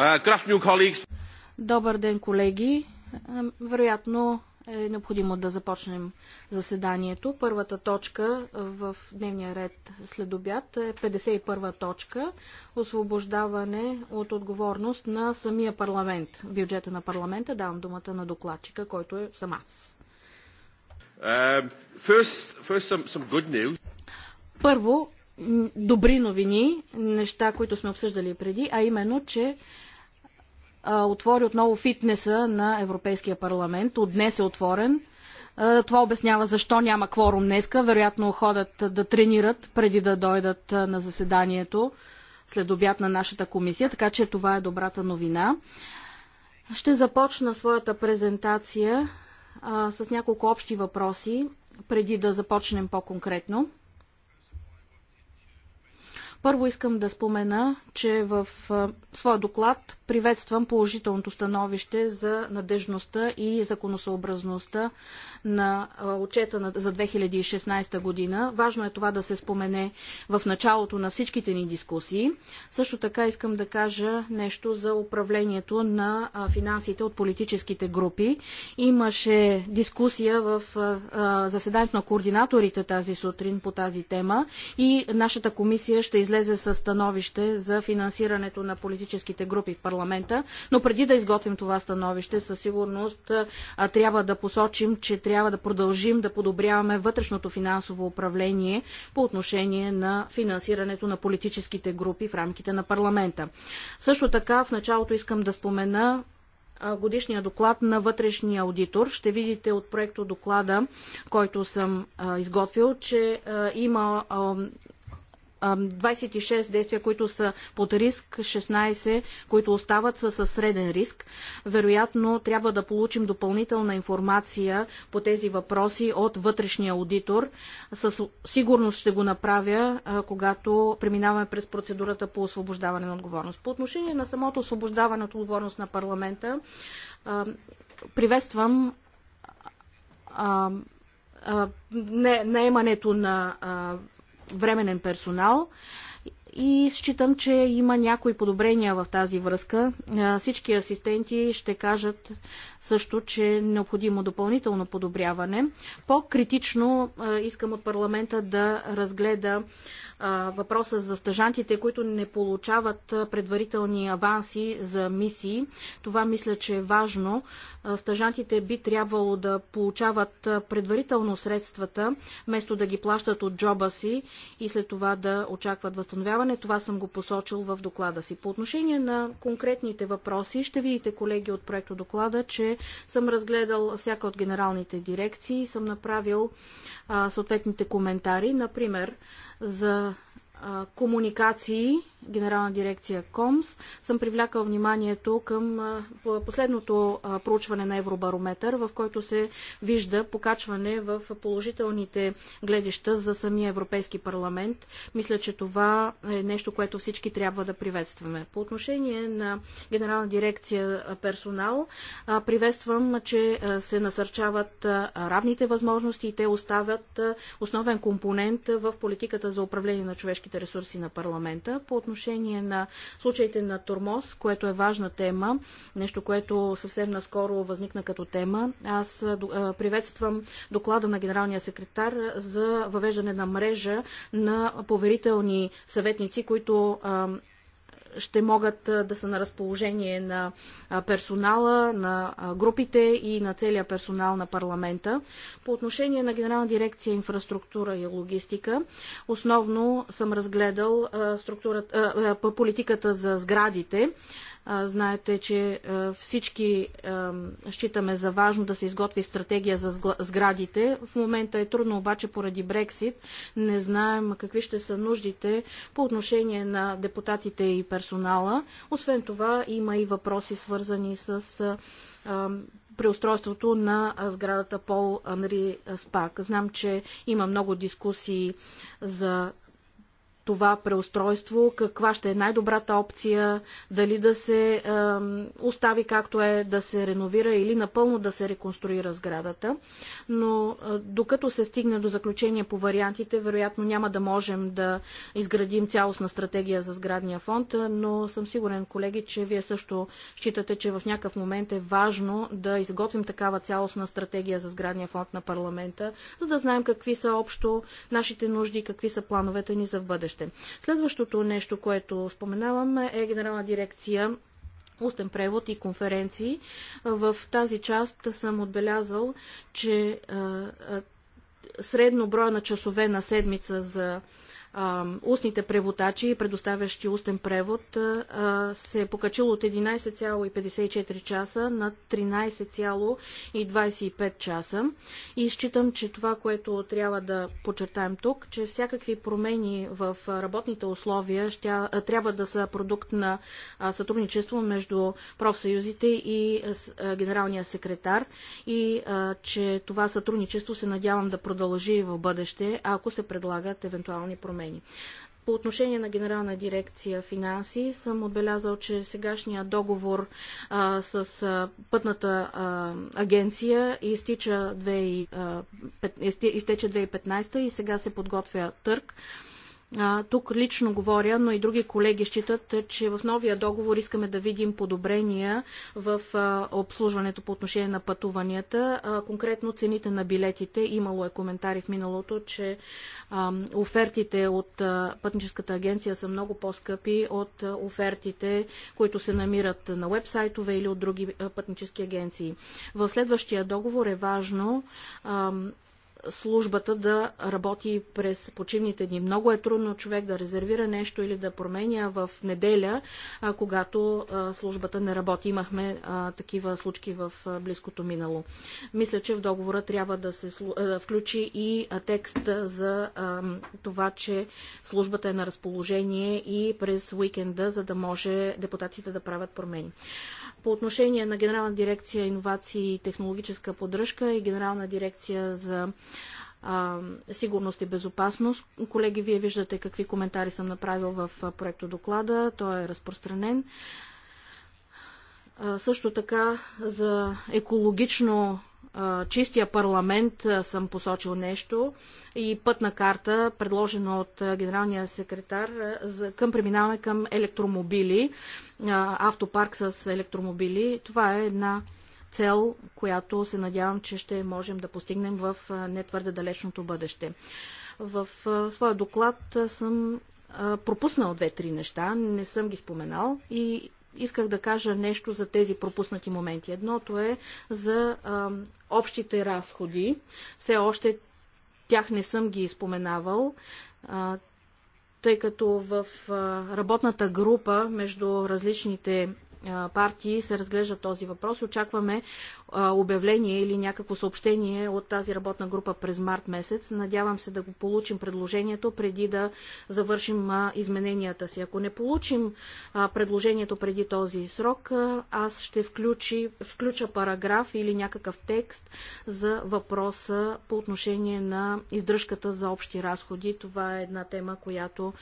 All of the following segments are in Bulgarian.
Uh, Добър ден, колеги. Вероятно е необходимо да започнем заседанието. Първата точка в дневния ред след обяд е 51 та точка освобождаване от отговорност на самия парламент. Бюджета на парламента давам думата на докладчика, който е сам аз. Uh, Първо, добри новини, неща, които сме обсъждали преди, а именно, че а, отвори отново фитнеса на Европейския парламент. От днес е отворен. А, това обяснява защо няма кворум днеска. Вероятно ходят да тренират преди да дойдат на заседанието след обяд на нашата комисия, така че това е добрата новина. Ще започна своята презентация а, с няколко общи въпроси, преди да започнем по-конкретно. Първо искам да спомена, че в своя доклад приветствам положителното становище за надежността и законосъобразността на отчета за 2016 година. Важно е това да се спомене в началото на всичките ни дискусии. Също така искам да кажа нещо за управлението на финансите от политическите групи. Имаше дискусия в заседанието на координаторите тази сутрин по тази тема и нашата комисия ще излезе излезе с становище за финансирането на политическите групи в парламента, но преди да изготвим това становище, със сигурност трябва да посочим, че трябва да продължим да подобряваме вътрешното финансово управление по отношение на финансирането на политическите групи в рамките на парламента. Също така в началото искам да спомена годишния доклад на вътрешния аудитор. Ще видите от проекто доклада, който съм изготвил, че има 26 действия, които са под риск, 16, които остават са със среден риск. Вероятно трябва да получим допълнителна информация по тези въпроси от вътрешния аудитор. Със сигурност ще го направя, когато преминаваме през процедурата по освобождаване на отговорност. По отношение на самото освобождаване от отговорност на парламента, приветствам наемането на временен персонал и считам, че има някои подобрения в тази връзка. Всички асистенти ще кажат също, че е необходимо допълнително подобряване. По-критично искам от парламента да разгледа въпроса за стъжантите, които не получават предварителни аванси за мисии. Това мисля, че е важно. Стъжантите би трябвало да получават предварително средствата, вместо да ги плащат от джоба си и след това да очакват възстановяване. Това съм го посочил в доклада си. По отношение на конкретните въпроси, ще видите, колеги, от проекто доклада, че съм разгледал всяка от генералните дирекции и съм направил а, съответните коментари. Например, за а, комуникации генерална дирекция КОМС, съм привлякал вниманието към последното проучване на Евробарометър, в който се вижда покачване в положителните гледища за самия Европейски парламент. Мисля, че това е нещо, което всички трябва да приветстваме. По отношение на генерална дирекция персонал, приветствам, че се насърчават равните възможности и те оставят основен компонент в политиката за управление на човешките ресурси на парламента. По отношение на случаите на турмоз, което е важна тема, нещо, което съвсем наскоро възникна като тема, аз приветствам доклада на генералния секретар за въвеждане на мрежа на поверителни съветници, които ще могат да са на разположение на персонала, на групите и на целия персонал на парламента. По отношение на Генерална дирекция инфраструктура и логистика, основно съм разгледал политиката за сградите. Знаете, че всички считаме за важно да се изготви стратегия за сградите. В момента е трудно обаче поради Брексит. Не знаем какви ще са нуждите по отношение на депутатите и персонала. Освен това има и въпроси свързани с преустройството на сградата Пол Анри Спак. Знам, че има много дискусии за това преустройство, каква ще е най-добрата опция, дали да се е, остави както е, да се реновира или напълно да се реконструира сградата. Но е, докато се стигне до заключение по вариантите, вероятно няма да можем да изградим цялостна стратегия за сградния фонд, но съм сигурен, колеги, че вие също считате, че в някакъв момент е важно да изготвим такава цялостна стратегия за сградния фонд на парламента, за да знаем какви са общо нашите нужди, какви са плановете ни за в бъдеще равнище. Следващото нещо, което споменавам, е Генерална дирекция устен превод и конференции. В тази част съм отбелязал, че средно броя на часове на седмица за а, устните преводачи, предоставящи устен превод, а, се е покачил от 11,54 часа на 13,25 часа. И считам, че това, което трябва да почертаем тук, че всякакви промени в работните условия ще, а, трябва да са продукт на а, сътрудничество между профсъюзите и а, генералния секретар и а, че това сътрудничество се надявам да продължи в бъдеще, ако се предлагат евентуални промени промени. По отношение на Генерална дирекция финанси съм отбелязал, че сегашният договор а, с а, пътната а, агенция изтича 2, а, 5, изтече 2015 и сега се подготвя търг. Тук лично говоря, но и други колеги считат, че в новия договор искаме да видим подобрения в обслужването по отношение на пътуванията. Конкретно цените на билетите. Имало е коментари в миналото, че офертите от пътническата агенция са много по-скъпи от офертите, които се намират на вебсайтове или от други пътнически агенции. В следващия договор е важно службата да работи през почивните дни. Много е трудно човек да резервира нещо или да променя в неделя, когато службата не работи. Имахме такива случки в близкото минало. Мисля, че в договора трябва да се включи и текст за това, че службата е на разположение и през уикенда, за да може депутатите да правят промени. По отношение на Генерална дирекция иновации и технологическа поддръжка и Генерална дирекция за а, сигурност и безопасност. Колеги, вие виждате какви коментари съм направил в проекто доклада. Той е разпространен. А, също така за екологично а, чистия парламент съм посочил нещо и пътна карта, предложена от генералния секретар за, към преминаване към електромобили, автопарк с електромобили. Това е една цел, която се надявам, че ще можем да постигнем в не твърде далечното бъдеще. В своя доклад съм пропуснал две-три неща, не съм ги споменал и исках да кажа нещо за тези пропуснати моменти. Едното е за общите разходи. Все още тях не съм ги споменавал, тъй като в работната група между различните партии се разглежда този въпрос. Очакваме обявление или някакво съобщение от тази работна група през март месец. Надявам се да го получим предложението преди да завършим измененията си. Ако не получим предложението преди този срок, аз ще включи, включа параграф или някакъв текст за въпроса по отношение на издръжката за общи разходи. Това е една тема, която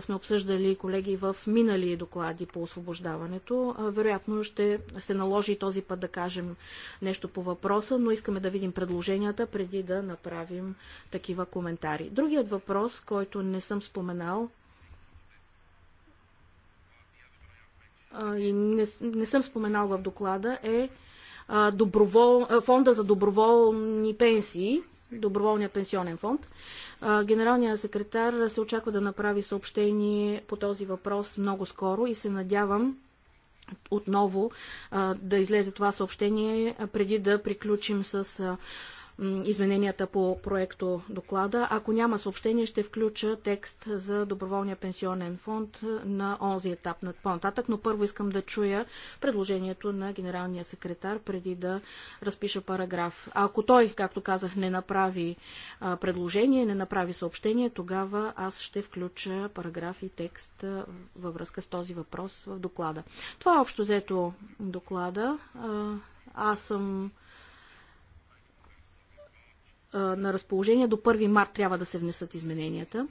сме обсъждали колеги в минали доклади по освобождаването вероятно ще се наложи този път да кажем нещо по въпроса, но искаме да видим предложенията преди да направим такива коментари. Другият въпрос, който не съм споменал, и не, не съм споменал в доклада, е добровол, фонда за доброволни пенсии, доброволния пенсионен фонд. Генералният секретар се очаква да направи съобщение по този въпрос много скоро и се надявам отново да излезе това съобщение преди да приключим с измененията по проекто доклада. Ако няма съобщение, ще включа текст за доброволния пенсионен фонд на онзи етап на по-нататък, но първо искам да чуя предложението на генералния секретар преди да разпиша параграф. А ако той, както казах, не направи предложение, не направи съобщение, тогава аз ще включа параграф и текст във връзка с този въпрос в доклада. Това е общо взето доклада. Аз съм на разположение. До 1 март трябва да се внесат измененията.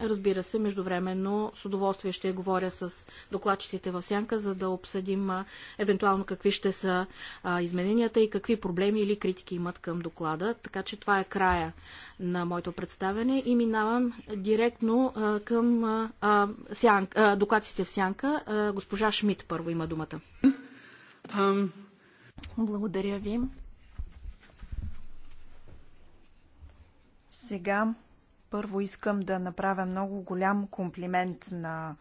Разбира се, междувременно с удоволствие ще говоря с докладчиците в сянка, за да обсъдим а, евентуално какви ще са а, измененията и какви проблеми или критики имат към доклада. Така че това е края на моето представяне и минавам директно а, към докладците в сянка. Госпожа Шмидт първо има думата. Благодаря ви. Сега първо искам да направя много голям комплимент на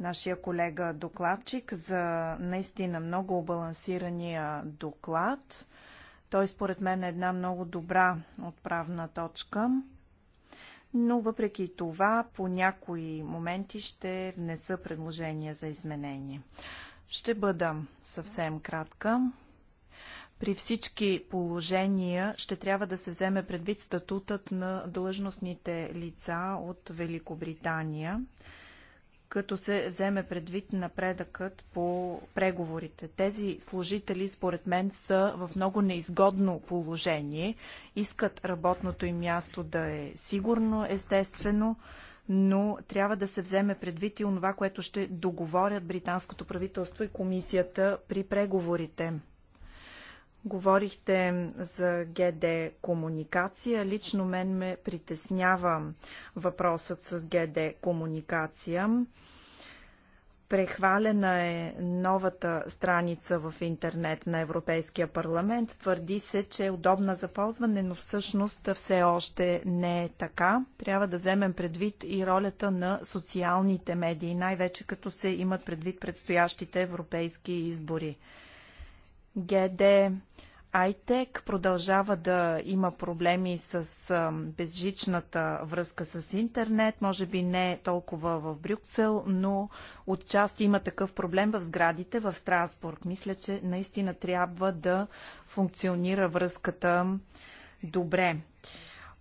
нашия колега докладчик за наистина много балансирания доклад. Той според мен е една много добра отправна точка. Но въпреки това, по някои моменти ще внеса предложения за изменение. Ще бъда съвсем кратка. При всички положения ще трябва да се вземе предвид статутът на длъжностните лица от Великобритания, като се вземе предвид напредъкът по преговорите. Тези служители, според мен, са в много неизгодно положение. Искат работното им място да е сигурно, естествено, но трябва да се вземе предвид и онова, което ще договорят британското правителство и комисията при преговорите. Говорихте за ГД комуникация. Лично мен ме притеснява въпросът с ГД комуникация. Прехвалена е новата страница в интернет на Европейския парламент. Твърди се, че е удобна за ползване, но всъщност все още не е така. Трябва да вземем предвид и ролята на социалните медии, най-вече като се имат предвид предстоящите европейски избори. ГД Айтек продължава да има проблеми с безжичната връзка с интернет, може би не толкова в Брюксел, но отчасти има такъв проблем в сградите в Страсбург. Мисля, че наистина трябва да функционира връзката добре.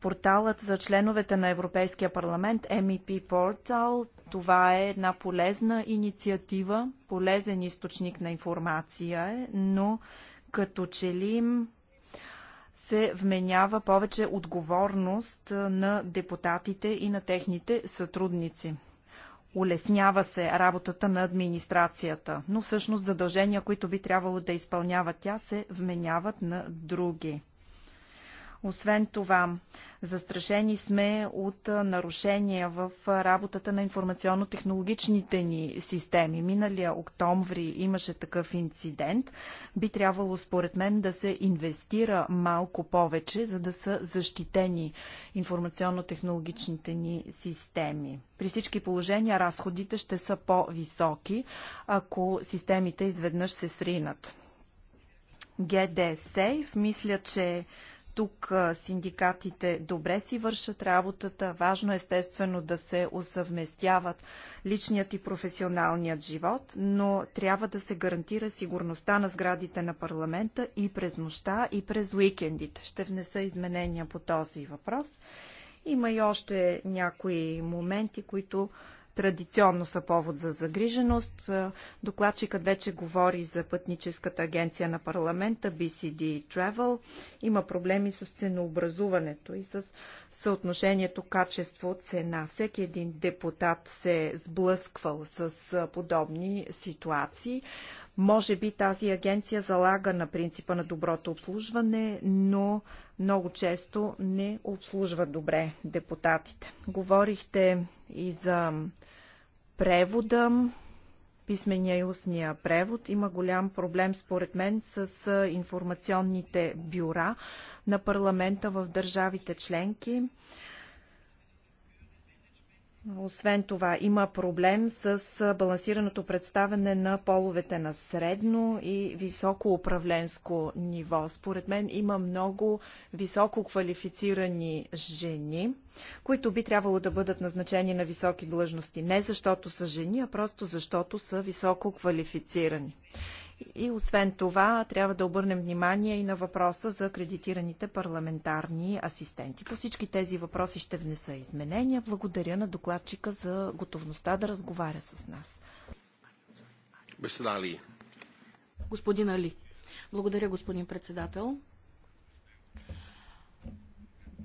Порталът за членовете на Европейския парламент, MEP Portal, това е една полезна инициатива, полезен източник на информация е, но като че ли се вменява повече отговорност на депутатите и на техните сътрудници. Улеснява се работата на администрацията, но всъщност задължения, които би трябвало да изпълнява тя, се вменяват на други. Освен това, застрашени сме от нарушения в работата на информационно-технологичните ни системи. Миналия октомври имаше такъв инцидент. Би трябвало, според мен, да се инвестира малко повече, за да са защитени информационно-технологичните ни системи. При всички положения разходите ще са по-високи, ако системите изведнъж се сринат. GD Safe, мисля, че тук синдикатите добре си вършат работата. Важно е, естествено да се усъвместяват личният и професионалният живот, но трябва да се гарантира сигурността на сградите на парламента и през нощта, и през уикендите. Ще внеса изменения по този въпрос. Има и още някои моменти, които традиционно са повод за загриженост. Е, докладчикът вече говори за пътническата агенция на парламента BCD Travel. Има проблеми с ценообразуването и с съотношението качество-цена. Всеки един депутат се е сблъсквал с е, подобни ситуации. Може би тази агенция залага на принципа на доброто обслужване, но много често не обслужва добре депутатите. Говорихте и за превода, писмения и устния превод. Има голям проблем, според мен, с информационните бюра на парламента в държавите членки. Освен това, има проблем с балансираното представяне на половете на средно и високо управленско ниво. Според мен има много високо квалифицирани жени, които би трябвало да бъдат назначени на високи длъжности. Не защото са жени, а просто защото са високо квалифицирани. И освен това, трябва да обърнем внимание и на въпроса за кредитираните парламентарни асистенти. По всички тези въпроси ще внеса изменения. Благодаря на докладчика за готовността да разговаря с нас. Господин Али. Благодаря, господин председател.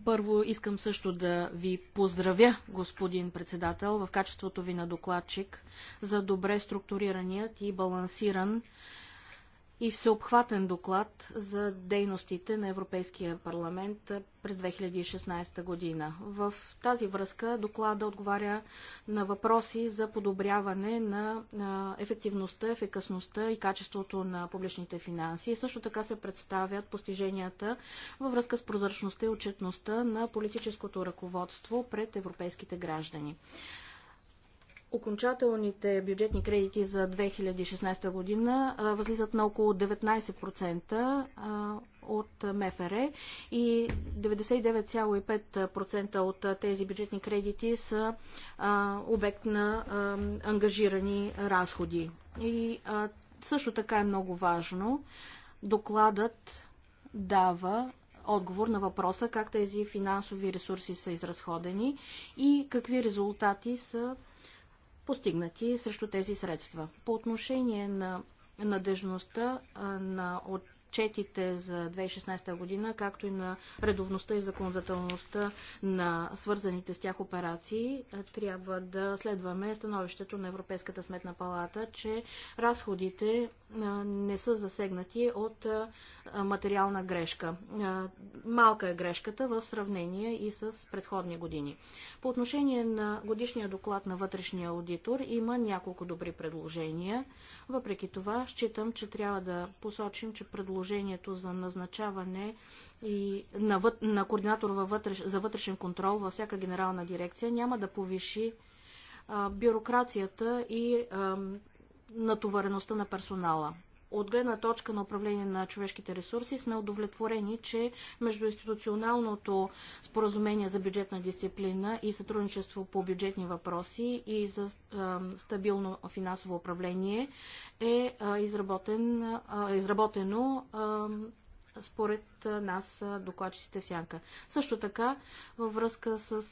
Първо искам също да ви поздравя, господин председател, в качеството ви на докладчик за добре структурираният и балансиран и всеобхватен доклад за дейностите на Европейския парламент през 2016 година. В тази връзка доклада отговаря на въпроси за подобряване на, ефективността, ефикасността и качеството на публичните финанси. Също така се представят постиженията във връзка с прозрачността и отчетността на политическото ръководство пред европейските граждани окончателните бюджетни кредити за 2016 година възлизат на около 19% от МФР и 99,5% от тези бюджетни кредити са обект на ангажирани разходи. И също така е много важно докладът дава отговор на въпроса как тези финансови ресурси са изразходени и какви резултати са постигнати срещу тези средства. По отношение на надежността на от отчетите за 2016 година, както и на редовността и законодателността на свързаните с тях операции, е, трябва да следваме становището на Европейската сметна палата, че разходите е, не са засегнати от е, материална грешка. Малка е грешката в сравнение и с предходни години. По отношение на годишния доклад на вътрешния аудитор има няколко добри предложения. Въпреки това, считам, че трябва да посочим, че предложението предложението за назначаване и на, въд, на координатор във вътреш, за вътрешен контрол във всяка генерална дирекция няма да повиши а, бюрокрацията и а, натовареността на персонала от гледна точка на управление на човешките ресурси сме удовлетворени, че междуинституционалното споразумение за бюджетна дисциплина и сътрудничество по бюджетни въпроси и за стабилно финансово управление е изработен, е изработено според нас докладчиците в сянка. Също така, във връзка с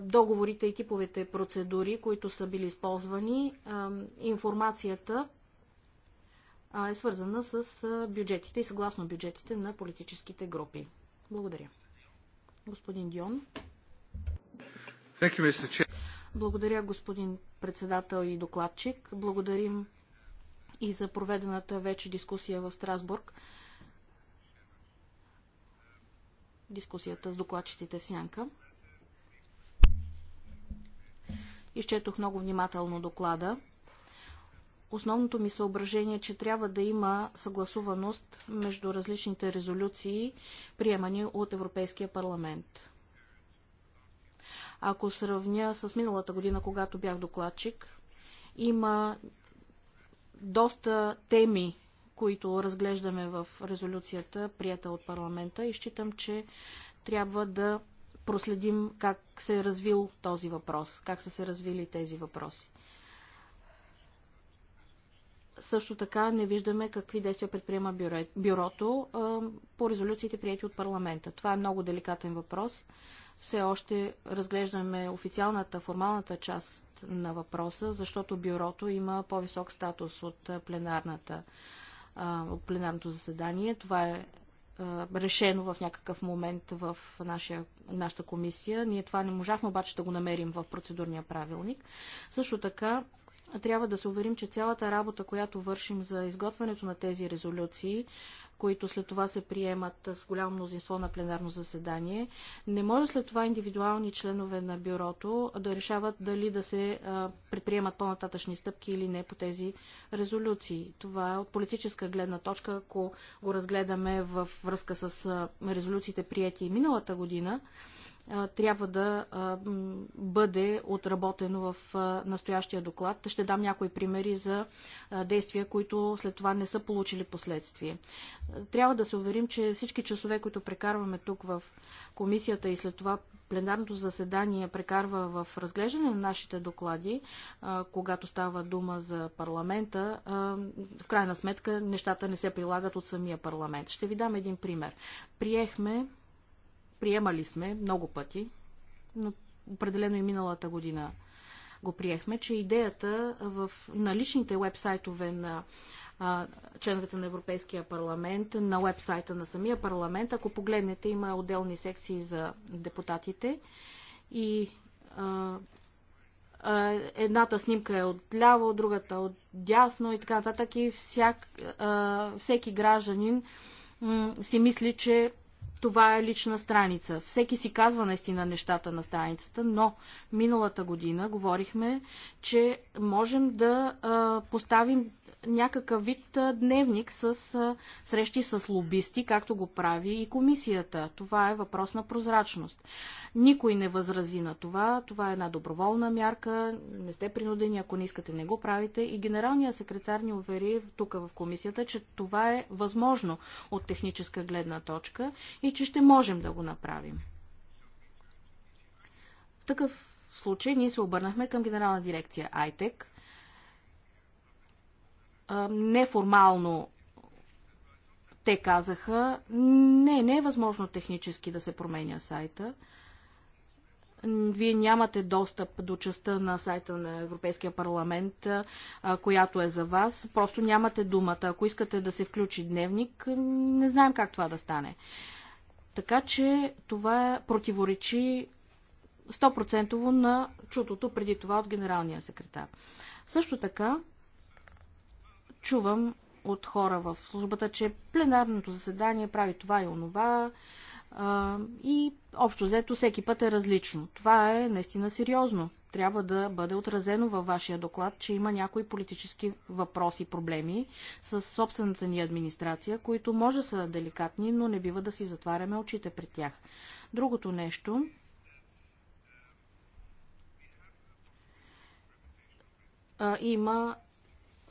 договорите и типовете процедури, които са били използвани, информацията е свързана с бюджетите и съгласно бюджетите на политическите групи. Благодаря. Господин Дион. Благодаря, господин председател и докладчик. Благодарим и за проведената вече дискусия в Страсбург. Дискусията с докладчиците в Сянка. Изчетох много внимателно доклада. Основното ми съображение е, че трябва да има съгласуваност между различните резолюции, приемани от Европейския парламент. Ако сравня с миналата година, когато бях докладчик, има доста теми, които разглеждаме в резолюцията, прията от парламента и считам, че трябва да проследим как се е развил този въпрос, как са се развили тези въпроси. Също така не виждаме какви действия предприема бюрото по резолюциите прияти от парламента. Това е много деликатен въпрос. Все още разглеждаме официалната, формалната част на въпроса, защото бюрото има по-висок статус от, пленарната, от пленарното заседание. Това е решено в някакъв момент в нашия, нашата комисия. Ние това не можахме обаче да го намерим в процедурния правилник. Също така трябва да се уверим, че цялата работа, която вършим за изготвянето на тези резолюции, които след това се приемат с голямо мнозинство на пленарно заседание, не може след това индивидуални членове на бюрото да решават дали да се предприемат по-нататъчни стъпки или не по тези резолюции. Това е от политическа гледна точка, ако го разгледаме в връзка с резолюциите прияти миналата година, трябва да бъде отработено в настоящия доклад. Ще дам някои примери за действия, които след това не са получили последствие. Трябва да се уверим, че всички часове, които прекарваме тук в комисията и след това пленарното заседание прекарва в разглеждане на нашите доклади, когато става дума за парламента, в крайна сметка нещата не се прилагат от самия парламент. Ще ви дам един пример. Приехме приемали сме много пъти, но определено и миналата година го приехме, че идеята в наличните вебсайтове на а, членовете на Европейския парламент, на вебсайта на самия парламент, ако погледнете, има отделни секции за депутатите и а, едната снимка е от ляво, другата от дясно и така нататък и всяк, всеки гражданин си мисли, че това е лична страница. Всеки си казва наистина нещата на страницата, но миналата година говорихме, че можем да а, поставим някакъв вид дневник с срещи с лобисти, както го прави и комисията. Това е въпрос на прозрачност. Никой не възрази на това. Това е една доброволна мярка. Не сте принудени, ако не искате, не го правите. И генералният секретар ни увери тук в комисията, че това е възможно от техническа гледна точка и че ще можем да го направим. В такъв случай ние се обърнахме към генерална дирекция АйТЕК неформално те казаха, не, не е възможно технически да се променя сайта. Вие нямате достъп до частта на сайта на Европейския парламент, която е за вас. Просто нямате думата. Ако искате да се включи дневник, не знаем как това да стане. Така че това противоречи 100% на чутото преди това от генералния секретар. Също така, чувам от хора в службата, че пленарното заседание прави това и онова а, и общо взето всеки път е различно. Това е наистина сериозно. Трябва да бъде отразено във вашия доклад, че има някои политически въпроси, проблеми с собствената ни администрация, които може са деликатни, но не бива да си затваряме очите при тях. Другото нещо, има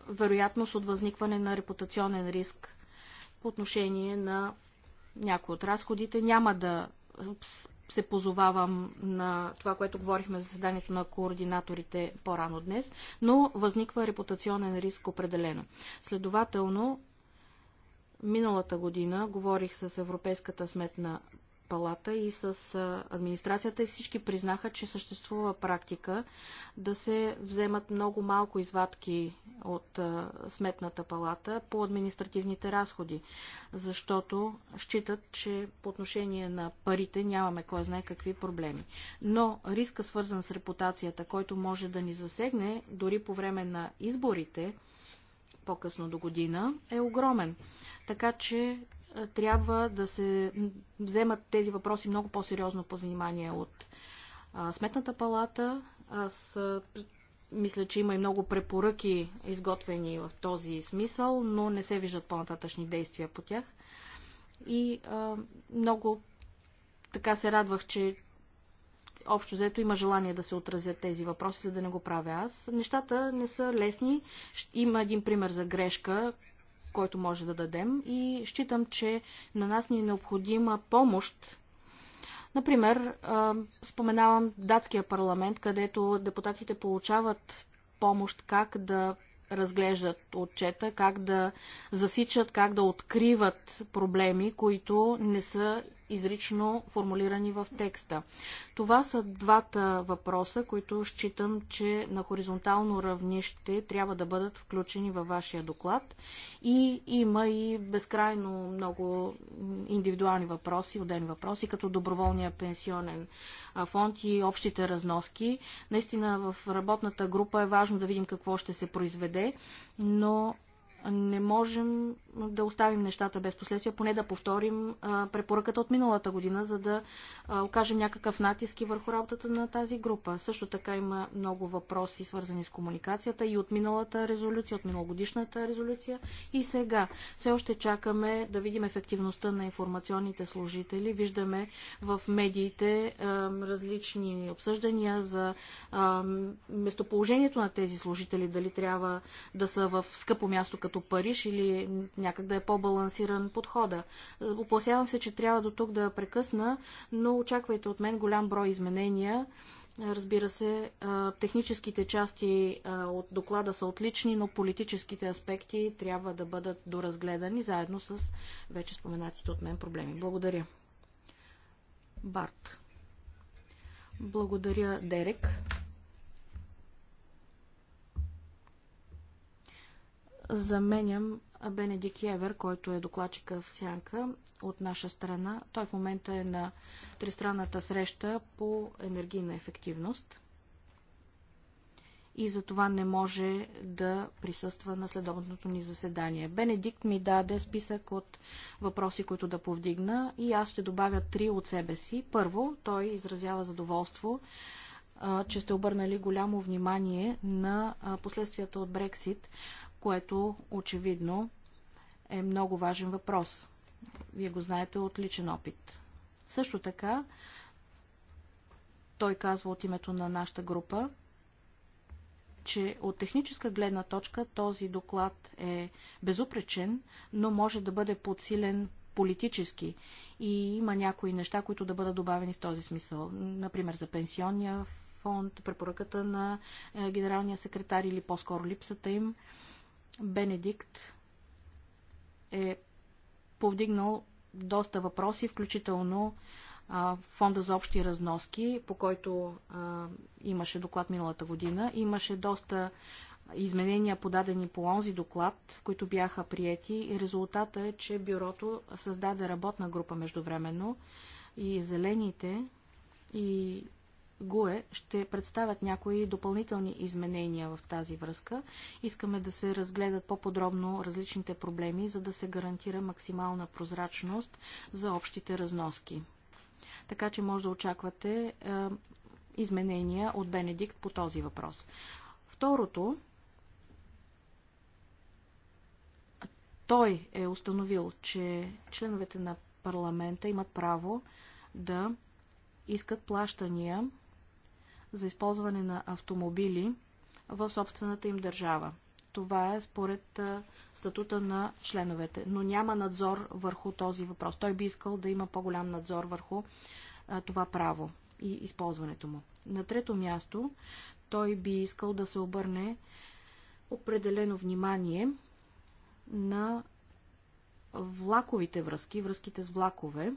вероятност от възникване на репутационен риск по отношение на някои от разходите. Няма да се позовавам на това, което говорихме за заседанието на координаторите по-рано днес, но възниква репутационен риск определено. Следователно, миналата година говорих с Европейската сметна палата и с администрацията и всички признаха, че съществува практика да се вземат много малко извадки от сметната палата по административните разходи, защото считат, че по отношение на парите нямаме кой знае какви проблеми. Но риска свързан с репутацията, който може да ни засегне дори по време на изборите, по-късно до година, е огромен. Така че трябва да се вземат тези въпроси много по-сериозно под внимание от Сметната палата. Аз мисля, че има и много препоръки, изготвени в този смисъл, но не се виждат по-нататъчни действия по тях. И а, много така се радвах, че общо взето има желание да се отразят тези въпроси, за да не го правя аз. Нещата не са лесни. Има един пример за грешка, който може да дадем и считам, че на нас ни е необходима помощ. Например, споменавам датския парламент, където депутатите получават помощ как да разглеждат отчета, как да засичат, как да откриват проблеми, които не са изрично формулирани в текста. Това са двата въпроса, които считам, че на хоризонтално равнище трябва да бъдат включени във вашия доклад. И има и безкрайно много индивидуални въпроси, отделни въпроси, като доброволния пенсионен фонд и общите разноски. Наистина в работната група е важно да видим какво ще се произведе, но не можем да оставим нещата без последствия, поне да повторим препоръката от миналата година, за да окажем някакъв натиск и върху работата на тази група. Също така има много въпроси, свързани с комуникацията и от миналата резолюция, от миналогодишната резолюция и сега. Все още чакаме да видим ефективността на информационните служители. Виждаме в медиите различни обсъждания за местоположението на тези служители, дали трябва да са в скъпо място като като Париж или някак да е по-балансиран подхода. Опасявам се, че трябва до тук да прекъсна, но очаквайте от мен голям брой изменения. Разбира се, техническите части от доклада са отлични, но политическите аспекти трябва да бъдат доразгледани заедно с вече споменатите от мен проблеми. Благодаря. Барт. Благодаря, Дерек. заменям Бенедик Евер, който е докладчика в Сянка от наша страна. Той в момента е на тристранната среща по енергийна ефективност и за това не може да присъства на следобното ни заседание. Бенедикт ми даде списък от въпроси, които да повдигна и аз ще добавя три от себе си. Първо, той изразява задоволство, че сте обърнали голямо внимание на последствията от Брексит което очевидно е много важен въпрос. Вие го знаете от личен опит. Също така, той казва от името на нашата група, че от техническа гледна точка този доклад е безупречен, но може да бъде подсилен политически. И има някои неща, които да бъдат добавени в този смисъл. Например, за пенсионния фонд, препоръката на е, генералния секретар или по-скоро липсата им. Бенедикт е повдигнал доста въпроси, включително фонда за общи разноски, по който а, имаше доклад миналата година. Имаше доста изменения подадени по онзи доклад, които бяха приети и резултата е, че бюрото създаде работна група междувременно и зелените и ГУЕ ще представят някои допълнителни изменения в тази връзка. Искаме да се разгледат по-подробно различните проблеми, за да се гарантира максимална прозрачност за общите разноски. Така че може да очаквате е, изменения от Бенедикт по този въпрос. Второто, той е установил, че членовете на парламента имат право да искат плащания за използване на автомобили в собствената им държава. Това е според статута на членовете. Но няма надзор върху този въпрос. Той би искал да има по-голям надзор върху това право и използването му. На трето място, той би искал да се обърне определено внимание на влаковите връзки, връзките с влакове,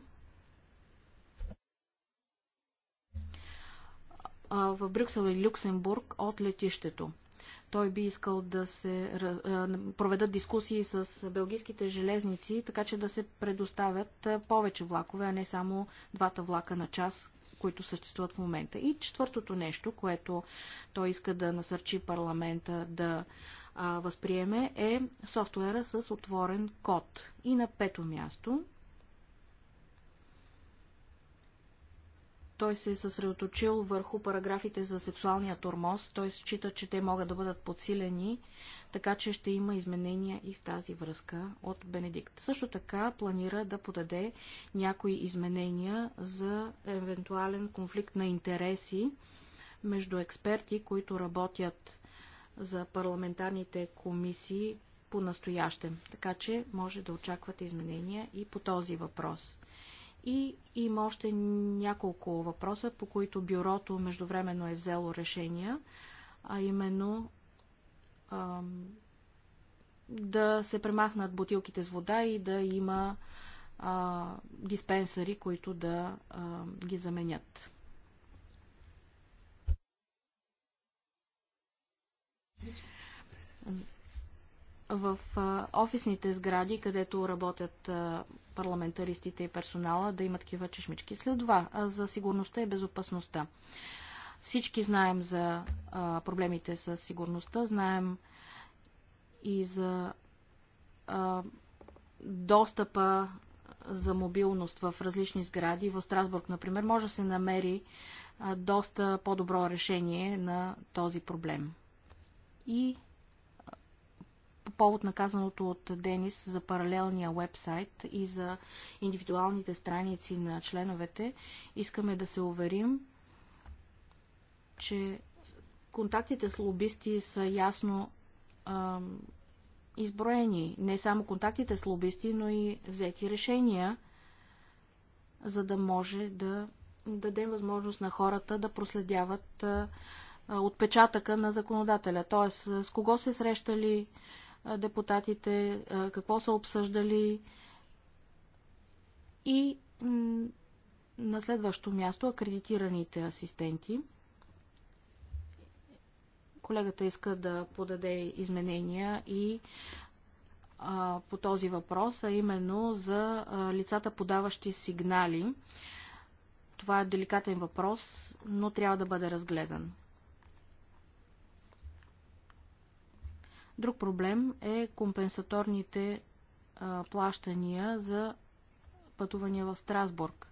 в Брюксел и Люксембург от летището. Той би искал да се проведат дискусии с белгийските железници, така че да се предоставят повече влакове, а не само двата влака на час, които съществуват в момента. И четвъртото нещо, което той иска да насърчи парламента да възприеме, е софтуера с отворен код. И на пето място Той се е съсредоточил върху параграфите за сексуалния тормоз. Той счита, че те могат да бъдат подсилени, така че ще има изменения и в тази връзка от Бенедикт. Също така планира да подаде някои изменения за евентуален конфликт на интереси между експерти, които работят за парламентарните комисии по настоящем. Така че може да очаквате изменения и по този въпрос. И има още няколко въпроса, по които бюрото междувременно е взело решения, а именно ам, да се премахнат бутилките с вода и да има а, диспенсари, които да а, ги заменят. В а, офисните сгради, където работят а, парламентаристите и персонала да имат такива чешмички. След това за сигурността и безопасността. Всички знаем за а, проблемите с сигурността, знаем и за а, достъпа за мобилност в различни сгради. В Страсбург, например, може да се намери а, доста по-добро решение на този проблем. И по повод на казаното от Денис за паралелния вебсайт и за индивидуалните страници на членовете, искаме да се уверим, че контактите с лобисти са ясно а, изброени. Не само контактите с лобисти, но и взети решения, за да може да дадем възможност на хората да проследяват а, отпечатъка на законодателя. Тоест, с кого се срещали, депутатите, какво са обсъждали и на следващо място акредитираните асистенти. Колегата иска да подаде изменения и а, по този въпрос, а именно за а, лицата подаващи сигнали. Това е деликатен въпрос, но трябва да бъде разгледан. Друг проблем е компенсаторните а, плащания за пътувания в Страсбург.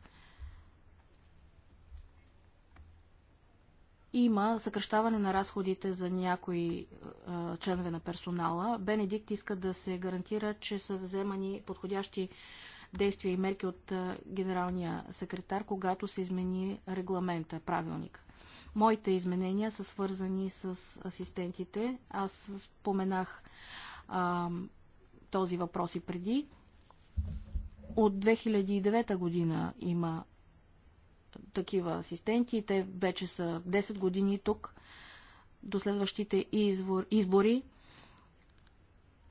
Има съкръщаване на разходите за някои а, членове на персонала. Бенедикт иска да се гарантира, че са вземани подходящи действия и мерки от а, генералния секретар, когато се измени регламента, правилник. Моите изменения са свързани с асистентите. Аз споменах а, този въпрос и преди. От 2009 година има такива асистенти. Те вече са 10 години тук до следващите извор, избори.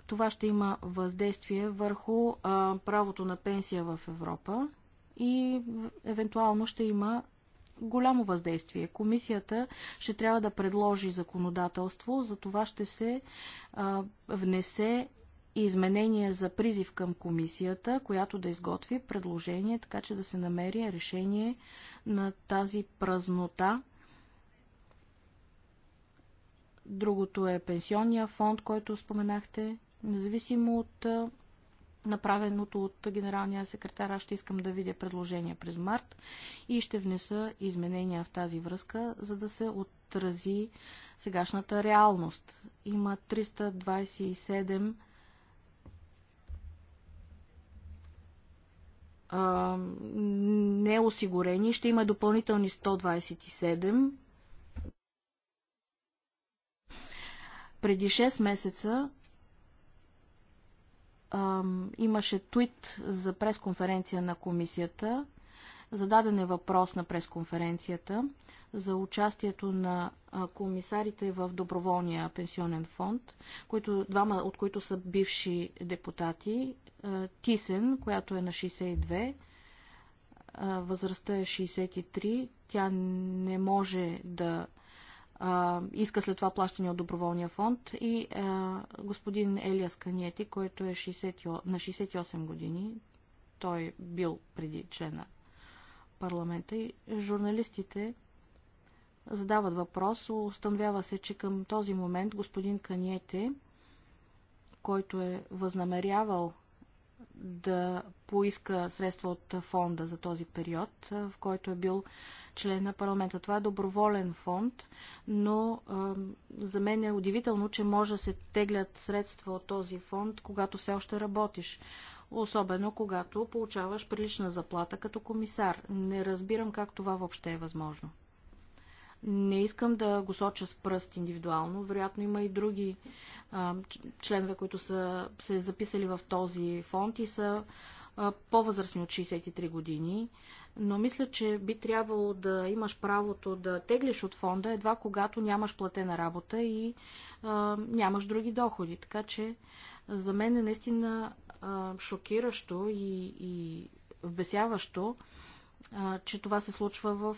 Това ще има въздействие върху а, правото на пенсия в Европа и евентуално ще има голямо въздействие. Комисията ще трябва да предложи законодателство, за това ще се а, внесе изменение за призив към комисията, която да изготви предложение, така че да се намери решение на тази празнота. Другото е пенсионния фонд, който споменахте, независимо от направеното от генералния секретар. Аз ще искам да видя предложение през март и ще внеса изменения в тази връзка, за да се отрази сегашната реалност. Има 327 а, неосигурени. Ще има допълнителни 127. Преди 6 месеца имаше твит за пресконференция на комисията. Зададен е въпрос на пресконференцията за участието на комисарите в доброволния пенсионен фонд, които, двама от които са бивши депутати. Тисен, която е на 62, възрастта е 63, тя не може да иска след това плащане от доброволния фонд и а, господин Елиас Каниети, който е 60, на 68 години, той бил преди члена парламента и журналистите задават въпрос. Установява се, че към този момент господин Каниете, който е възнамерявал да поиска средства от фонда за този период, в който е бил член на парламента. Това е доброволен фонд, но за мен е удивително, че може да се теглят средства от този фонд, когато все още работиш. Особено когато получаваш прилична заплата като комисар. Не разбирам как това въобще е възможно. Не искам да го соча с пръст индивидуално. Вероятно има и други а, членове, които са се записали в този фонд и са по-възрастни от 63 години, но мисля, че би трябвало да имаш правото да теглиш от фонда едва когато нямаш платена работа и а, нямаш други доходи. Така че за мен е наистина а, шокиращо и, и вбесяващо че това се случва в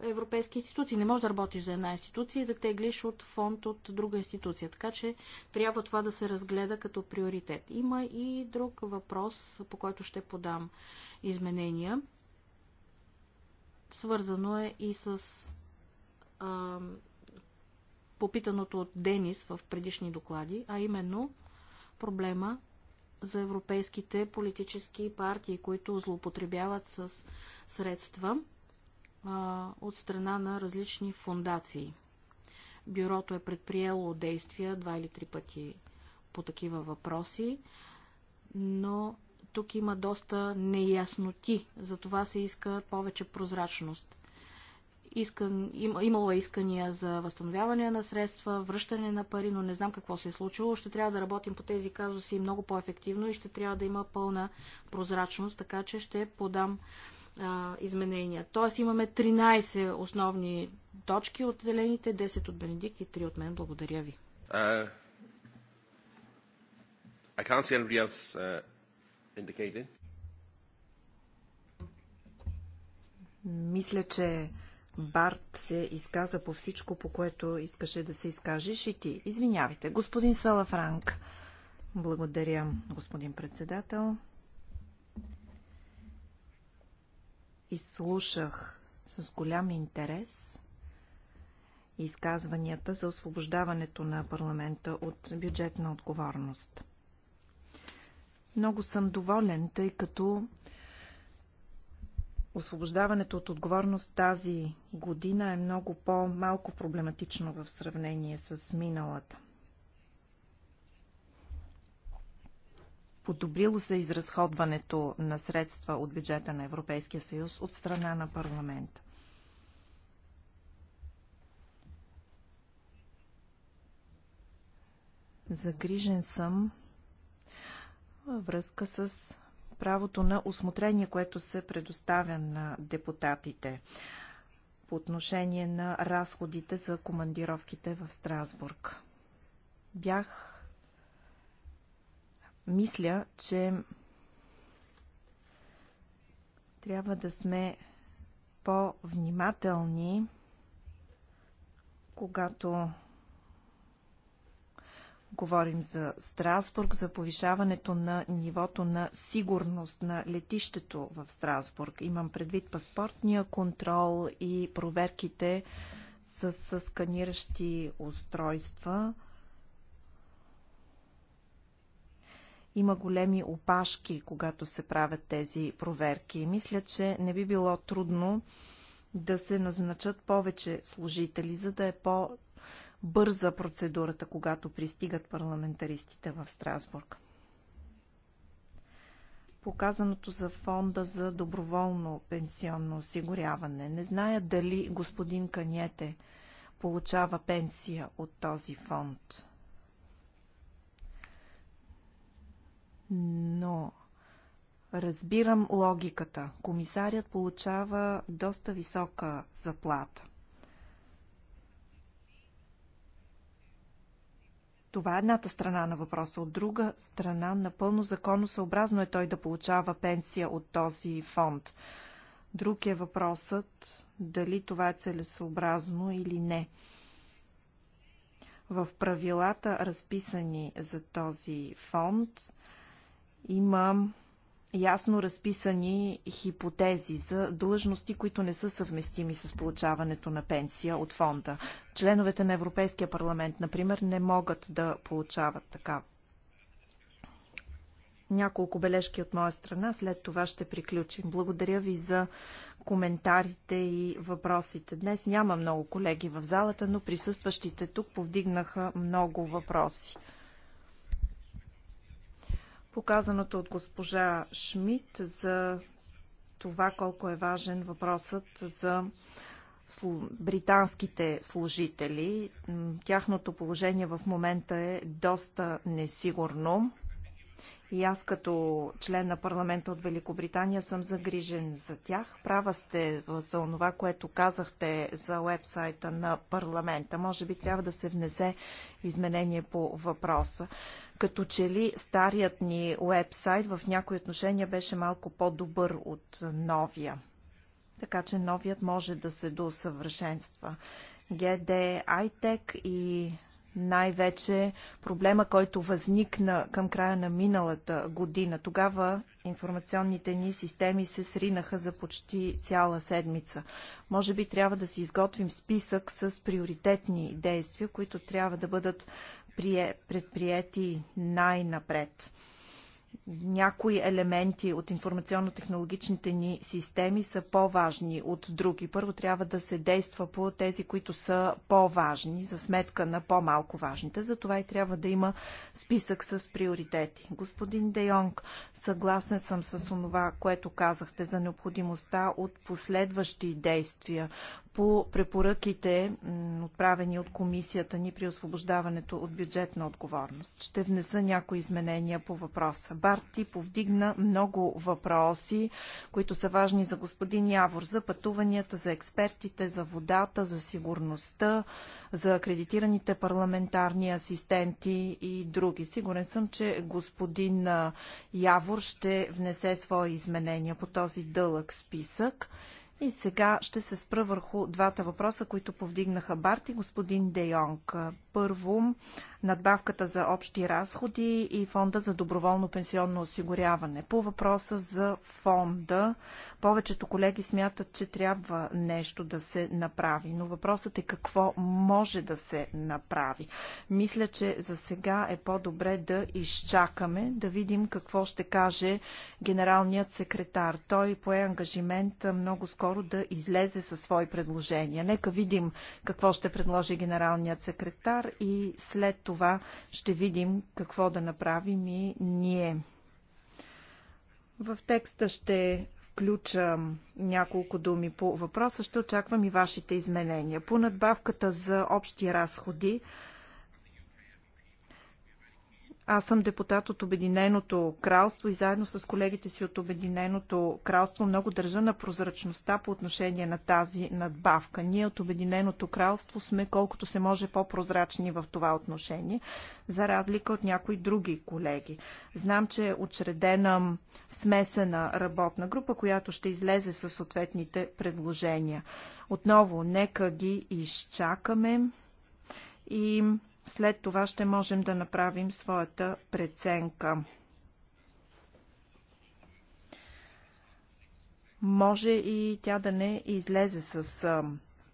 европейски институции. Не можеш да работиш за една институция и да теглиш от фонд от друга институция. Така че трябва това да се разгледа като приоритет. Има и друг въпрос, по който ще подам изменения. Свързано е и с а, попитаното от Денис в предишни доклади, а именно проблема за европейските политически партии, които злоупотребяват с средства а, от страна на различни фундации. Бюрото е предприело действия два или три пъти по такива въпроси, но тук има доста неясноти. За това се иска повече прозрачност. Искан, им, имало е искания за възстановяване на средства, връщане на пари, но не знам какво се е случило. Ще трябва да работим по тези казуси много по-ефективно и ще трябва да има пълна прозрачност, така че ще подам а, изменения. Тоест имаме 13 основни точки от зелените, 10 от Бенедикт и 3 от мен. Благодаря ви. Uh, I can't see anybody else uh, Мисля, че Барт се изказа по всичко, по което искаше да се изкажеш и ти. Извинявайте, господин Салафранк. Благодаря, господин председател. изслушах с голям интерес изказванията за освобождаването на парламента от бюджетна отговорност. Много съм доволен, тъй като освобождаването от отговорност тази година е много по-малко проблематично в сравнение с миналата. Подобрило се изразходването на средства от бюджета на Европейския съюз от страна на парламента. Загрижен съм във връзка с правото на осмотрение, което се предоставя на депутатите по отношение на разходите за командировките в Страсбург. Бях мисля, че трябва да сме по-внимателни, когато говорим за Страсбург, за повишаването на нивото на сигурност на летището в Страсбург. Имам предвид паспортния контрол и проверките с, с сканиращи устройства. Има големи опашки, когато се правят тези проверки. Мисля, че не би било трудно да се назначат повече служители, за да е по- бърза процедурата, когато пристигат парламентаристите в Страсбург. Показаното за фонда за доброволно пенсионно осигуряване. Не зная дали господин Каньете получава пенсия от този фонд. но разбирам логиката. Комисарят получава доста висока заплата. Това е едната страна на въпроса. От друга страна, напълно законосъобразно е той да получава пенсия от този фонд. Друг е въпросът дали това е целесообразно или не. В правилата, разписани за този фонд, има ясно разписани хипотези за длъжности, които не са съвместими с получаването на пенсия от фонда. Членовете на Европейския парламент, например, не могат да получават така. Няколко бележки от моя страна, след това ще приключим. Благодаря ви за коментарите и въпросите. Днес няма много колеги в залата, но присъстващите тук повдигнаха много въпроси показаното от госпожа Шмидт за това колко е важен въпросът за британските служители. Тяхното положение в момента е доста несигурно. И аз като член на парламента от Великобритания съм загрижен за тях. Права сте за това, което казахте за уебсайта на парламента. Може би трябва да се внесе изменение по въпроса. Като че ли старият ни уебсайт в някои отношения беше малко по-добър от новия. Така че новият може да се досъвършенства. GD iTech и най-вече проблема, който възникна към края на миналата година. Тогава информационните ни системи се сринаха за почти цяла седмица. Може би трябва да си изготвим списък с приоритетни действия, които трябва да бъдат предприяти най-напред някои елементи от информационно-технологичните ни системи са по-важни от други. Първо трябва да се действа по тези, които са по-важни, за сметка на по-малко важните. Затова и трябва да има списък с приоритети. Господин Де Йонг, съгласен съм с това, което казахте за необходимостта от последващи действия по препоръките, отправени от комисията ни при освобождаването от бюджетна отговорност. Ще внеса някои изменения по въпроса. Барти повдигна много въпроси, които са важни за господин Явор, за пътуванията, за експертите, за водата, за сигурността, за акредитираните парламентарни асистенти и други. Сигурен съм, че господин Явор ще внесе свои изменения по този дълъг списък. И сега ще се спра върху двата въпроса, които повдигнаха Барт и господин Де Йонг. Първо, надбавката за общи разходи и фонда за доброволно пенсионно осигуряване. По въпроса за фонда, повечето колеги смятат, че трябва нещо да се направи, но въпросът е какво може да се направи. Мисля, че за сега е по-добре да изчакаме, да видим какво ще каже генералният секретар. Той пое ангажимент много скоро да излезе със свои предложения. Нека видим какво ще предложи генералният секретар пазар и след това ще видим какво да направим и ние. В текста ще включа няколко думи по въпроса. Ще очаквам и вашите изменения. По надбавката за общи разходи аз съм депутат от Обединеното кралство и заедно с колегите си от Обединеното кралство много държа на прозрачността по отношение на тази надбавка. Ние от Обединеното кралство сме колкото се може по-прозрачни в това отношение, за разлика от някои други колеги. Знам, че е учредена смесена работна група, която ще излезе със съответните предложения. Отново, нека ги изчакаме и след това ще можем да направим своята преценка. Може и тя да не излезе с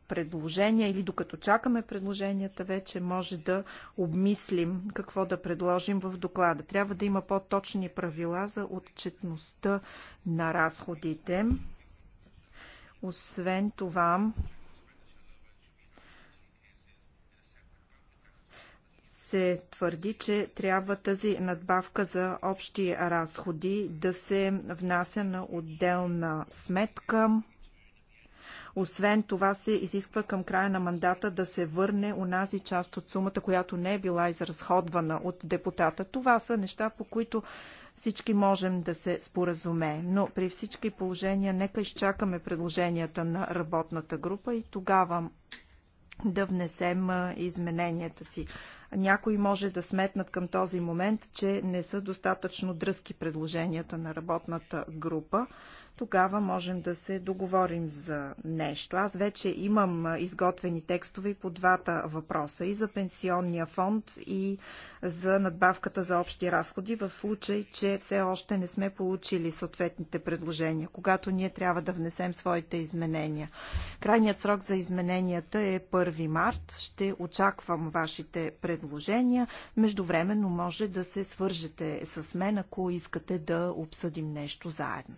предложения или докато чакаме предложенията, вече може да обмислим какво да предложим в доклада. Трябва да има по-точни правила за отчетността на разходите. Освен това, се твърди, че трябва тази надбавка за общи разходи да се внася на отделна сметка. Освен това се изисква към края на мандата да се върне унази част от сумата, която не е била изразходвана от депутата. Това са неща, по които всички можем да се споразуме. Но при всички положения нека изчакаме предложенията на работната група и тогава да внесем измененията си. Някои може да сметнат към този момент, че не са достатъчно дръзки предложенията на работната група тогава можем да се договорим за нещо. Аз вече имам изготвени текстове по двата въпроса, и за пенсионния фонд, и за надбавката за общи разходи, в случай, че все още не сме получили съответните предложения, когато ние трябва да внесем своите изменения. Крайният срок за измененията е 1 март. Ще очаквам вашите предложения. Междувременно може да се свържете с мен, ако искате да обсъдим нещо заедно.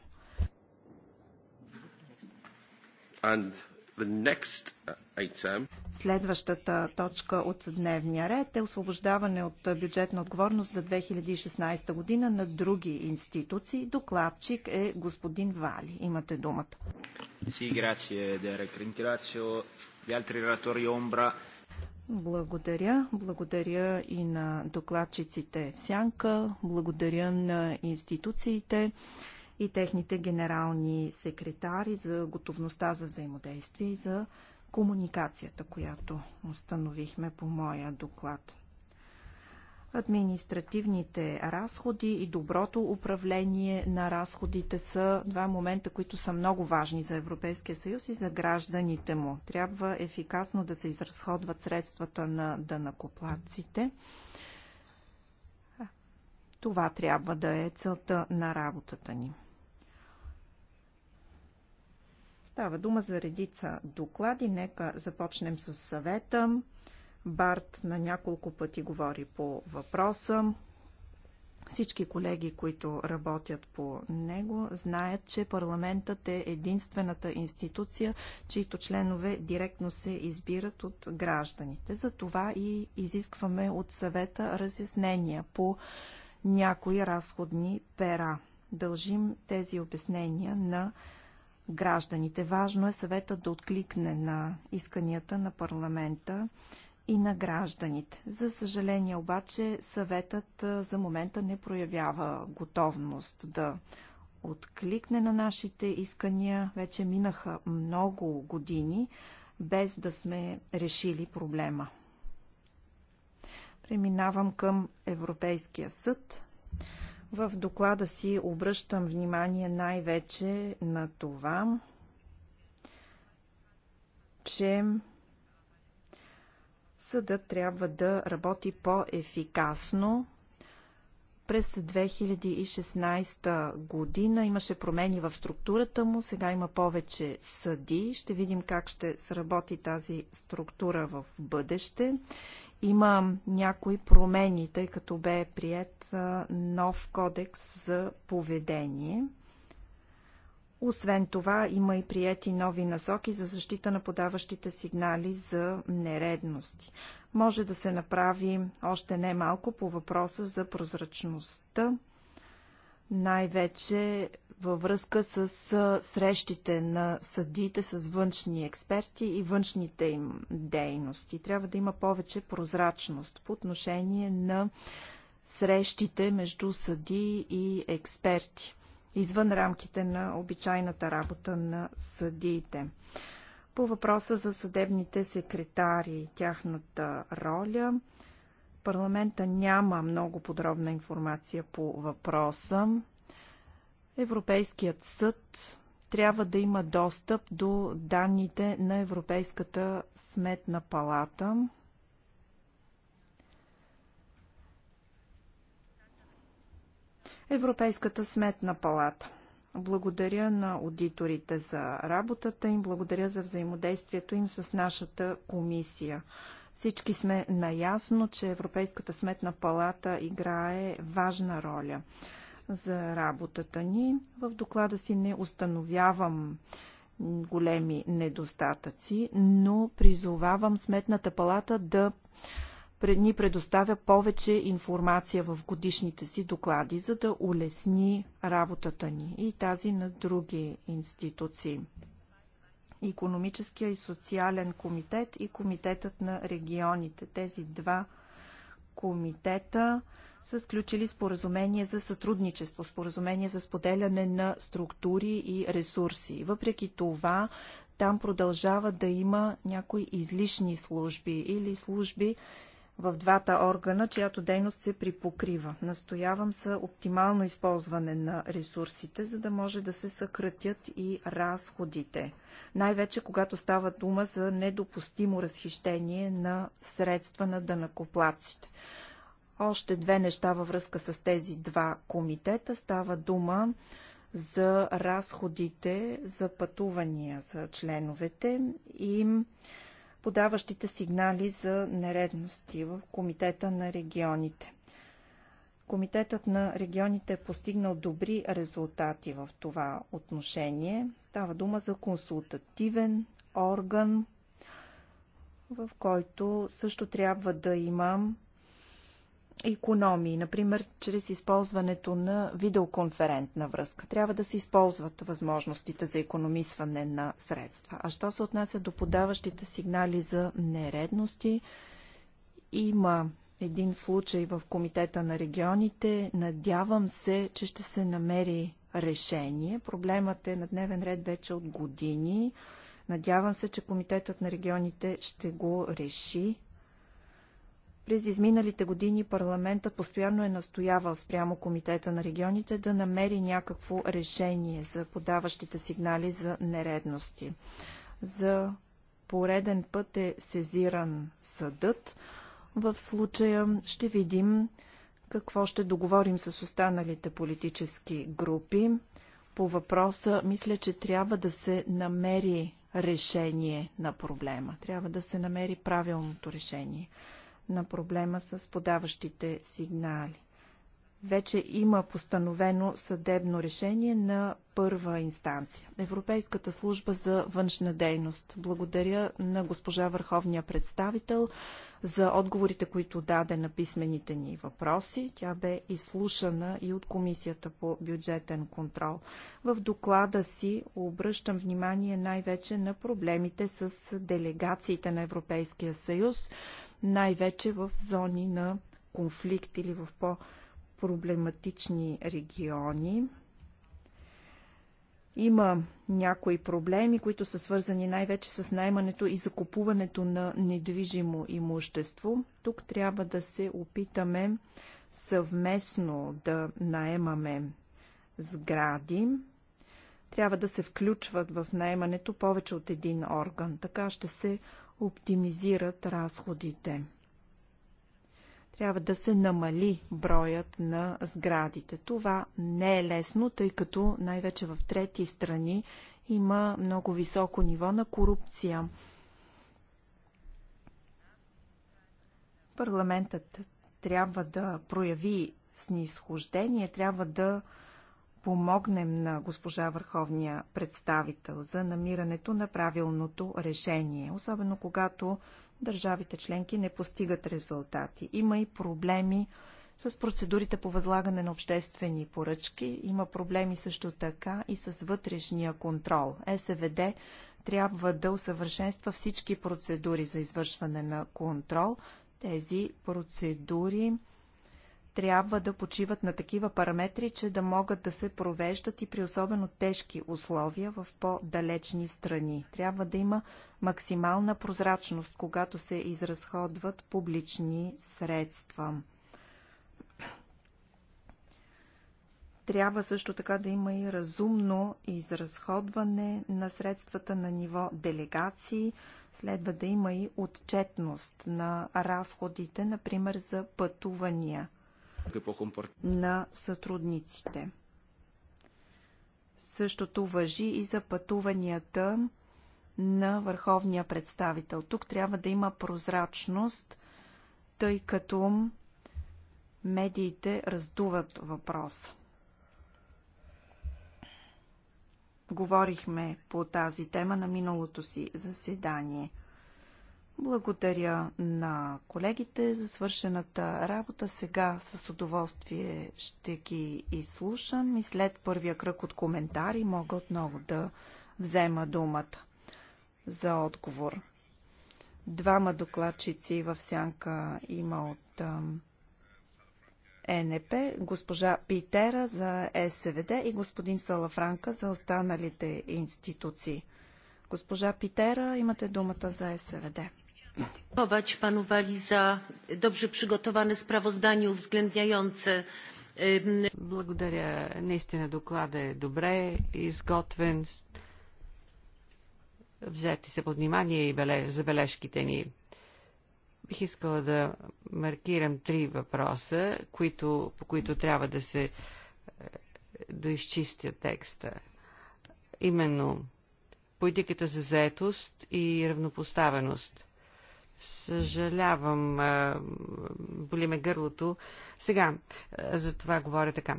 Следващата точка от дневния ред е освобождаване от бюджетна отговорност за 2016 година на други институции. Докладчик е господин Вали. Имате думата. Sì, grazie Derek. Ringrazio gli altri relatori благодаря. Благодаря и на докладчиците в Сянка. Благодаря на институциите, и техните генерални секретари за готовността за взаимодействие и за комуникацията, която установихме по моя доклад. Административните разходи и доброто управление на разходите са два момента, които са много важни за Европейския съюз и за гражданите му. Трябва ефикасно да се изразходват средствата на дънакоплаците. Това трябва да е целта на работата ни. Става дума за редица доклади. Нека започнем с съвета. Барт на няколко пъти говори по въпроса. Всички колеги, които работят по него, знаят, че парламентът е единствената институция, чието членове директно се избират от гражданите. Затова и изискваме от съвета разяснения по някои разходни пера. Дължим тези обяснения на гражданите. Важно е съветът да откликне на исканията на парламента и на гражданите. За съжаление обаче съветът за момента не проявява готовност да откликне на нашите искания. Вече минаха много години без да сме решили проблема. Преминавам към Европейския съд. В доклада си обръщам внимание най-вече на това, че съдът трябва да работи по-ефикасно. През 2016 година имаше промени в структурата му, сега има повече съди. Ще видим как ще сработи тази структура в бъдеще. Има някои промени, тъй като бе прият нов кодекс за поведение. Освен това, има и прияти нови насоки за защита на подаващите сигнали за нередности. Може да се направи още не малко по въпроса за прозрачността, най-вече във връзка с срещите на съдиите с външни експерти и външните им дейности. Трябва да има повече прозрачност по отношение на срещите между съди и експерти, извън рамките на обичайната работа на съдиите. По въпроса за съдебните секретари и тяхната роля, парламента няма много подробна информация по въпроса. Европейският съд трябва да има достъп до данните на Европейската сметна палата. Европейската сметна палата. Благодаря на аудиторите за работата им, благодаря за взаимодействието им с нашата комисия. Всички сме наясно, че Европейската сметна палата играе важна роля за работата ни. В доклада си не установявам големи недостатъци, но призовавам Сметната палата да ни предоставя повече информация в годишните си доклади, за да улесни работата ни и тази на други институции. Економическия и социален комитет и комитетът на регионите. Тези два комитета са сключили споразумение за сътрудничество, споразумение за споделяне на структури и ресурси. Въпреки това, там продължава да има някои излишни служби или служби, в двата органа, чиято дейност се припокрива. Настоявам за оптимално използване на ресурсите, за да може да се съкратят и разходите. Най-вече когато става дума за недопустимо разхищение на средства на дънакоплаците. Още две неща във връзка с тези два комитета. Става дума за разходите за пътувания за членовете и подаващите сигнали за нередности в Комитета на регионите. Комитетът на регионите е постигнал добри резултати в това отношение. Става дума за консултативен орган, в който също трябва да има економии, например, чрез използването на видеоконферентна връзка. Трябва да се използват възможностите за економисване на средства. А що се отнася до подаващите сигнали за нередности, има един случай в Комитета на регионите. Надявам се, че ще се намери решение. Проблемът е на дневен ред вече от години. Надявам се, че Комитетът на регионите ще го реши през изминалите години парламентът постоянно е настоявал спрямо Комитета на регионите да намери някакво решение за подаващите сигнали за нередности. За пореден път е сезиран съдът. В случая ще видим какво ще договорим с останалите политически групи. По въпроса мисля, че трябва да се намери решение на проблема. Трябва да се намери правилното решение на проблема с подаващите сигнали. Вече има постановено съдебно решение на първа инстанция. Европейската служба за външна дейност. Благодаря на госпожа Върховния представител за отговорите, които даде на писмените ни въпроси. Тя бе изслушана и от Комисията по бюджетен контрол. В доклада си обръщам внимание най-вече на проблемите с делегациите на Европейския съюз, най-вече в зони на конфликт или в по-проблематични региони. Има някои проблеми, които са свързани най-вече с наймането и закупуването на недвижимо имущество. Тук трябва да се опитаме съвместно да наемаме сгради. Трябва да се включват в наемането повече от един орган. Така ще се оптимизират разходите. Трябва да се намали броят на сградите. Това не е лесно, тъй като най-вече в трети страни има много високо ниво на корупция. Парламентът трябва да прояви снисхождение, трябва да помогнем на госпожа Върховния представител за намирането на правилното решение, особено когато държавите членки не постигат резултати. Има и проблеми с процедурите по възлагане на обществени поръчки, има проблеми също така и с вътрешния контрол. СВД трябва да усъвършенства всички процедури за извършване на контрол. Тези процедури трябва да почиват на такива параметри, че да могат да се провеждат и при особено тежки условия в по-далечни страни. Трябва да има максимална прозрачност, когато се изразходват публични средства. Трябва също така да има и разумно изразходване на средствата на ниво делегации. Следва да има и отчетност на разходите, например за пътувания – на сътрудниците. Същото въжи и за пътуванията на върховния представител. Тук трябва да има прозрачност, тъй като медиите раздуват въпроса. Говорихме по тази тема на миналото си заседание – благодаря на колегите за свършената работа. Сега с удоволствие ще ги изслушам и след първия кръг от коментари мога отново да взема думата за отговор. Двама докладчици в сянка има от ЕНП, госпожа Питера за е СВД и господин Салафранка за останалите институции. Госпожа Питера, имате думата за е СВД. Dziękować panu Wali za dobrze przygotowane sprawozdanie uwzględniające благодаря. Наистина доклада е добре изготвен. Взети се под внимание и забележките ни. Бих искала да маркирам три въпроса, които, по които трябва да се е, доизчистя текста. Именно политиката за заетост и равнопоставеност – Съжалявам, боли ме гърлото. Сега, за това говоря така.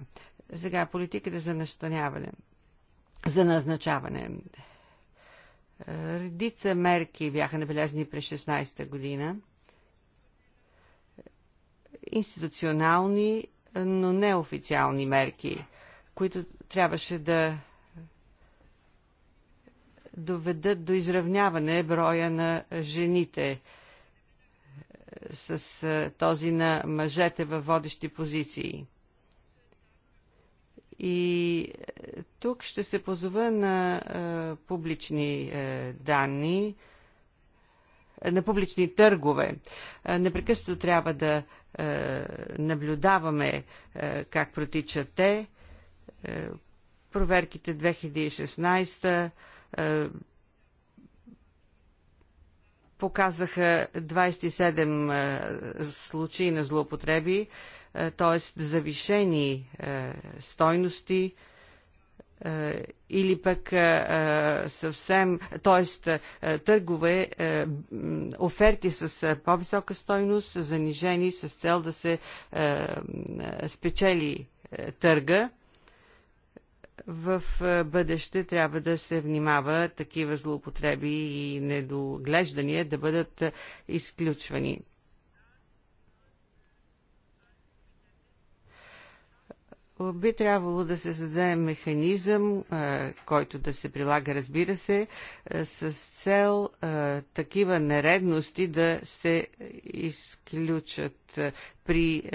Сега, политиката за настаняване, за назначаване. Редица мерки бяха набелязани през 16-та година. Институционални, но неофициални мерки, които трябваше да доведат до изравняване броя на жените с този на мъжете във водещи позиции. И е, тук ще се позова на а, е, публични а, е, данни, на публични търгове. А, непрекъснато трябва да а, наблюдаваме а, как протичат те. А, проверките 2016 показаха 27 е, случаи на злоупотреби, е, т.е. завишени е, стойности или пък съвсем, т.е. търгове, оферти с по-висока стойност, занижени с цел да се спечели търга в е, бъдеще трябва да се внимава такива злоупотреби и недоглеждания да бъдат е, изключвани. би трябвало да се създаде механизъм, е, който да се прилага, разбира се, с цел такива нередности да се изключат при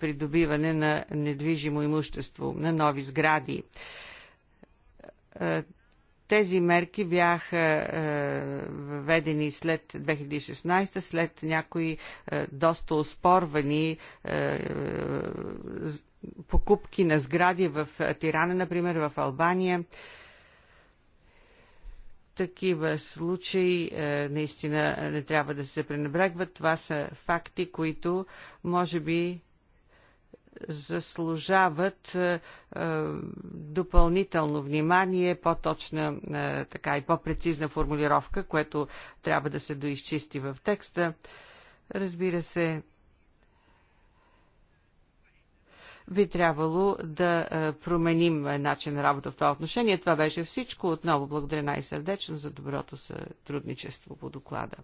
придобиване на недвижимо имущество, на нови сгради. Е, тези мерки бяха е, введени след 2016, след някои е, доста оспорвани покупки на сгради в Тирана, например, в Албания такива случаи наистина не трябва да се пренебрегват. Това са факти, които може би заслужават е, е, допълнително внимание, по-точна е, така и по-прецизна формулировка, което трябва да се доизчисти в текста. Разбира се, би трябвало да е, променим начин на работа в това отношение. Това беше всичко. Отново благодаря най-сърдечно за доброто сътрудничество по доклада.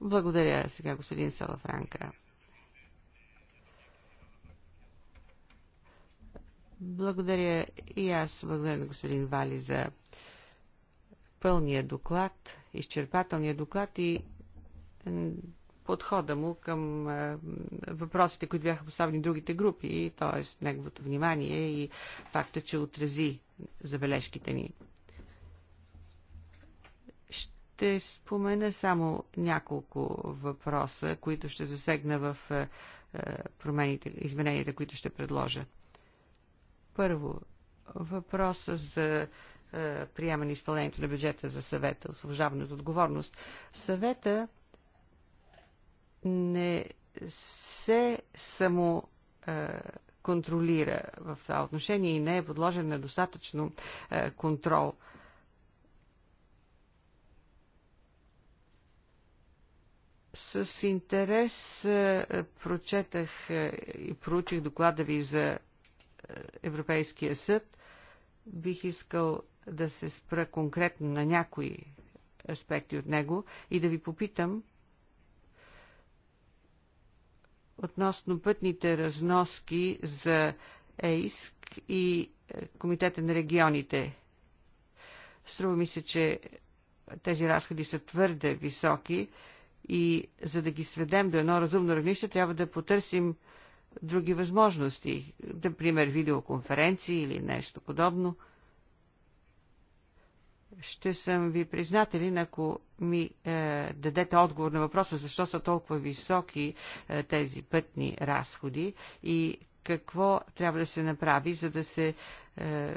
Благодаря сега господин Салафранка. Благодаря и аз благодаря на господин Вали за пълния доклад, изчерпателния доклад и подхода му към въпросите, които бяха поставени другите групи, т.е. неговото внимание и факта, че отрази забележките ни. Ще спомена само няколко въпроса, които ще засегна в промените, измененията, които ще предложа. Първо, въпроса за е, приемане изпълнението на бюджета за съвета, освобождаване от отговорност. Съвета не се само е, контролира в това отношение и не е подложен на достатъчно е, контрол. С интерес е, прочетах е, и проучих доклада ви за Европейския съд. Бих искал да се спра конкретно на някои аспекти от него и да ви попитам относно пътните разноски за ЕИСК и е, Комитета на регионите. Струва ми се, че тези разходи са твърде високи и за да ги сведем до едно разумно равнище, трябва да потърсим други възможности, например видеоконференции или нещо подобно. Ще съм ви признателен, ако ми е, дадете отговор на въпроса, защо са толкова високи е, тези пътни разходи и какво трябва да се направи, за да се е,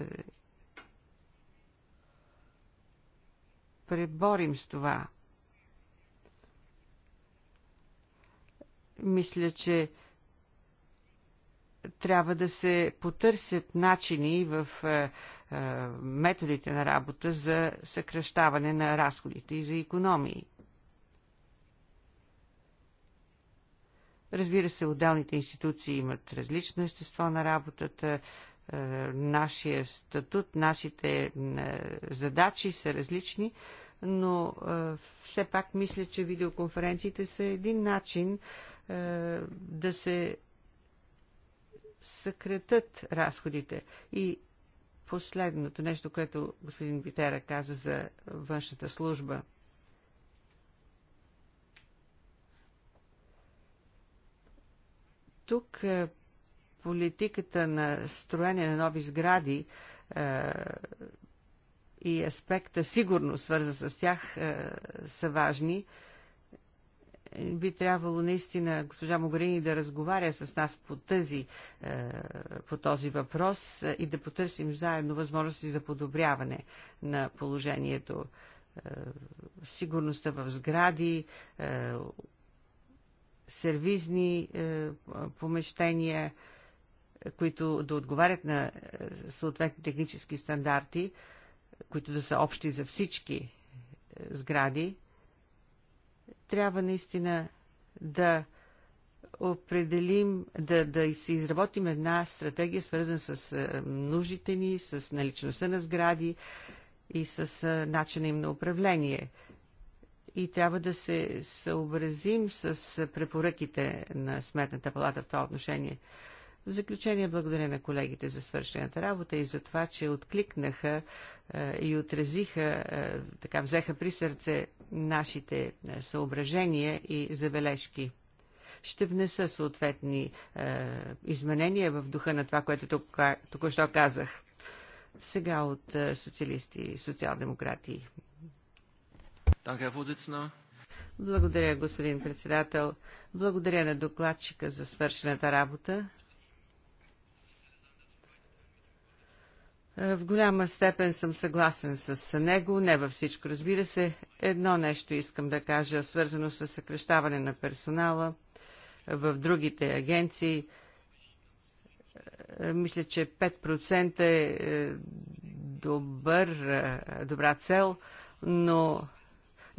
преборим с това. Мисля, че трябва да се потърсят начини в е, е, методите на работа за съкръщаване на разходите и за економии. Разбира се, отделните институции имат различно естество на работата, е, нашия статут, нашите задачи са различни, но все пак мисля, че видеоконференциите са един начин да се съкретат разходите. И последното нещо, което господин Битера каза за външната служба. Тук е, политиката на строение на нови сгради е, и аспекта сигурно свърза с тях е, са важни. Е, би трябвало наистина госпожа Могарини да разговаря с нас по, тази, е, по този въпрос е, и да потърсим заедно възможности за подобряване на положението. Е, сигурността в сгради, сервизни помещения, които да отговарят на съответни технически стандарти, които да са общи за всички сгради – трябва наистина да определим, да, да си изработим една стратегия, свързана с е, нуждите ни, с наличността на сгради и с е, начина им на управление. И трябва да се съобразим с е, препоръките на Сметната палата в това отношение. В заключение благодаря на колегите за свършената работа и за това, че откликнаха и отразиха, така взеха при сърце нашите е, съображения и забележки. Ще внеса съответни е, изменения в духа на това, което току-що казах. Сега от е, социалисти и социал-демократи. Благодаря, господин председател. Благодаря на докладчика за свършената работа. Е, в голяма степен съм съгласен с него, не във всичко, разбира се. Едно нещо искам да кажа, свързано с съкрещаване на персонала в другите агенции. Е, мисля, че 5% е, е добър, добра цел, но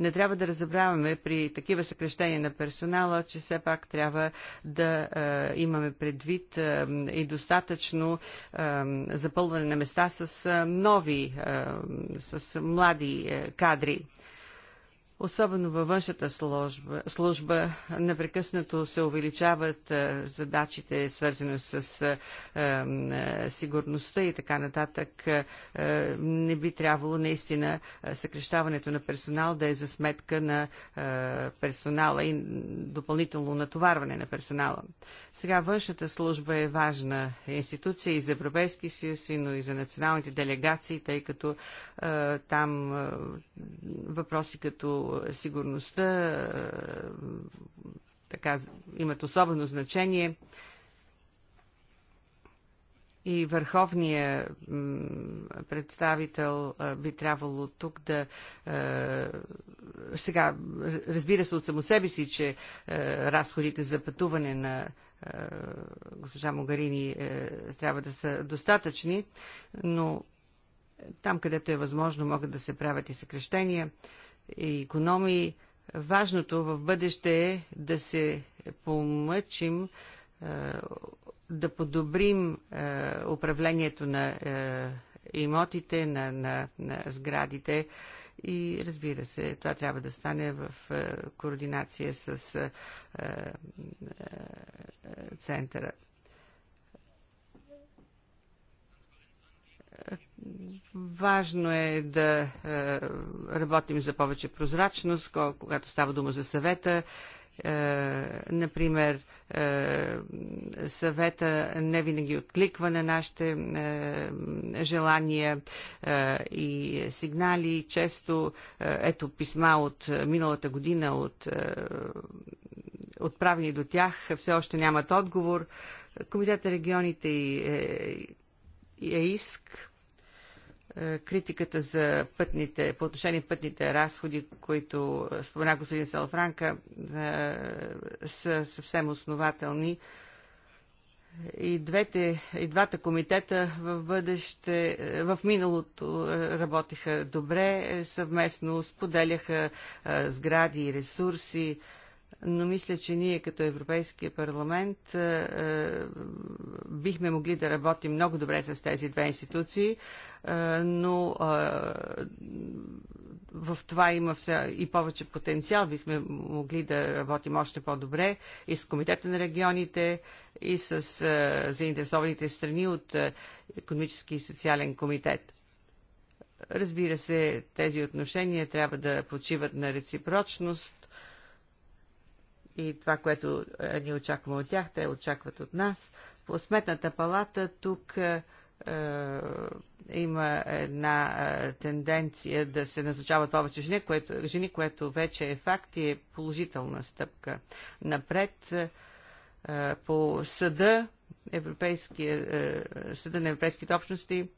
не трябва да разбравяме при такива съкрещения на персонала, че все пак трябва да а, е, имаме предвид а, е, и достатъчно а, е, запълване на места с а, нови, а, с млади а, кадри Особено във външната служба, служба непрекъснато се увеличават задачите, свързани с е, сигурността и така нататък. Не би трябвало наистина съкрещаването на персонал да е за сметка на персонала и допълнително натоварване на персонала. Сега външната служба е важна институция и за Европейски съюз, но и за националните делегации, тъй като там въпроси като сигурността е, така, имат особено значение и върховният представител е, би трябвало тук да. Е, сега, разбира се от само себе си, че разходите за пътуване на госпожа Могарини трябва да са достатъчни, но там, където е възможно, могат да се правят и съкрещения и економии. Важното в бъдеще е да се помъчим е, да подобрим е, управлението на е, имотите, на, на, на сградите и разбира се, това трябва да стане в координация с центъра. Важно е да е, работим за повече прозрачност, когато става дума за съвета. Е, например, е, съвета не винаги откликва на нашите желания и сигнали. Често ето писма от миналата година от отправени до тях все още нямат отговор. Комитета регионите и, и ЕИСК е, критиката за пътните, по отношение пътните разходи, които е, спомена господин Салфранка, е, са съвсем основателни. И, двете, и двата комитета в бъдеще, в миналото работиха добре, съвместно споделяха сгради и ресурси, но мисля, че ние като Европейския парламент е, е, бихме могли да работим много добре с тези две институции, е, но в това има все и повече потенциал. Бихме могли да работим още по-добре и с Комитета на регионите, и с заинтересованите страни от Економически и социален комитет. Разбира се, тези отношения трябва да почиват на реципрочност и това, което е, ни очакваме от тях, те очакват от нас. По сметната палата тук е, е, има една е, тенденция да се назначават повече жени което, жени, което вече е факт и е положителна стъпка напред. Е, по съда, Европейския, е, съда на европейските общности,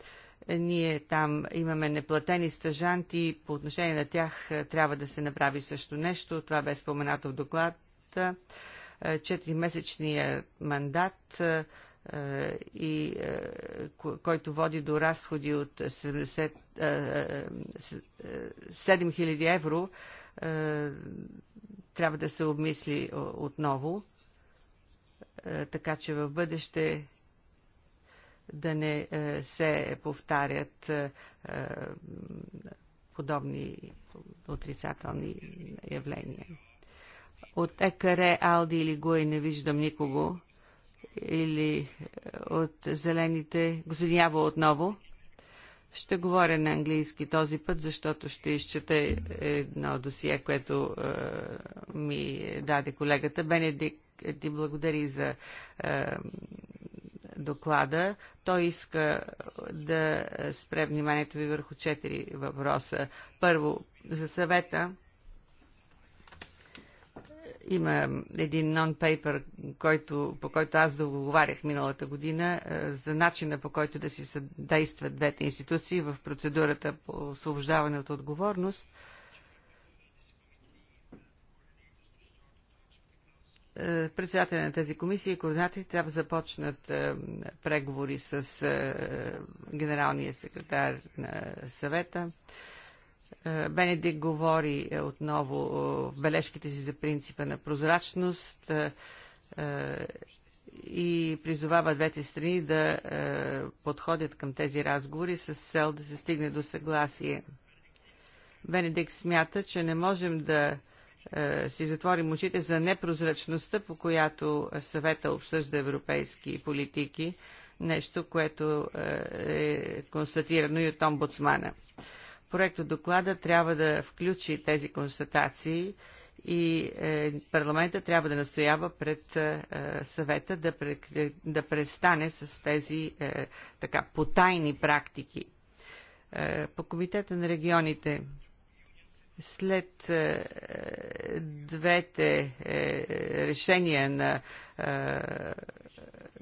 ние там имаме неплатени стъжанти, по отношение на тях трябва да се направи също нещо, това бе споменато в доклад, парламента, е, мандат е, е, и който води до разходи от 70, 7000 евро, трябва да се обмисли отново, така че в бъдеще да не се повтарят подобни отрицателни явления. От екаре, Алди или Гуе не виждам никого. Или е, от зелените. Господин Яво отново. Ще говоря на английски този път, защото ще изчета едно досие, което е, ми даде колегата. Бенедик, ти благодари за е, доклада. Той иска да спре вниманието ви върху четири въпроса. Първо, за съвета има един нон-пейпер, по който аз да оговарях миналата година е, за начина по който да си съдействат двете институции в процедурата по освобождаване от отговорност. Е, председателя на тази комисия и координатори трябва да започнат е, преговори с генералния секретар на съвета. Е, Бенедик говори е, отново е, в бележките си за принципа на прозрачност и призовава двете страни да подходят към тези разговори с цел да се стигне до съгласие. Бенедик смята, че не можем да си затворим очите за непрозрачността, по която съвета обсъжда европейски политики, нещо, което е констатирано и от омбудсмана проекто доклада трябва да включи тези констатации и е, парламента трябва да настоява пред е, съвета да, да престане с тези е, така потайни практики. по комитета на регионите след двете решения на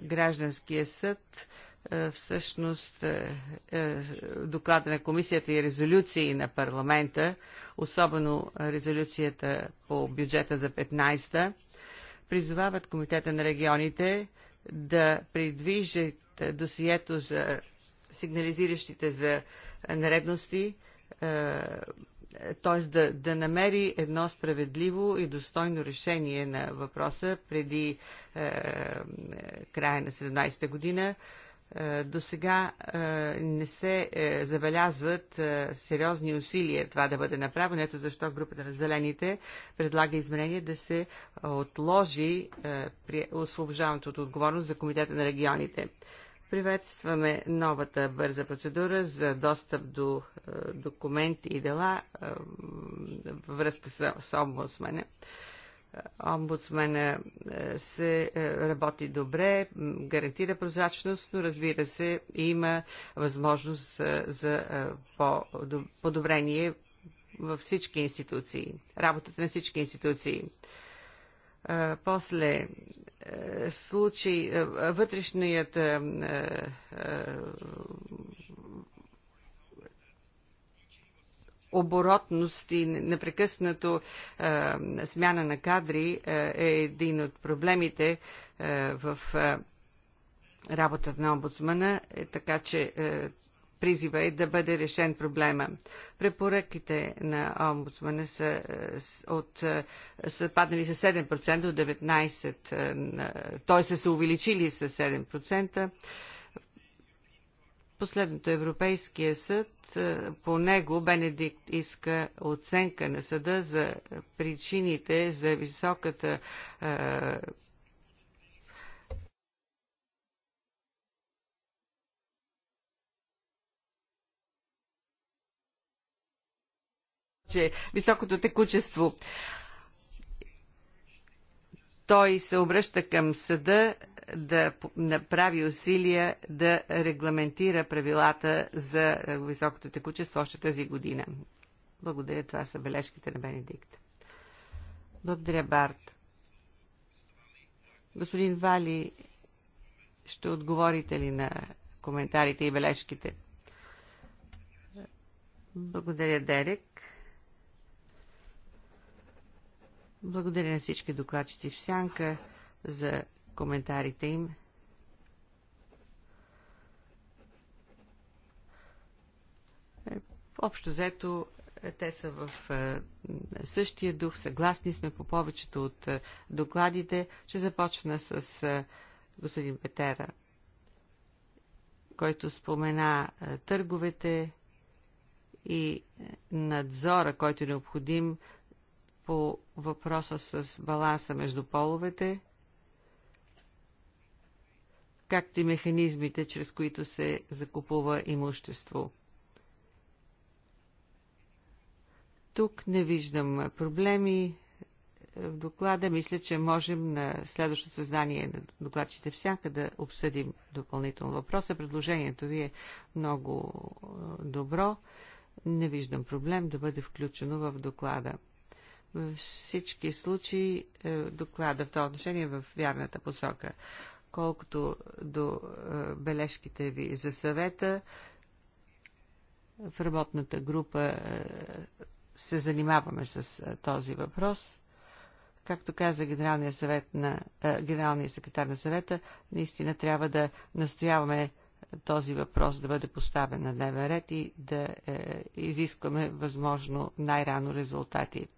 гражданския съд е, всъщност е, е, доклада на комисията и резолюции на парламента, особено резолюцията по бюджета за 15-та, призовават Комитета на регионите да придвижат досието за сигнализиращите за наредности, т.е. Да, да намери едно справедливо и достойно решение на въпроса преди е, края на 17-та година. Е, до сега е, не се е, забелязват сериозни усилия това да бъде направено. Ето защо групата на зелените предлага изменение да се отложи освобождаването от отговорност за Комитета на регионите. Приветстваме новата бърза процедура за достъп до документи и дела във връзка с омбудсмена омбудсмена е, се е, работи добре, гарантира прозрачност, но разбира се, има възможност е, за подобрение във всички институции, работата на всички институции. После случай, вътрешният оборотност и непрекъснато а, смяна на кадри е, е един от проблемите а, в а, работата на омбудсмана, е, така че а, призива е да бъде решен проблема. Препоръките на омбудсмана са, от, са паднали с 7% до 19%, т.е. са се увеличили с 7%. Последното Европейския съд, е, по него Бенедикт иска оценка на съда за причините за високата е, че високото текучество. Той се обръща към съда да направи усилия да регламентира правилата за е, високото текучество още тази година. Благодаря, това са бележките на Бенедикт. Благодаря, Барт. Господин Вали, ще отговорите ли на коментарите и бележките? Благодаря, Дерек. Благодаря на всички докладчици в Сянка за коментарите им. Е, общо взето, е, те са в е, същия дух, съгласни сме по повечето от докладите. Ще започна с господин Петера, който спомена търговете и надзора, който е необходим по въпроса с баланса между половете – както и механизмите, чрез които се закупува имущество. Тук не виждам проблеми в доклада. Мисля, че можем на следващото съзнание на докладчите всяка да обсъдим допълнително въпроса. Предложението ви е много е, добро. Не виждам проблем да бъде включено в доклада. Във всички случаи е, доклада в това отношение е в вярната посока. Колкото до е, бележките ви за съвета, в работната група е, се занимаваме с е, този въпрос. Както каза генералния, съвет на, генералния секретар на съвета, наистина трябва да настояваме този въпрос да бъде поставен на дневен ред и да е, изискваме възможно най-рано резултати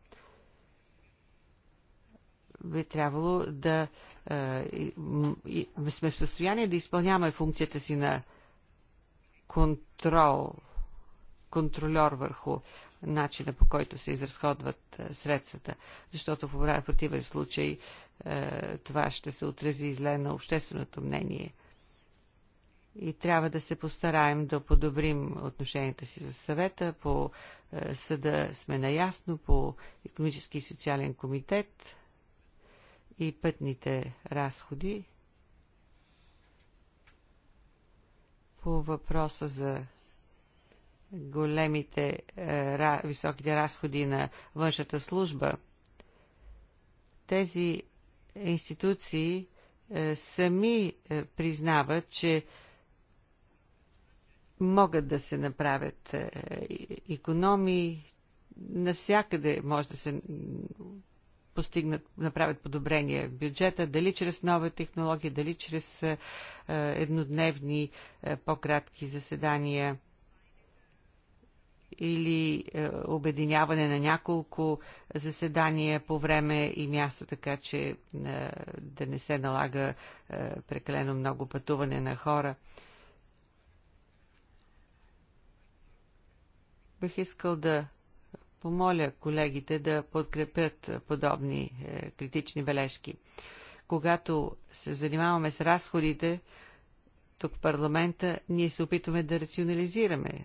би трябвало да е, и, и, сме в състояние да изпълняваме функцията си на контрол, контролер върху начина по който се изразходват е, средствата, защото в противен случай е, това ще се отрази зле на общественото мнение. И трябва да се постараем да подобрим отношенията си за съвета, по е, съда сме наясно, по економически и социален комитет и пътните разходи. По въпроса за големите, е, високите разходи на външната служба, тези институции е, сами е, признават, че могат да се направят економии, навсякъде може да се постигнат, направят подобрение в бюджета, дали чрез нова технология, дали чрез е, е, еднодневни е, по-кратки заседания или обединяване на няколко заседания по време и място, така че да не се налага прекалено много пътуване на хора. Бих искал да помоля колегите да подкрепят подобни е, критични бележки. Когато се занимаваме с разходите, тук в парламента, ние се опитваме да рационализираме е,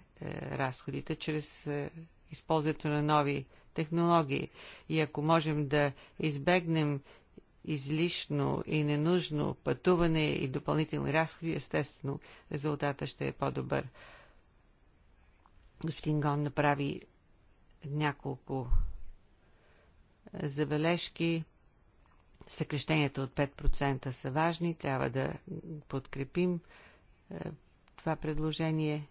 разходите чрез е, използването на нови технологии. И ако можем да избегнем излишно и ненужно пътуване и допълнителни разходи, естествено резултата ще е по-добър. Господин Гон направи няколко е, забележки. Съкрещенията от 5% са важни. Трябва да подкрепим е, това предложение.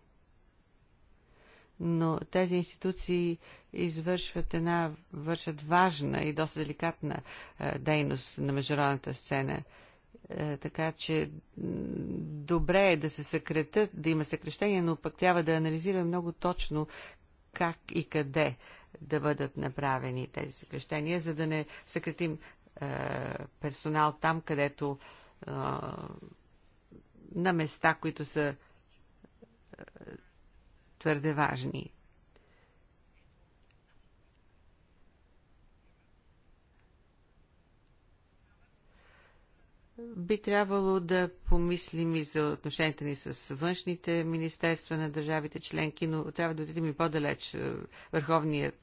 Но тези институции извършват една, вършат важна и доста деликатна е, дейност на международната сцена така че добре е да се съкретат, да има съкрещения, но пък трябва да анализираме много точно как и къде да бъдат направени тези съкрещения, за да не съкратим е, персонал там, където е, на места, които са е, твърде важни. Би трябвало да помислим и за отношенията ни с външните министерства на държавите членки, но трябва да отидем и по-далеч. Върховният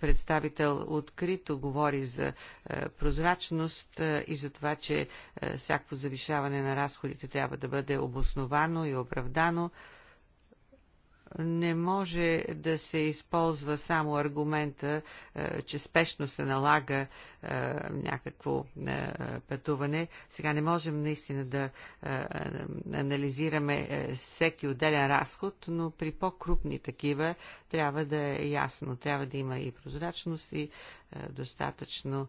представител открито говори за е, прозрачност е, и за това, че е, всяко завишаване на разходите трябва да бъде обосновано и оправдано не може да се използва само аргумента, е, че спешно се налага е, някакво е, пътуване. Сега не можем наистина да анализираме всеки отделен разход, но при по-крупни такива трябва да е ясно. Трябва да има и прозрачност, и достатъчно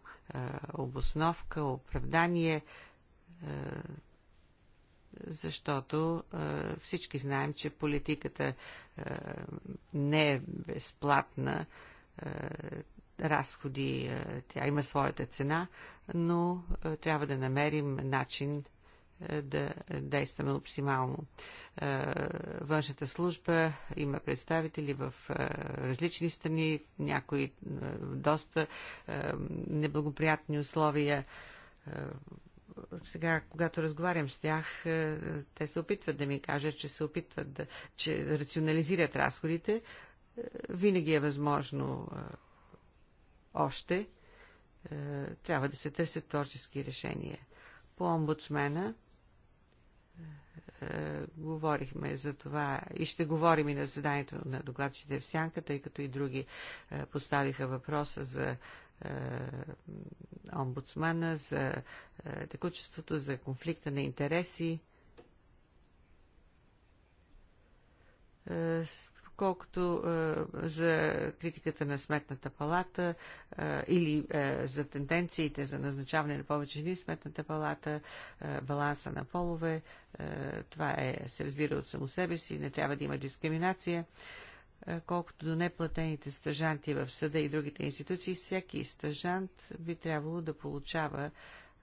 обосновка, оправдание защото а, всички знаем, че политиката а, не е безплатна. А, разходи, а, тя има своята цена, но а, трябва да намерим начин да действаме оптимално. Външната служба има представители в различни страни, някои доста неблагоприятни условия сега, когато разговарям с тях, е, те се опитват да ми кажат, че се опитват да че рационализират разходите. Е, винаги е възможно е, още. Трябва да се търсят творчески решения. По омбудсмена говорихме за това и ще говорим и на заданието на докладчите в Сянка, тъй като и други поставиха въпроса за е, омбудсмана за е, текучеството, за конфликта на интереси. Е, колкото за критиката на Сметната палата или за тенденциите за назначаване на повече жени в Сметната палата, баланса на полове. това е, се разбира от само себе си, не трябва да има дискриминация. Е, колкото до неплатените стъжанти в съда и другите институции, всеки стъжант би трябвало да получава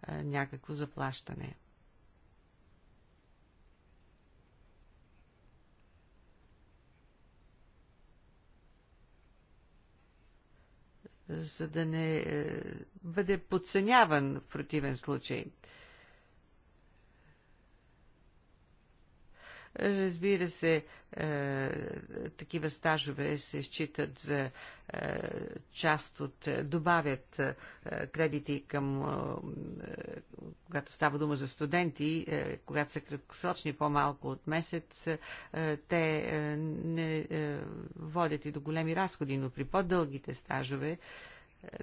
е, някакво заплащане. за да не е, бъде подценяван в противен случай. Разбира се, е, такива стажове се считат за е, част от, е, добавят е, кредити към, е, когато става дума за студенти, е, когато са краткосрочни по-малко от месец, те не водят и до големи разходи, но при по-дългите стажове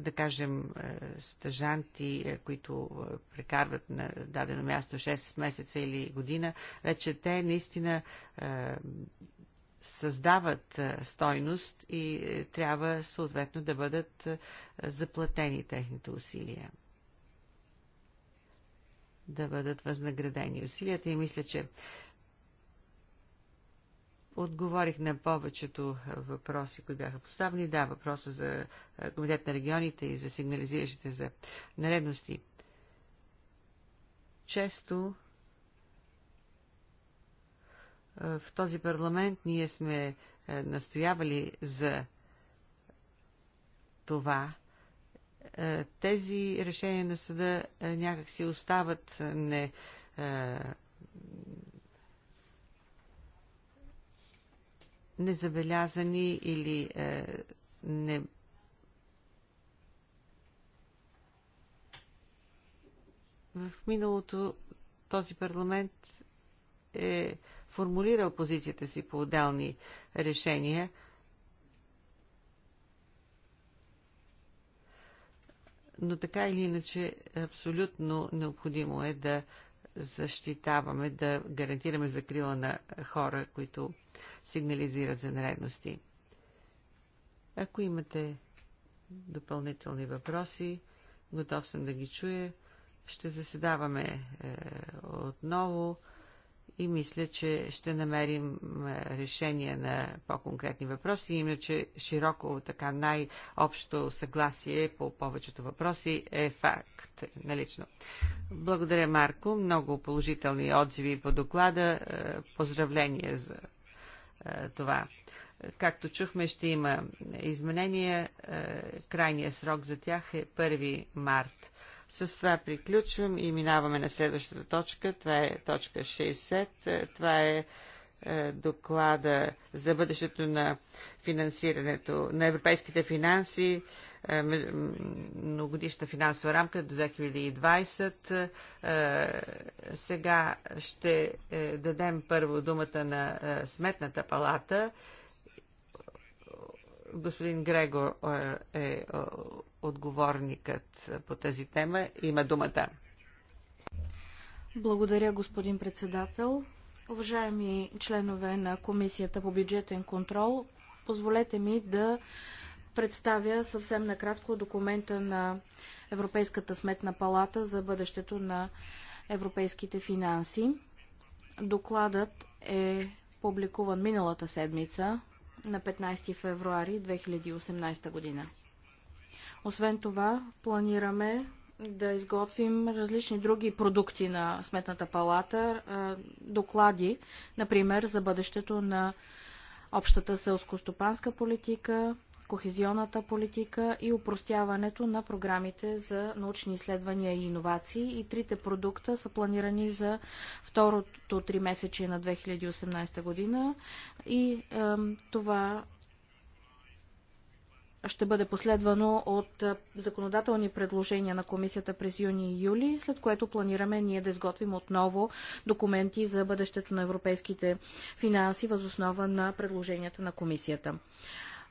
да кажем, е, стъжанти, е, които е, прекарват на дадено място 6 месеца или година, вече те наистина създават стойност и трябва съответно да бъдат заплатени техните усилия. Да бъдат възнаградени усилията и мисля, че Отговорих на повечето въпроси, които бяха поставени. Да, въпроса за Комитет на регионите и за сигнализиращите за наредности. Често в този парламент ние сме настоявали за това, тези решения на съда някак си остават не незабелязани или е, не В миналото този парламент е формулирал позицията си по отделни решения. Но така или иначе, абсолютно необходимо е да защитаваме, да гарантираме закрила на хора, които сигнализират за нередности. Ако имате допълнителни въпроси, готов съм да ги чуя. Ще заседаваме е, отново и мисля, че ще намерим е, решение на по-конкретни въпроси. Иначе широко, така най-общо съгласие по повечето въпроси е факт налично. Благодаря, Марко. Много положителни отзиви по доклада. Е, поздравления за е, това. Както чухме, ще има изменения. Е, крайният срок за тях е 1 март. С това приключвам и минаваме на следващата точка. Това е точка 60. Е, това е доклада за бъдещето на финансирането на европейските финанси е, многодишна финансова рамка до 2020. Е, сега ще е, дадем първо думата на Сметната палата. Господин Грего е отговорникът по тази тема. Има думата. Благодаря, господин председател. Уважаеми членове на Комисията по бюджетен контрол, позволете ми да представя съвсем накратко документа на Европейската сметна палата за бъдещето на европейските финанси. Докладът е публикуван миналата седмица на 15 февруари 2018 година. Освен това, планираме да изготвим различни други продукти на Сметната палата, доклади, например, за бъдещето на общата селско-стопанска политика, кохезионната политика и упростяването на програмите за научни изследвания и иновации. И трите продукта са планирани за второто три месече на 2018 година. И е, това ще бъде последвано от е, законодателни предложения на комисията през юни и юли, след което планираме ние да изготвим отново документи за бъдещето на европейските финанси възоснова на предложенията на комисията.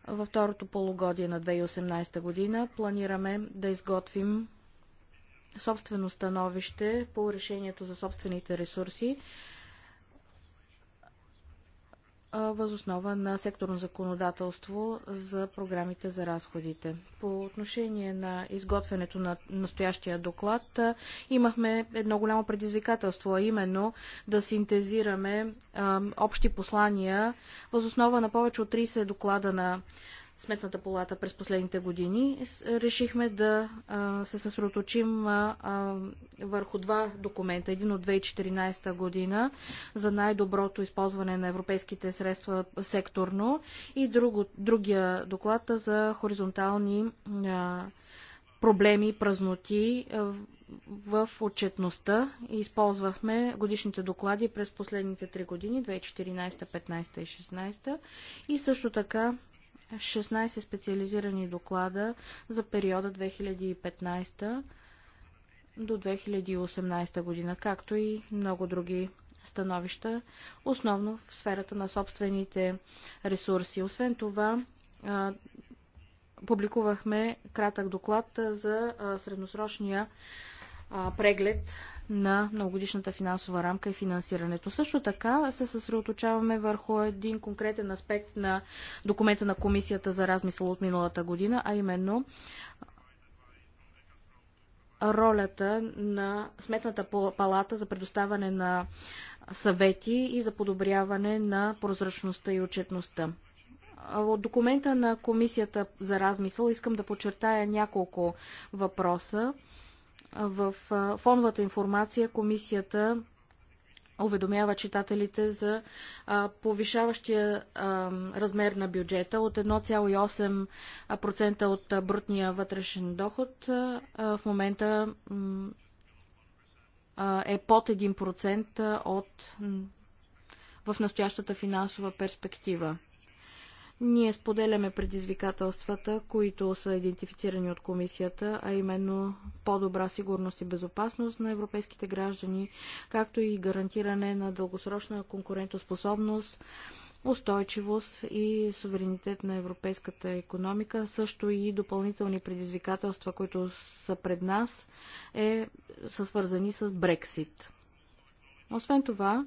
Във второто полугодие на 2018 година планираме да изготвим собствено становище по решението за собствените ресурси, възоснова на секторно законодателство за програмите за разходите. По отношение на изготвянето на настоящия доклад имахме едно голямо предизвикателство, а именно да синтезираме общи послания възоснова на повече от 30 доклада на Сметната палата през последните години, решихме да се съсредоточим върху два документа. Един от 2014 година за най-доброто използване на европейските средства секторно и друго, другия доклад за хоризонтални проблеми празноти в отчетността. Използвахме годишните доклади през последните три години, 2014, 2015 и 2016. И също така 16 специализирани доклада за периода 2015 до 2018 година, както и много други становища, основно в сферата на собствените ресурси. Освен това, публикувахме кратък доклад за средносрочния а, преглед на многогодишната финансова рамка и финансирането. Също така се съсредоточаваме върху един конкретен аспект на документа на Комисията за размисъл от миналата година, а именно ролята на Сметната палата за предоставяне на съвети и за подобряване на прозрачността и отчетността. От документа на Комисията за размисъл искам да подчертая няколко въпроса. В фоновата информация комисията уведомява читателите за повишаващия размер на бюджета от 1,8% от брутния вътрешен доход. в момента е под 1% от, в настоящата финансова перспектива. Ние споделяме предизвикателствата, които са идентифицирани от комисията, а именно по-добра сигурност и безопасност на европейските граждани, както и гарантиране на дългосрочна конкурентоспособност устойчивост и суверенитет на европейската економика, също и допълнителни предизвикателства, които са пред нас, е, са свързани с Брексит. Освен това,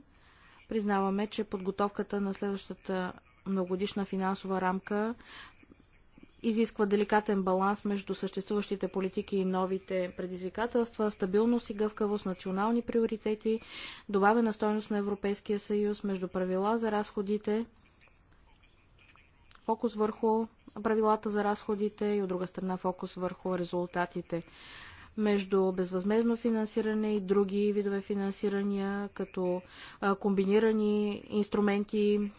признаваме, че подготовката на следващата многогодишна финансова рамка изисква деликатен баланс между съществуващите политики и новите предизвикателства, стабилност и гъвкавост, национални приоритети, добавена стойност на Европейския съюз, между правила за разходите, фокус върху правилата за разходите и от друга страна фокус върху резултатите между безвъзмезно финансиране и други видове финансирания, като комбинирани инструменти,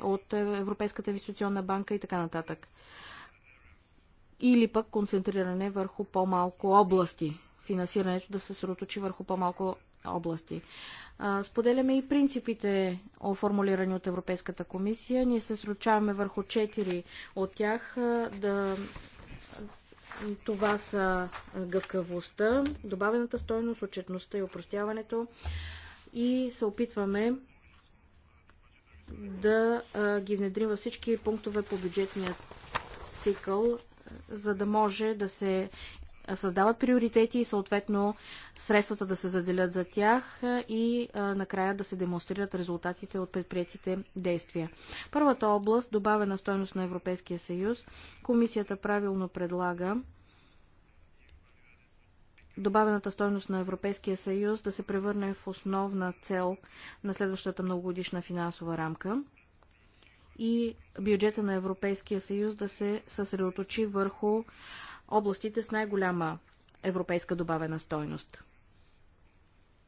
от Европейската инвестиционна банка и така нататък. Или пък концентриране върху по-малко области. Финансирането да се сроточи върху по-малко области. Споделяме и принципите, формулирани от Европейската комисия. Ние се сручаваме върху четири от тях. Да... Това са гъвкавостта, добавената стойност, отчетността и упростяването. И се опитваме да ги внедрим във всички пунктове по бюджетния цикъл, за да може да се създават приоритети и съответно средствата да се заделят за тях и а, накрая да се демонстрират резултатите от предприятите действия. Първата област, добавена стойност на Европейския съюз, комисията правилно предлага добавената стойност на Европейския съюз да се превърне в основна цел на следващата многогодишна финансова рамка и бюджета на Европейския съюз да се съсредоточи върху областите с най-голяма европейска добавена стойност.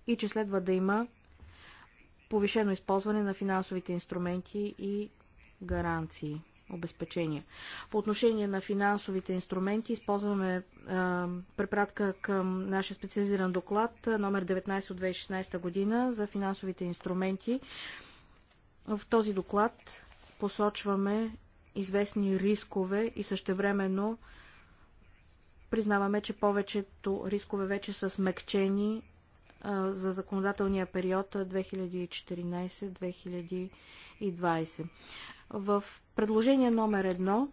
И че следва да има повишено използване на финансовите инструменти и гаранции обезпечения. По отношение на финансовите инструменти използваме а, препратка към нашия специализиран доклад номер 19 от 2016 година за финансовите инструменти. В този доклад посочваме известни рискове и същевременно признаваме, че повечето рискове вече са смекчени за законодателния период 2014-2020. В предложение номер едно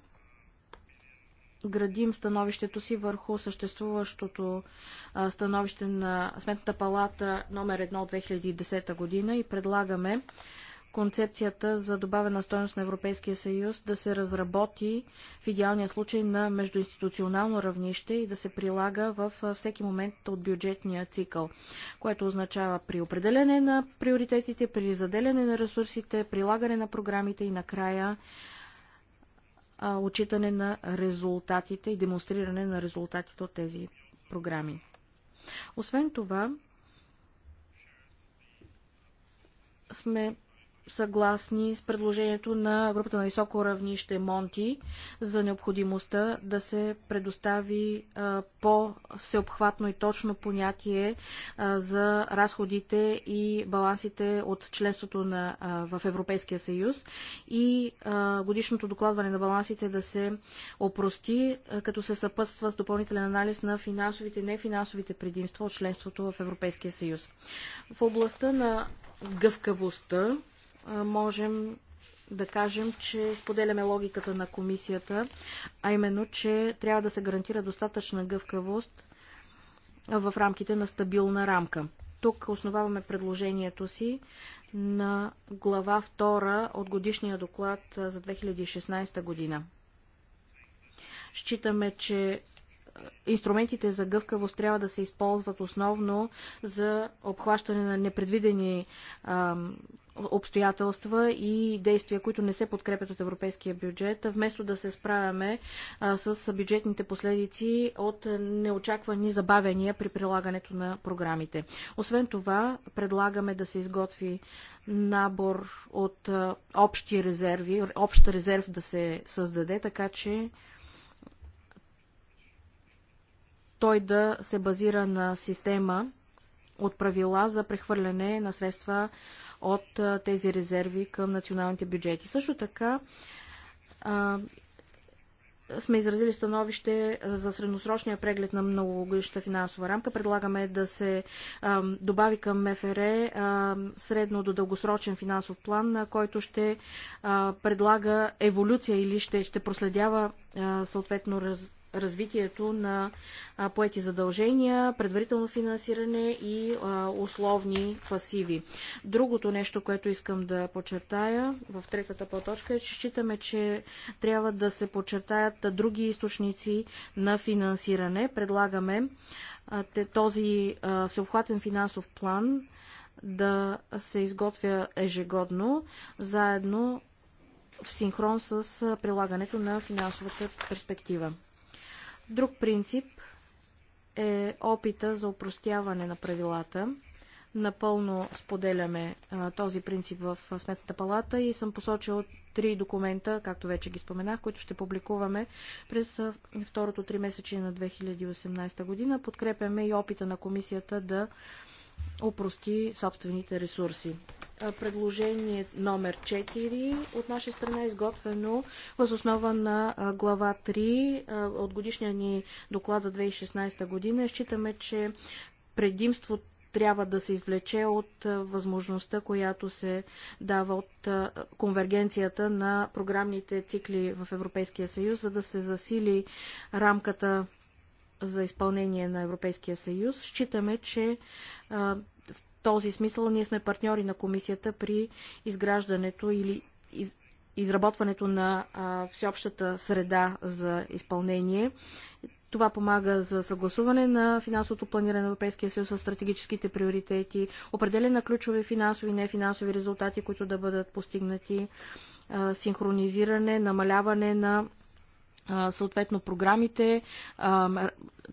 градим становището си върху съществуващото становище на Сметната палата номер 1 от 2010 година и предлагаме концепцията за добавена стоеност на Европейския съюз да се разработи в идеалния случай на междуинституционално равнище и да се прилага в всеки момент от бюджетния цикъл, което означава при определене на приоритетите, при заделяне на ресурсите, прилагане на програмите и накрая отчитане на резултатите и демонстриране на резултатите от тези програми. Освен това, сме съгласни с предложението на групата на високо равнище Монти за необходимостта да се предостави по-всеобхватно и точно понятие за разходите и балансите от членството на, в Европейския съюз и годишното докладване на балансите да се опрости, като се съпътства с допълнителен анализ на финансовите и нефинансовите предимства от членството в Европейския съюз. В областта на гъвкавостта можем да кажем, че споделяме логиката на комисията, а именно, че трябва да се гарантира достатъчна гъвкавост в рамките на стабилна рамка. Тук основаваме предложението си на глава 2 от годишния доклад за 2016 година. Считаме, че инструментите за гъвкавост трябва да се използват основно за обхващане на непредвидени обстоятелства и действия, които не се подкрепят от европейския бюджет, вместо да се справяме а, с бюджетните последици от неочаквани забавения при прилагането на програмите. Освен това, предлагаме да се изготви набор от а, общи резерви, общ резерв да се създаде, така че той да се базира на система от правила за прехвърляне на средства от тези резерви към националните бюджети. Също така а, сме изразили становище за средносрочния преглед на многогодишната финансова рамка. Предлагаме да се а, добави към МФР а, средно до дългосрочен финансов план, на който ще а, предлага еволюция или ще, ще проследява а, съответно раз, развитието на поети задължения, предварително финансиране и условни пасиви. Другото нещо, което искам да подчертая в третата поточка е, че считаме, че трябва да се подчертаят други източници на финансиране. Предлагаме този всеобхватен финансов план да се изготвя ежегодно, заедно в синхрон с прилагането на финансовата перспектива. Друг принцип е опита за упростяване на правилата. Напълно споделяме а, този принцип в, Сметната палата и съм посочил три документа, както вече ги споменах, които ще публикуваме през а, второто три месече на 2018 година. Подкрепяме и опита на комисията да упрости собствените ресурси предложение номер 4 от наша страна е изготвено възоснова на глава 3 от годишния ни доклад за 2016 година. Считаме, че предимството трябва да се извлече от възможността, която се дава от конвергенцията на програмните цикли в Европейския съюз, за да се засили рамката за изпълнение на Европейския съюз. Считаме, че в този смисъл ние сме партньори на комисията при изграждането или из, изработването на а, всеобщата среда за изпълнение. Това помага за съгласуване на финансовото планиране на Европейския съюз с стратегическите приоритети, определяне на ключови финансови и нефинансови резултати, които да бъдат постигнати, а, синхронизиране, намаляване на съответно програмите,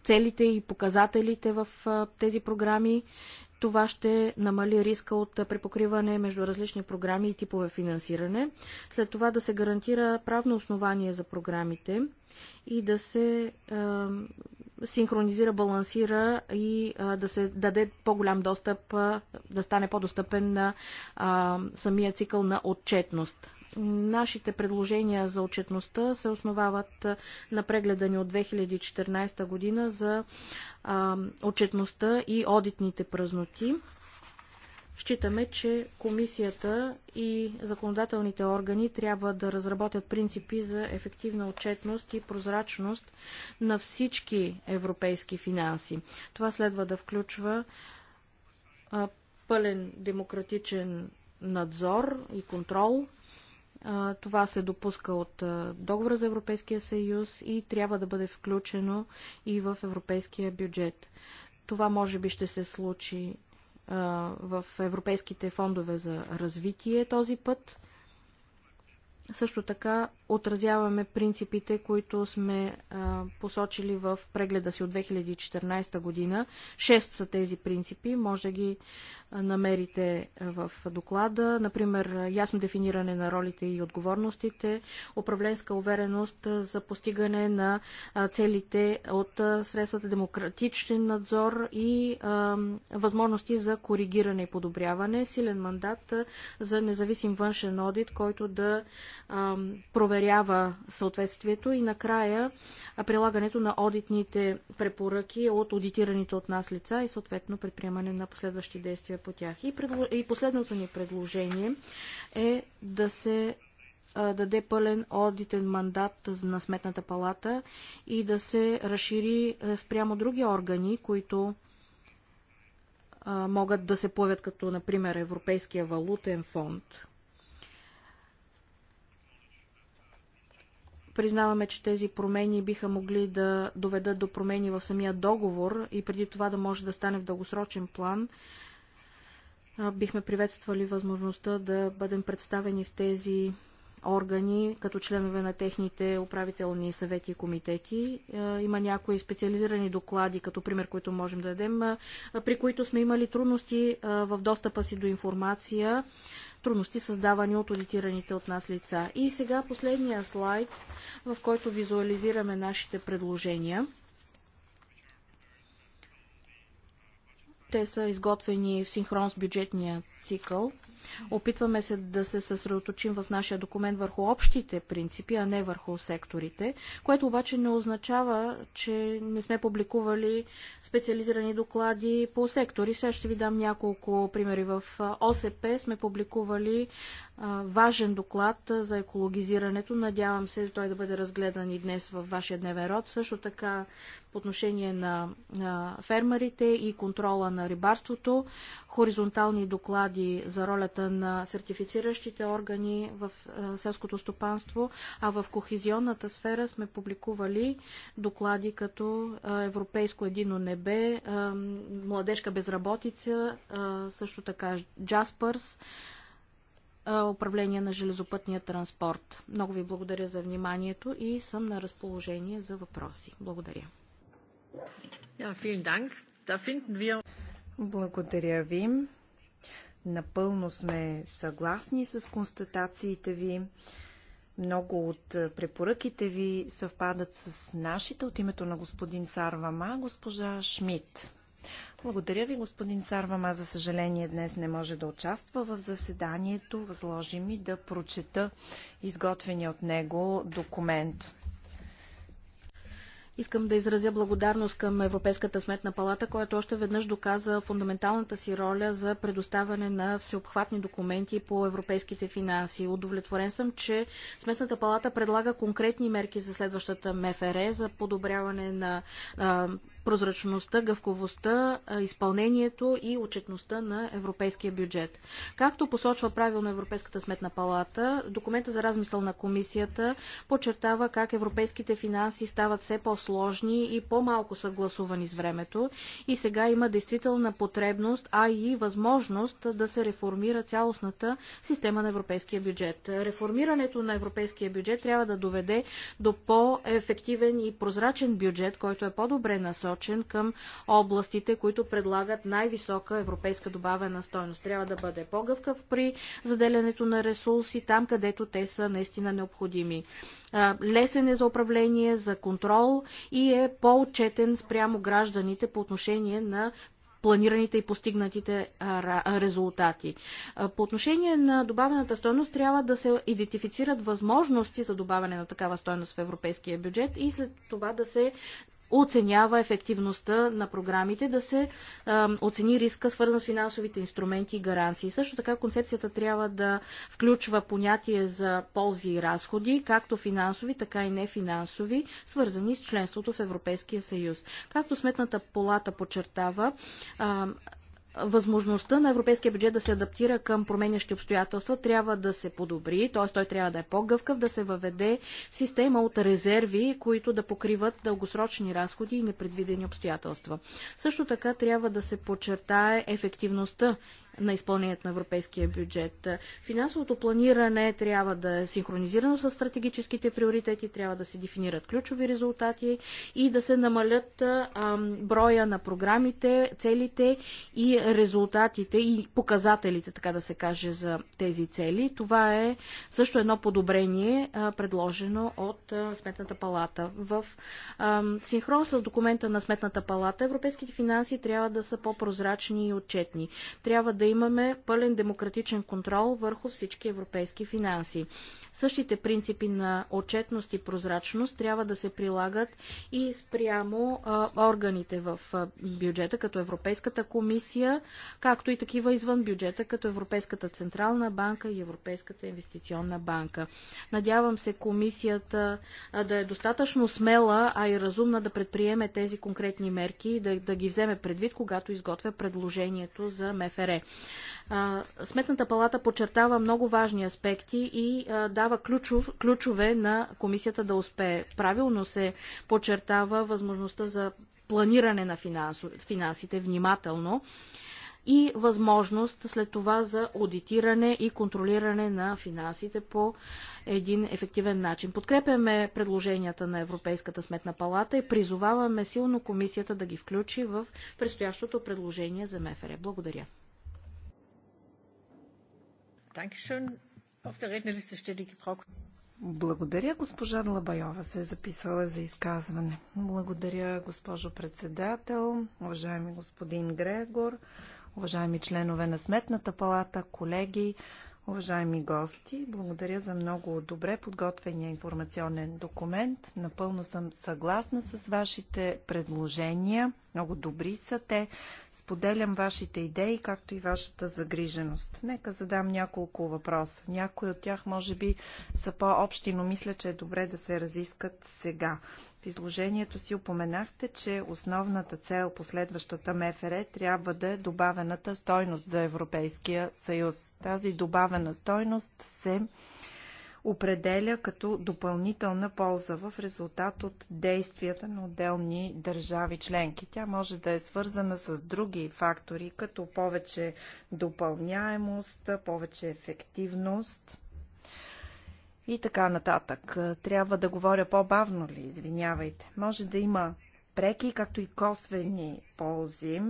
целите и показателите в тези програми това ще намали риска от препокриване между различни програми и типове финансиране. След това да се гарантира правно основание за програмите и да се синхронизира, балансира и да се даде по-голям достъп, да стане по-достъпен на самия цикъл на отчетност Нашите предложения за отчетността се основават на прегледа ни от 2014 година за а, отчетността и одитните празноти. Считаме, че комисията и законодателните органи трябва да разработят принципи за ефективна отчетност и прозрачност на всички европейски финанси. Това следва да включва а, пълен демократичен надзор и контрол това се допуска от договора за Европейския съюз и трябва да бъде включено и в европейския бюджет. Това може би ще се случи в европейските фондове за развитие този път също така отразяваме принципите, които сме а, посочили в прегледа си от 2014 година. Шест са тези принципи, може да ги намерите в доклада. Например, ясно дефиниране на ролите и отговорностите, управленска увереност за постигане на целите от средствата демократичен надзор и а, възможности за коригиране и подобряване, силен мандат за независим външен одит, който да проверява съответствието и накрая прилагането на одитните препоръки от аудитираните от нас лица и съответно предприемане на последващи действия по тях. И, предло... и последното ни предложение е да се даде пълен одитен мандат на Сметната палата и да се разшири спрямо други органи, които могат да се появят като, например, Европейския валутен фонд. Признаваме, че тези промени биха могли да доведат до промени в самия договор и преди това да може да стане в дългосрочен план. Бихме приветствали възможността да бъдем представени в тези органи, като членове на техните управителни съвети и комитети. Има някои специализирани доклади, като пример, които можем да дадем, при които сме имали трудности в достъпа си до информация трудности, създавани от аудитираните от нас лица. И сега последния слайд, в който визуализираме нашите предложения. Те са изготвени в синхрон с бюджетния цикъл, Опитваме се да се съсредоточим в нашия документ върху общите принципи, а не върху секторите, което обаче не означава, че не сме публикували специализирани доклади по сектори. Сега ще ви дам няколко примери. В ОСП сме публикували важен доклад за екологизирането. Надявам се той да бъде разгледан и днес във вашия дневен род. Също така по отношение на фермерите и контрола на рибарството, хоризонтални доклади за ролята ролята на сертифициращите органи в селското стопанство, а в кохизионната сфера сме публикували доклади като Европейско едино небе, младежка безработица, също така Джаспърс, управление на железопътния транспорт. Много ви благодаря за вниманието и съм на разположение за въпроси. Благодаря. Благодаря ви. Напълно сме съгласни с констатациите ви. Много от препоръките ви съвпадат с нашите от името на господин Сарвама, госпожа Шмидт. Благодаря ви, господин Сарвама. За съжаление, днес не може да участва в заседанието. Възложи ми да прочета изготвения от него документ. Искам да изразя благодарност към Европейската сметна палата, която още веднъж доказа фундаменталната си роля за предоставяне на всеобхватни документи по европейските финанси. Удовлетворен съм, че Сметната палата предлага конкретни мерки за следващата МФР за подобряване на а, прозрачността, гъвковостта, изпълнението и отчетността на европейския бюджет. Както посочва правилно Европейската сметна палата, документа за размисъл на комисията подчертава как европейските финанси стават все по-сложни и по-малко съгласувани с времето и сега има действителна потребност, а и възможност да се реформира цялостната система на европейския бюджет. Реформирането на европейския бюджет трябва да доведе до по-ефективен и прозрачен бюджет, който е по-добре насочен насочен към областите, които предлагат най-висока европейска добавена стойност. Трябва да бъде по-гъвкав при заделянето на ресурси там, където те са наистина необходими. Лесен е за управление, за контрол и е по-отчетен спрямо гражданите по отношение на планираните и постигнатите резултати. По отношение на добавената стойност трябва да се идентифицират възможности за добавяне на такава стойност в европейския бюджет и след това да се оценява ефективността на програмите, да се а, оцени риска, свързан с финансовите инструменти и гаранции. Също така концепцията трябва да включва понятие за ползи и разходи, както финансови, така и нефинансови, свързани с членството в Европейския съюз. Както Сметната палата подчертава, а, възможността на европейския бюджет да се адаптира към променящи обстоятелства трябва да се подобри, т.е. той трябва да е по-гъвкав, да се въведе система от резерви, които да покриват дългосрочни разходи и непредвидени обстоятелства. Също така трябва да се подчертае ефективността на изпълнението на европейския бюджет. Финансовото планиране трябва да е синхронизирано с стратегическите приоритети, трябва да се дефинират ключови резултати и да се намалят броя на програмите, целите и резултатите и показателите, така да се каже, за тези цели. Това е също едно подобрение, предложено от Сметната палата. В синхрон с документа на Сметната палата, европейските финанси трябва да са по-прозрачни и отчетни. Трябва да да имаме пълен демократичен контрол върху всички европейски финанси. Същите принципи на отчетност и прозрачност трябва да се прилагат и спрямо а, органите в а, бюджета, като Европейската комисия, както и такива извън бюджета, като Европейската централна банка и Европейската инвестиционна банка. Надявам се комисията а, да е достатъчно смела, а и разумна да предприеме тези конкретни мерки и да, да ги вземе предвид, когато изготвя предложението за МФР. Сметната палата подчертава много важни аспекти и дава ключов, ключове на комисията да успее. Правилно се подчертава възможността за планиране на финансите внимателно и възможност след това за аудитиране и контролиране на финансите по един ефективен начин. Подкрепяме предложенията на Европейската сметна палата и призоваваме силно комисията да ги включи в предстоящото предложение за МФР. Благодаря. Благодаря. Госпожа Длабайова се е записала за изказване. Благодаря, госпожо председател, уважаеми господин Грегор, уважаеми членове на Сметната палата, колеги. Уважаеми гости, благодаря за много добре подготвения информационен документ. Напълно съм съгласна с вашите предложения. Много добри са те. Споделям вашите идеи, както и вашата загриженост. Нека задам няколко въпроса. Някои от тях може би са по-общи, но мисля, че е добре да се разискат сега изложението си упоменахте, че основната цел последващата МФР трябва да е добавената стойност за Европейския съюз. Тази добавена стойност се определя като допълнителна полза в резултат от действията на отделни държави членки. Тя може да е свързана с други фактори, като повече допълняемост, повече ефективност – и така нататък. Е, трябва да говоря по-бавно ли? Извинявайте. Може да има преки, както и косвени ползи.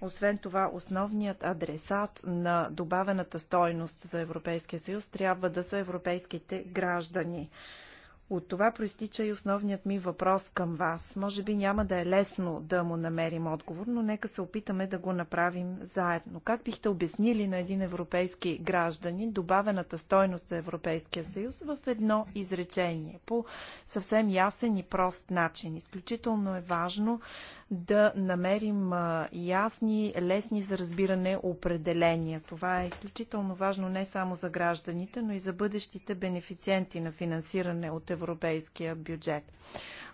Освен това, основният адресат на добавената стойност за Европейския съюз трябва да са европейските граждани. От това проистича и основният ми въпрос към вас. Може би няма да е лесно да му намерим отговор, но нека се опитаме да го направим заедно. Как бихте обяснили на един европейски гражданин добавената стойност за Европейския съюз в едно изречение по съвсем ясен и прост начин? Изключително е важно да намерим ясни, лесни за разбиране определения. Това е изключително важно не само за гражданите, но и за бъдещите бенефициенти на финансиране от европейския бюджет.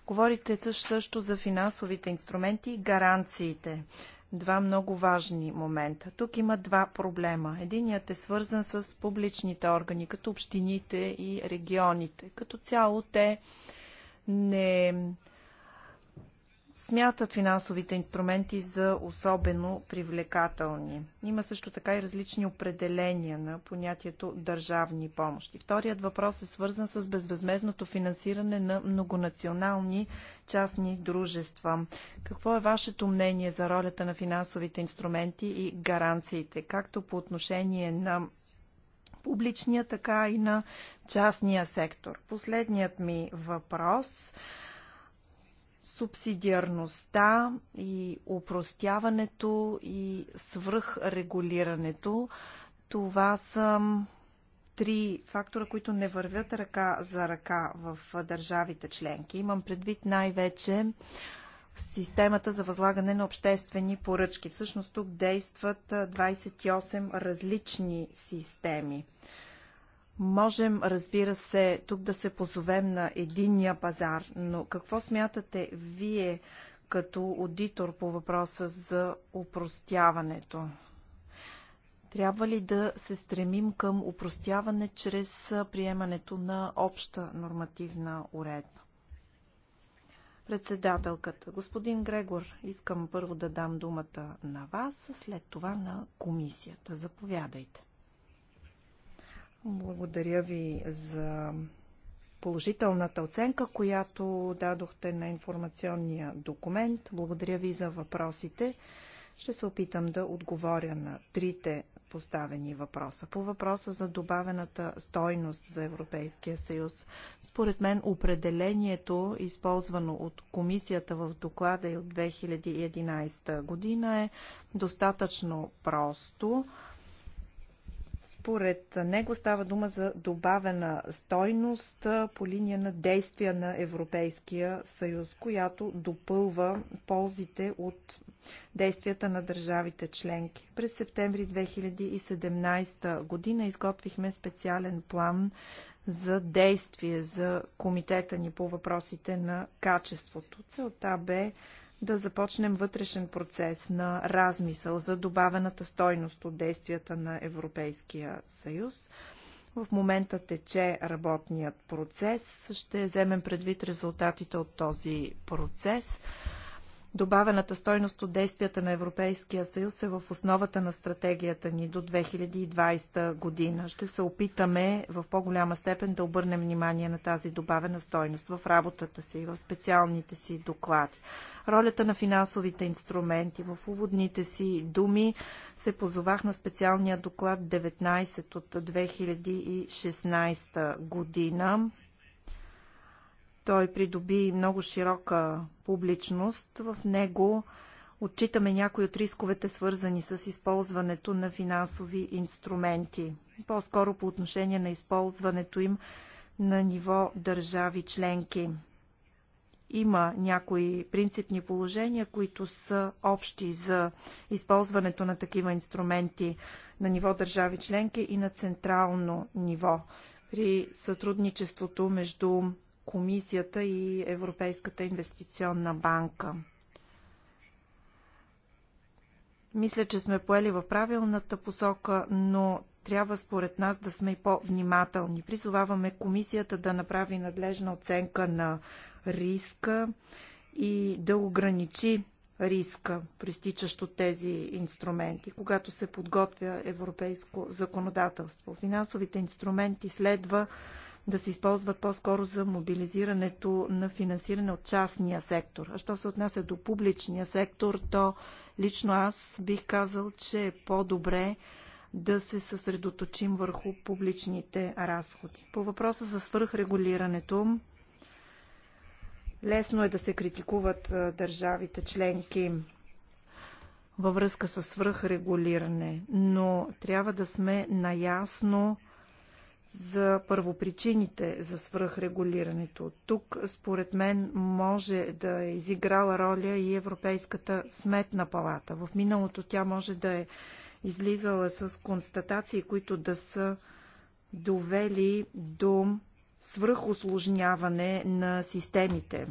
Говорите също за финансовите инструменти и гаранциите два много важни момента. Тук има два проблема. Единият е свързан с публичните органи, като общините и регионите. Като цяло те не смятат финансовите инструменти за особено привлекателни. Има също така и различни определения на понятието държавни помощи. Вторият въпрос е свързан с безвъзмезното финансиране на многонационални частни дружества. Какво е вашето мнение за ролята на финансовите инструменти и гаранциите, както по отношение на публичния, така и на частния сектор? Последният ми въпрос е субсидиарността и упростяването и свръхрегулирането. Това са три фактора, които не вървят ръка за ръка в държавите членки. Имам предвид най-вече системата за възлагане на обществени поръчки. Всъщност тук действат 28 различни системи. Можем, разбира се, тук да се позовем на единния пазар, но какво смятате вие като аудитор по въпроса за упростяването? Трябва ли да се стремим към упростяване чрез приемането на обща нормативна уредба? Председателката, господин Грегор, искам първо да дам думата на вас, след това на комисията. Заповядайте. Благодаря ви за положителната оценка, която дадохте на информационния документ. Благодаря ви за въпросите. Ще се опитам да отговоря на трите поставени въпроса. По въпроса за добавената стойност за Европейския съюз, според мен определението, използвано от комисията в доклада и от 2011 година е достатъчно просто. Според него става дума за добавена стойност по линия на действия на Европейския съюз, която допълва ползите от действията на държавите членки. През септември 2017 година изготвихме специален план за действие за комитета ни по въпросите на качеството. Целта бе да започнем вътрешен процес на размисъл за добавената стойност от действията на Европейския съюз. В момента тече работният процес. Ще вземем предвид резултатите от този процес. Добавената стойност от действията на Европейския съюз е в основата на стратегията ни до 2020 година. Ще се опитаме в по-голяма степен да обърнем внимание на тази добавена стойност в работата си, в специалните си доклади. Ролята на финансовите инструменти в уводните си думи се позовах на специалния доклад 19 от 2016 година той придоби много широка публичност. В него отчитаме някои от рисковете, свързани с използването на финансови инструменти. По-скоро по отношение на използването им на ниво държави членки. Има някои принципни положения, които са общи за използването на такива инструменти на ниво държави членки и на централно ниво при сътрудничеството между Комисията и Европейската инвестиционна банка. Мисля, че сме поели в правилната посока, но трябва според нас да сме и по-внимателни. Призоваваме комисията да направи надлежна оценка на риска и да ограничи риска, проистичащ от тези инструменти, когато се подготвя европейско законодателство. Финансовите инструменти следва да се използват по-скоро за мобилизирането на финансиране от частния сектор. А що се отнася до публичния сектор, то лично аз бих казал, че е по-добре да се съсредоточим върху публичните разходи. По въпроса за свръхрегулирането, лесно е да се критикуват държавите членки във връзка с свръхрегулиране, но трябва да сме наясно за първопричините за свръхрегулирането. Тук, според мен, може да е изиграла роля и Европейската сметна палата. В миналото тя може да е излизала с констатации, които да са довели до свръхосложняване на системите,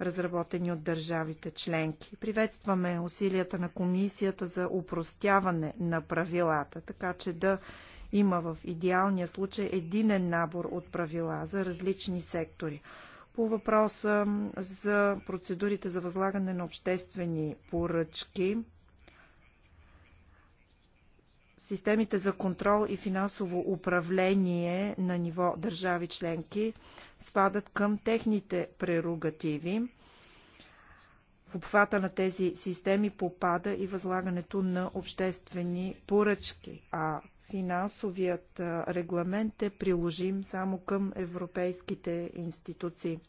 разработени от държавите членки. Приветстваме усилията на комисията за упростяване на правилата, така че да има в идеалния случай единен набор от правила за различни сектори. По въпроса за процедурите за възлагане на обществени поръчки, системите за контрол и финансово управление на ниво държави членки спадат към техните прерогативи. В обхвата на тези системи попада и възлагането на обществени поръчки, а финансовият регламент е приложим само към европейските институции.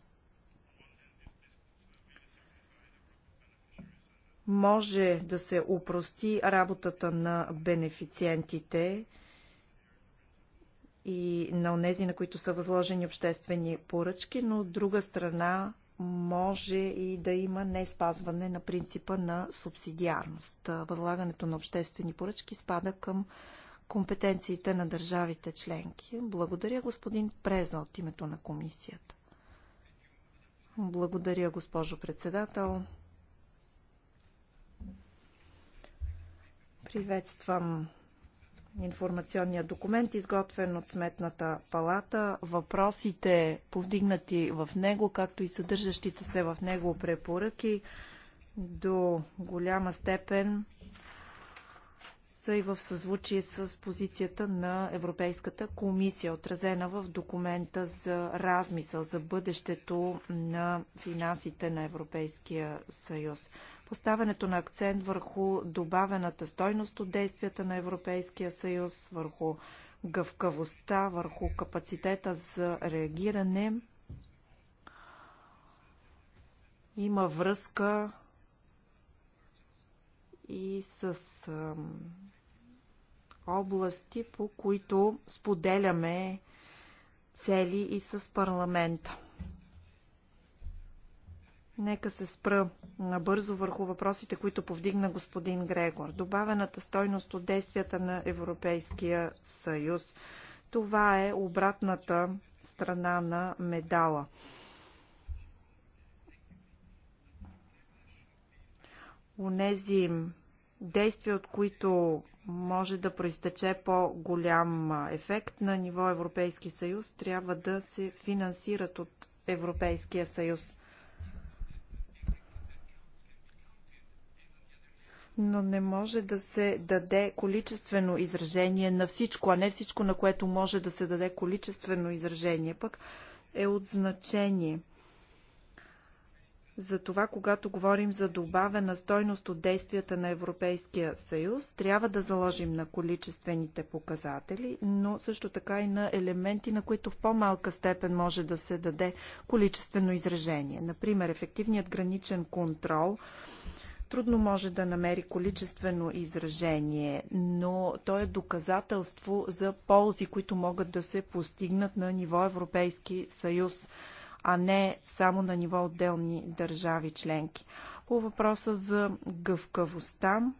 Може да се упрости работата на бенефициентите и на тези, на които са възложени обществени поръчки, но от друга страна може и да има не спазване на принципа на субсидиарност. Възлагането на обществени поръчки спада към компетенциите на държавите членки. Благодаря господин Преза от името на комисията. Благодаря, госпожо председател. Приветствам информационния документ, изготвен от Сметната палата. Въпросите, повдигнати в него, както и съдържащите се в него препоръки, до голяма степен са и в съзвучие с позицията на Европейската комисия, отразена в документа за размисъл за бъдещето на финансите на Европейския съюз. Поставянето на акцент върху добавената стойност от действията на Европейския съюз, върху гъвкавостта, върху капацитета за реагиране има връзка и с области, по които споделяме цели и с парламента. Нека се спра набързо върху въпросите, които повдигна господин Грегор. Добавената стойност от действията на Европейския съюз. Това е обратната страна на медала. Унези действия, от които може да проистече по-голям ефект на ниво Европейски съюз, трябва да се финансират от Европейския съюз. но не може да се даде количествено изражение на всичко, а не всичко, на което може да се даде количествено изражение, пък е от значение. Затова, когато говорим за добавена стойност от действията на Европейския съюз, трябва да заложим на количествените показатели, но също така и на елементи, на които в по-малка степен може да се даде количествено изражение. Например, ефективният граничен контрол трудно може да намери количествено изражение, но то е доказателство за ползи, които могат да се постигнат на ниво Европейски съюз а не само на ниво отделни държави членки. По въпроса за гъвкавостта,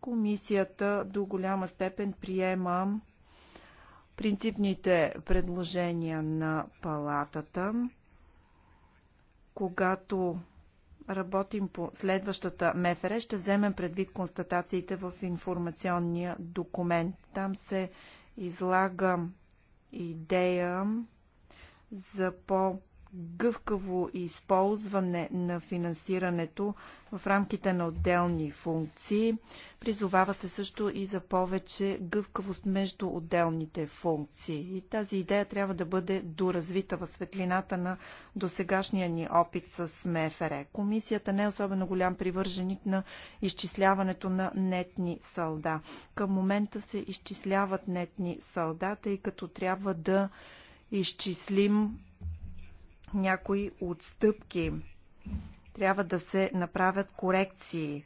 комисията до голяма степен приема принципните предложения на палатата. Когато работим по следващата МФР, ще вземем предвид констатациите в информационния документ. Там се излага идея за по- гъвкаво използване на финансирането в рамките на отделни функции. Призовава се също и за повече гъвкавост между отделните функции. И тази идея трябва да бъде доразвита в светлината на досегашния ни опит с МФР. Комисията не е особено голям привърженик на изчисляването на нетни сълда. Към момента се изчисляват нетни сълда, тъй като трябва да изчислим някои отстъпки. Трябва да се направят корекции.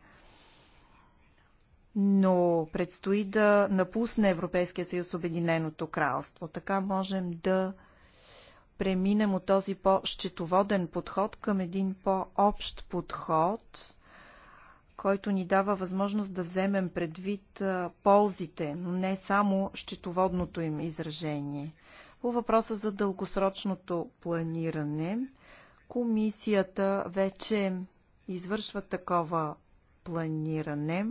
Но предстои да напусне Европейския съюз Обединеното кралство. Така можем да преминем от този по-щетоводен подход към един по-общ подход, който ни дава възможност да вземем предвид ползите, но не само щетоводното им изражение. По въпроса за дългосрочното планиране, комисията вече извършва такова планиране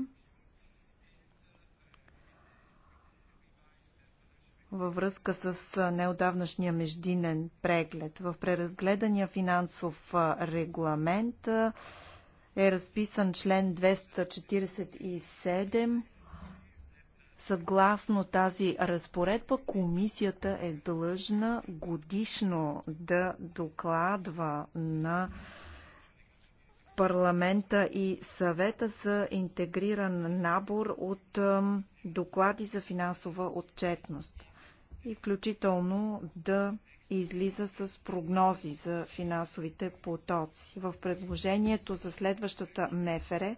във връзка с неодавнашния междинен преглед. В преразгледания финансов регламент е разписан член 247 Съгласно тази разпоредба, комисията е длъжна годишно да докладва на парламента и съвета за интегриран набор от доклади за финансова отчетност и включително да излиза с прогнози за финансовите потоци. В предложението за следващата МЕФЕРЕ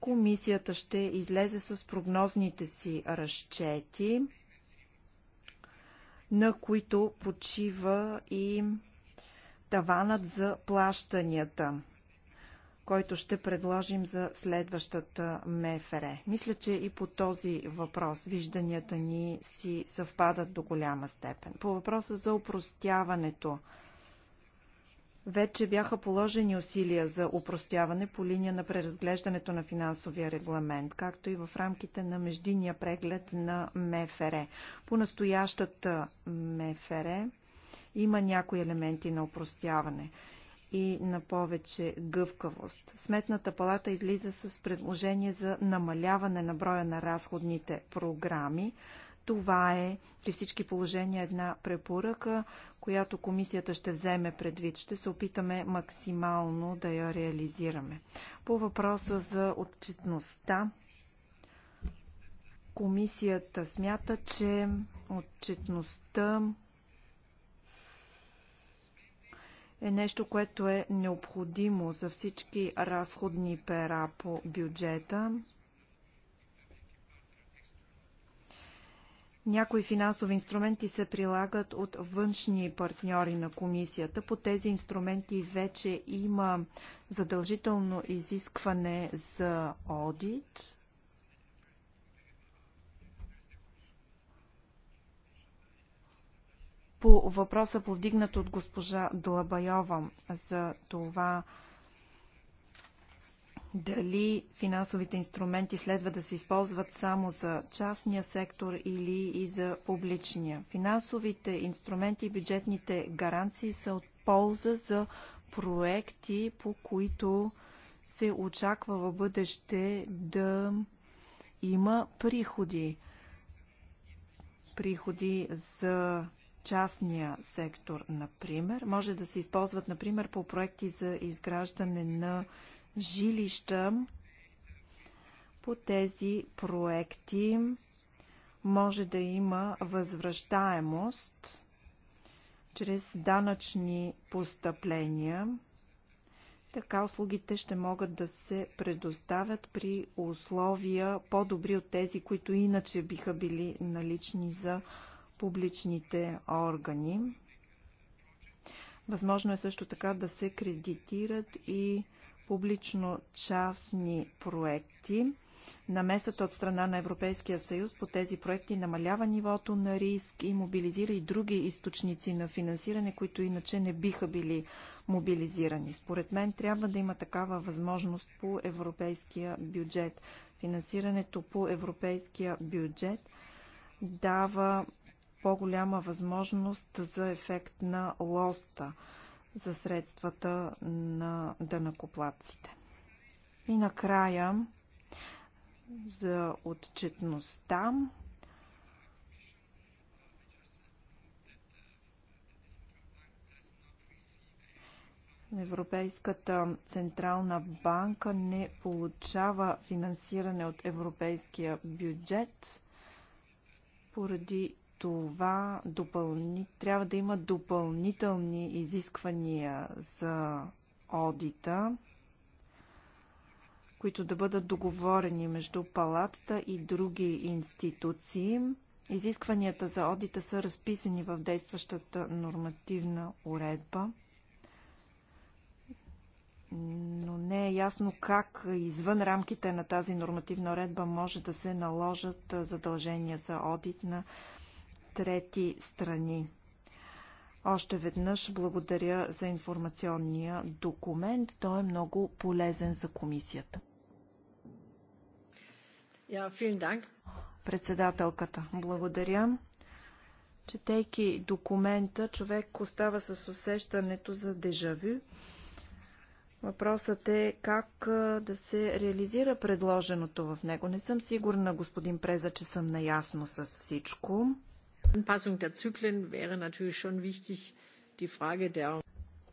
Комисията ще излезе с прогнозните си разчети, на които почива и таванът за плащанията, който ще предложим за следващата МФР. Мисля, че и по този въпрос вижданията ни си съвпадат до голяма степен. По въпроса за упростяването – вече бяха положени усилия за упростяване по линия на преразглеждането на финансовия регламент, както и в рамките на междинния преглед на МФР. По настоящата МФР има някои елементи на упростяване и на повече гъвкавост. Сметната палата излиза с предложение за намаляване на броя на разходните програми, това е при всички положения една препоръка, която комисията ще вземе предвид. Ще се опитаме максимално да я реализираме. По въпроса за отчетността, комисията смята, че отчетността е нещо, което е необходимо за всички разходни пера по бюджета. Някои финансови инструменти се прилагат от външни партньори на комисията. По тези инструменти вече има задължително изискване за одит. По въпроса повдигнат от госпожа Длабайова за това, дали финансовите инструменти следва да се използват само за частния сектор или и за публичния. Финансовите инструменти и бюджетните гаранции са от полза за проекти, по които се очаква в бъдеще да има приходи. Приходи за частния сектор, например. Може да се използват, например, по проекти за изграждане на жилища по тези проекти може да има възвръщаемост чрез данъчни постъпления. Така услугите ще могат да се предоставят при условия по-добри от тези, които иначе биха били налични за публичните органи. Възможно е също така да се кредитират и публично-частни проекти. Намесата от страна на Европейския съюз по тези проекти намалява нивото на риск и мобилизира и други източници на финансиране, които иначе не биха били мобилизирани. Според мен трябва да има такава възможност по европейския бюджет. Финансирането по европейския бюджет дава по-голяма възможност за ефект на лоста – за средствата на дънакоплатците. И накрая за отчетността. Европейската централна банка не получава финансиране от европейския бюджет поради това допълни, трябва да има допълнителни изисквания за одита, които да бъдат договорени между палатата и други институции. Изискванията за одита са разписани в действащата нормативна уредба, но не е ясно как извън рамките на тази нормативна уредба може да се наложат задължения за одит на трети страни. Още веднъж благодаря за информационния документ. Той е много полезен за комисията. Председателката, благодаря. Четейки документа, човек остава с усещането за дежавю. Въпросът е как да се реализира предложеното в него. Не съм сигурна, господин Преза, че съм наясно с всичко.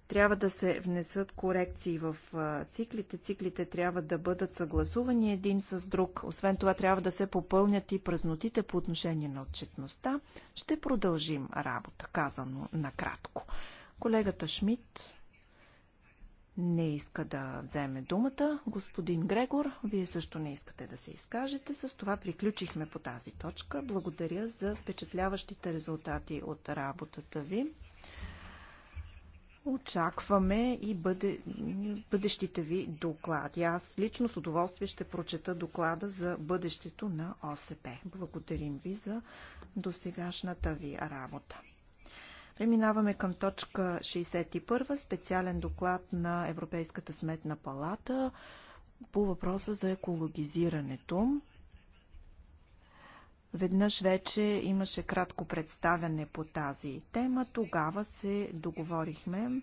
Трябва да се внесат корекции в циклите. Циклите трябва да бъдат съгласувани един с друг. Освен това трябва да се попълнят и празнотите по отношение на отчетността. Ще продължим работа, казано накратко. Колегата Шмидт не иска да вземе думата. Господин Грегор, вие също не искате да се изкажете. С това приключихме по тази точка. Благодаря за впечатляващите резултати от работата ви. Очакваме и бъде, бъдещите ви доклади. Аз лично с удоволствие ще прочета доклада за бъдещето на ОСП. Благодарим ви за досегашната ви работа. Преминаваме към точка 61, специален доклад на Европейската сметна палата по въпроса за екологизирането. Веднъж вече имаше кратко представяне по тази тема. Тогава се договорихме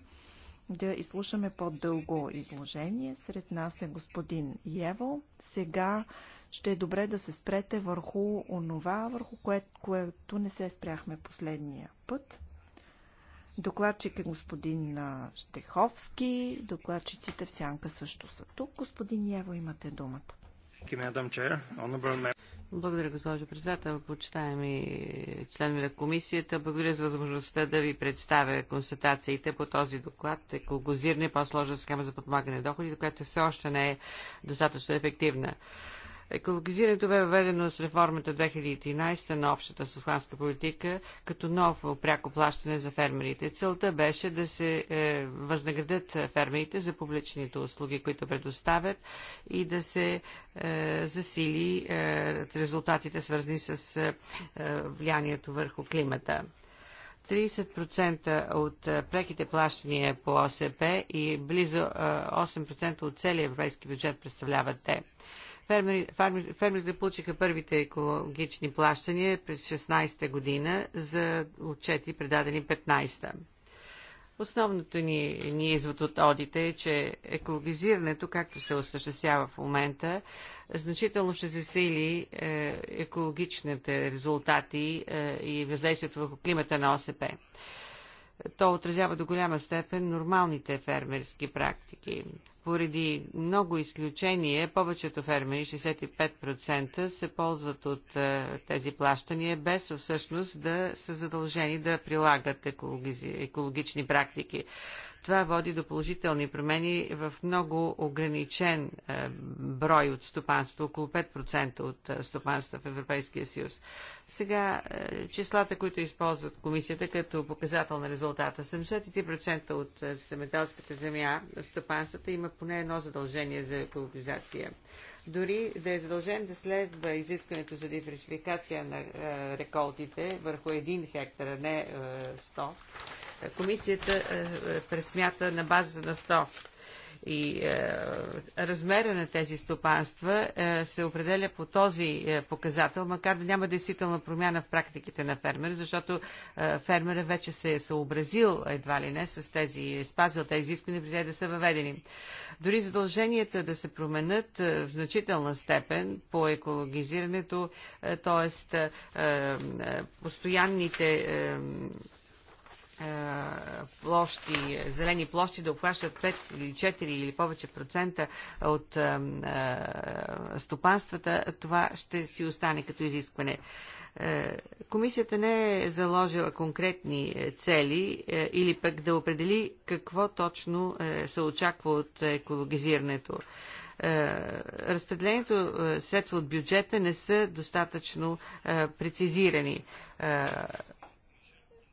да изслушаме по-дълго изложение. Сред нас е господин Ево. Сега ще е добре да се спрете върху онова, върху което не се спряхме последния път. Докладчик е господин Штеховски, докладчиците в сянка също са тук. Господин Яво, имате думата. Благодаря, госпожо председател. Почитаеми членове на комисията, благодаря за възможността да ви представя констатациите по този доклад. колгозирна и по-сложна схема за подмагане на доходите, която все още не е достатъчно ефективна. Екологизирането бе въведено с реформата 2013 на общата суханска политика като ново пряко плащане за фермерите. Целта беше да се е, възнаградят фермерите за публичните услуги, които предоставят и да се е, засили е, резултатите свързани с е, е влиянието върху климата. 30% от е, преките плащания по ОСП и близо 8% е, от целия европейски бюджет представляват те. Фермери, фермер, фермерите получиха първите екологични плащания през 16-та година за отчети предадени 15-та. Основното ни, ни извод от одите е, че екологизирането, както се осъществява в момента, значително ще засили е, екологичните резултати е, и въздействието върху климата на ОСП. То отразява до голяма степен нормалните фермерски практики. Поради много изключения, повечето фермери, 65%, се ползват от е, тези плащания, без всъщност да са задължени да прилагат екологични практики. Това води до положителни промени в много ограничен е, брой от стопанство, около 5% от е, стопанства в Европейския съюз. Сега е, числата, които използват комисията като показател на резултата, 73% от земеделската земя в стопанствата има поне едно задължение за екологизация дори да е задължен да следва изискването за диверсификация на е, реколтите върху 1 а не 100, е, комисията е, пресмята на база на 100 и е, размера на тези стопанства е, се определя по този е, показател, макар да няма действителна промяна в практиките на фермера, защото е, фермера вече се е съобразил едва ли не с тези, е спазил тези изисквания преди да са въведени. Дори задълженията да се променят е, в значителна степен по екологизирането, т.е. Е, е, постоянните площи, зелени площи да обхващат 5 или 4 или повече процента от стопанствата, това ще си остане като изискване. Е, комисията не е заложила конкретни е, цели е, или пък да определи какво точно се очаква от екологизирането. Разпределението средства от бюджета не са достатъчно прецизирани.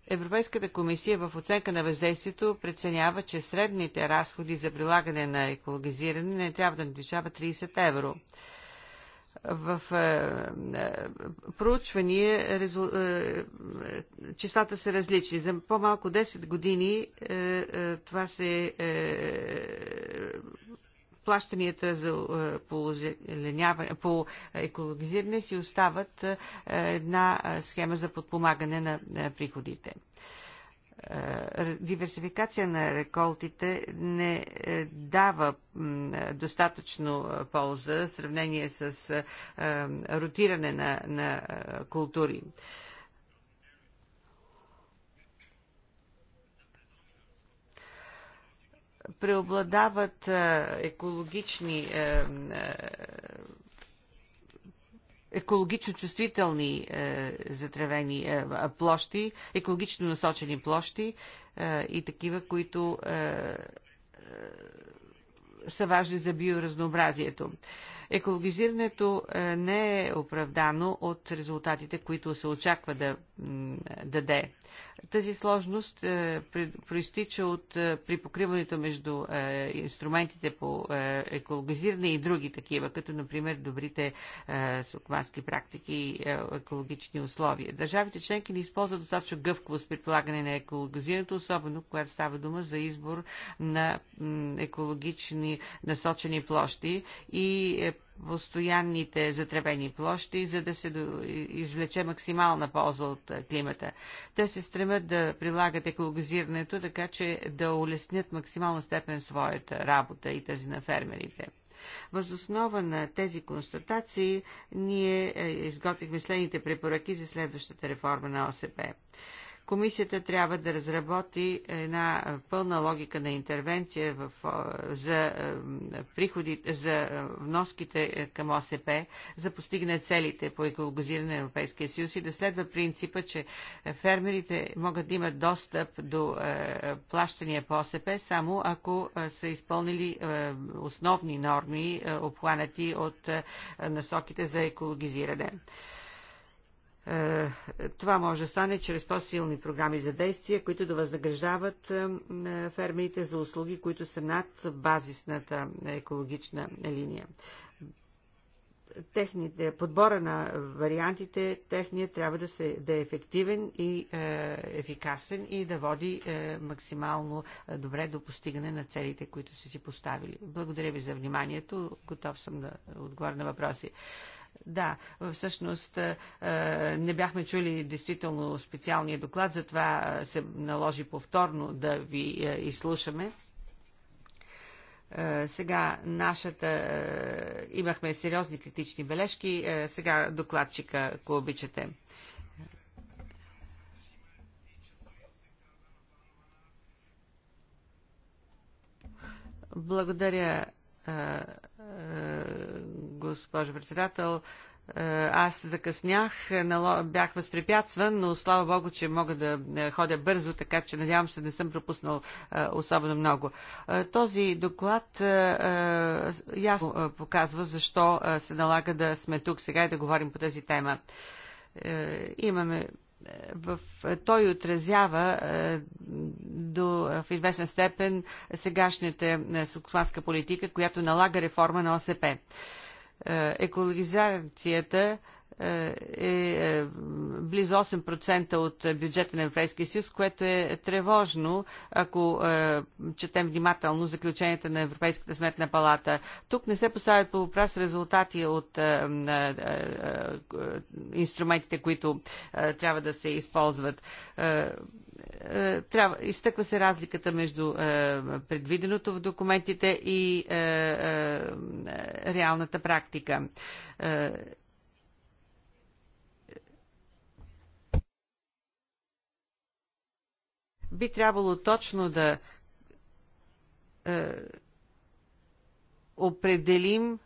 Европейската комисия в оценка на въздействието преценява, че средните разходи за прилагане на екологизиране не трябва да надвишава 30 евро в е, е, проучвания резу... Е, числата са различни. За по-малко 10 години това се плащанията за по екологизиране си остават една схема за подпомагане на приходите диверсификация на реколтите не дава достатъчно полза в сравнение с ротиране на, на култури. преобладават екологични екологично чувствителни е, затревени е, площи, екологично насочени площи е, и такива, които е, са важни за биоразнообразието. Екологизирането е, не е оправдано от резултатите, които се очаква да даде. Тази сложност е, проистича от е, припокриването между инструментите по екологизиране и други такива, като например добрите сукмански практики и екологични условия. Държавите членки не използват достатъчно гъвкавост при прилагане на екологизирането, особено когато става дума за избор на екологични насочени площи и е, постоянните затревени площи, за да се извлече максимална полза от е, климата. Те се стремят да прилагат екологизирането, така че да улеснят максимална степен своята работа и тази на фермерите. Възоснова на тези констатации ние е, изготвихме следните препоръки за следващата реформа на ОСП. Комисията трябва да разработи една пълна логика на интервенция в, за, приходи, за е, вноските е, към ОСП, за постигане целите по екологизиране на Европейския съюз и да следва принципа, че фермерите могат да имат достъп до е, плащания по ОСП само ако са изпълнили основни норми, обхванати от насоките за екологизиране. Е, това може да стане чрез по-силни програми за действия, които да възнаграждават е, е, фермерите за услуги, които са над базисната екологична линия. Техните, подбора на вариантите, техният трябва да, се, да е ефективен и е, ефикасен и да води е, максимално добре до постигане на целите, които са си поставили. Благодаря ви за вниманието. Готов съм да отговоря на въпроси. Да, всъщност не бяхме чули действително специалния доклад, затова се наложи повторно да ви изслушаме. Сега нашата... Имахме сериозни критични бележки. Сега докладчика, ако обичате. Благодаря, госпожо председател. Е, аз закъснях, бях възпрепятстван, но слава Богу, че мога да е, ходя бързо, така че надявам се да не съм пропуснал е, особено много. Този доклад ясно показва защо се налага да сме тук сега и да говорим по тази тема. Имаме в, той отразява до, в известна степен сегашната сексуалска политика, която налага реформа на ОСП. Е, екологизацията е, е, е близо 8% от бюджета на Европейския съюз, което е тревожно, ако четем внимателно заключенията на Европейската сметна палата. Тук не се поставят по въпрос резултати от инструментите, които трябва да се използват. Е, трябва, изтъква се разликата между е, предвиденото в документите и е, е, реалната практика. Е, би трябвало точно да е, определим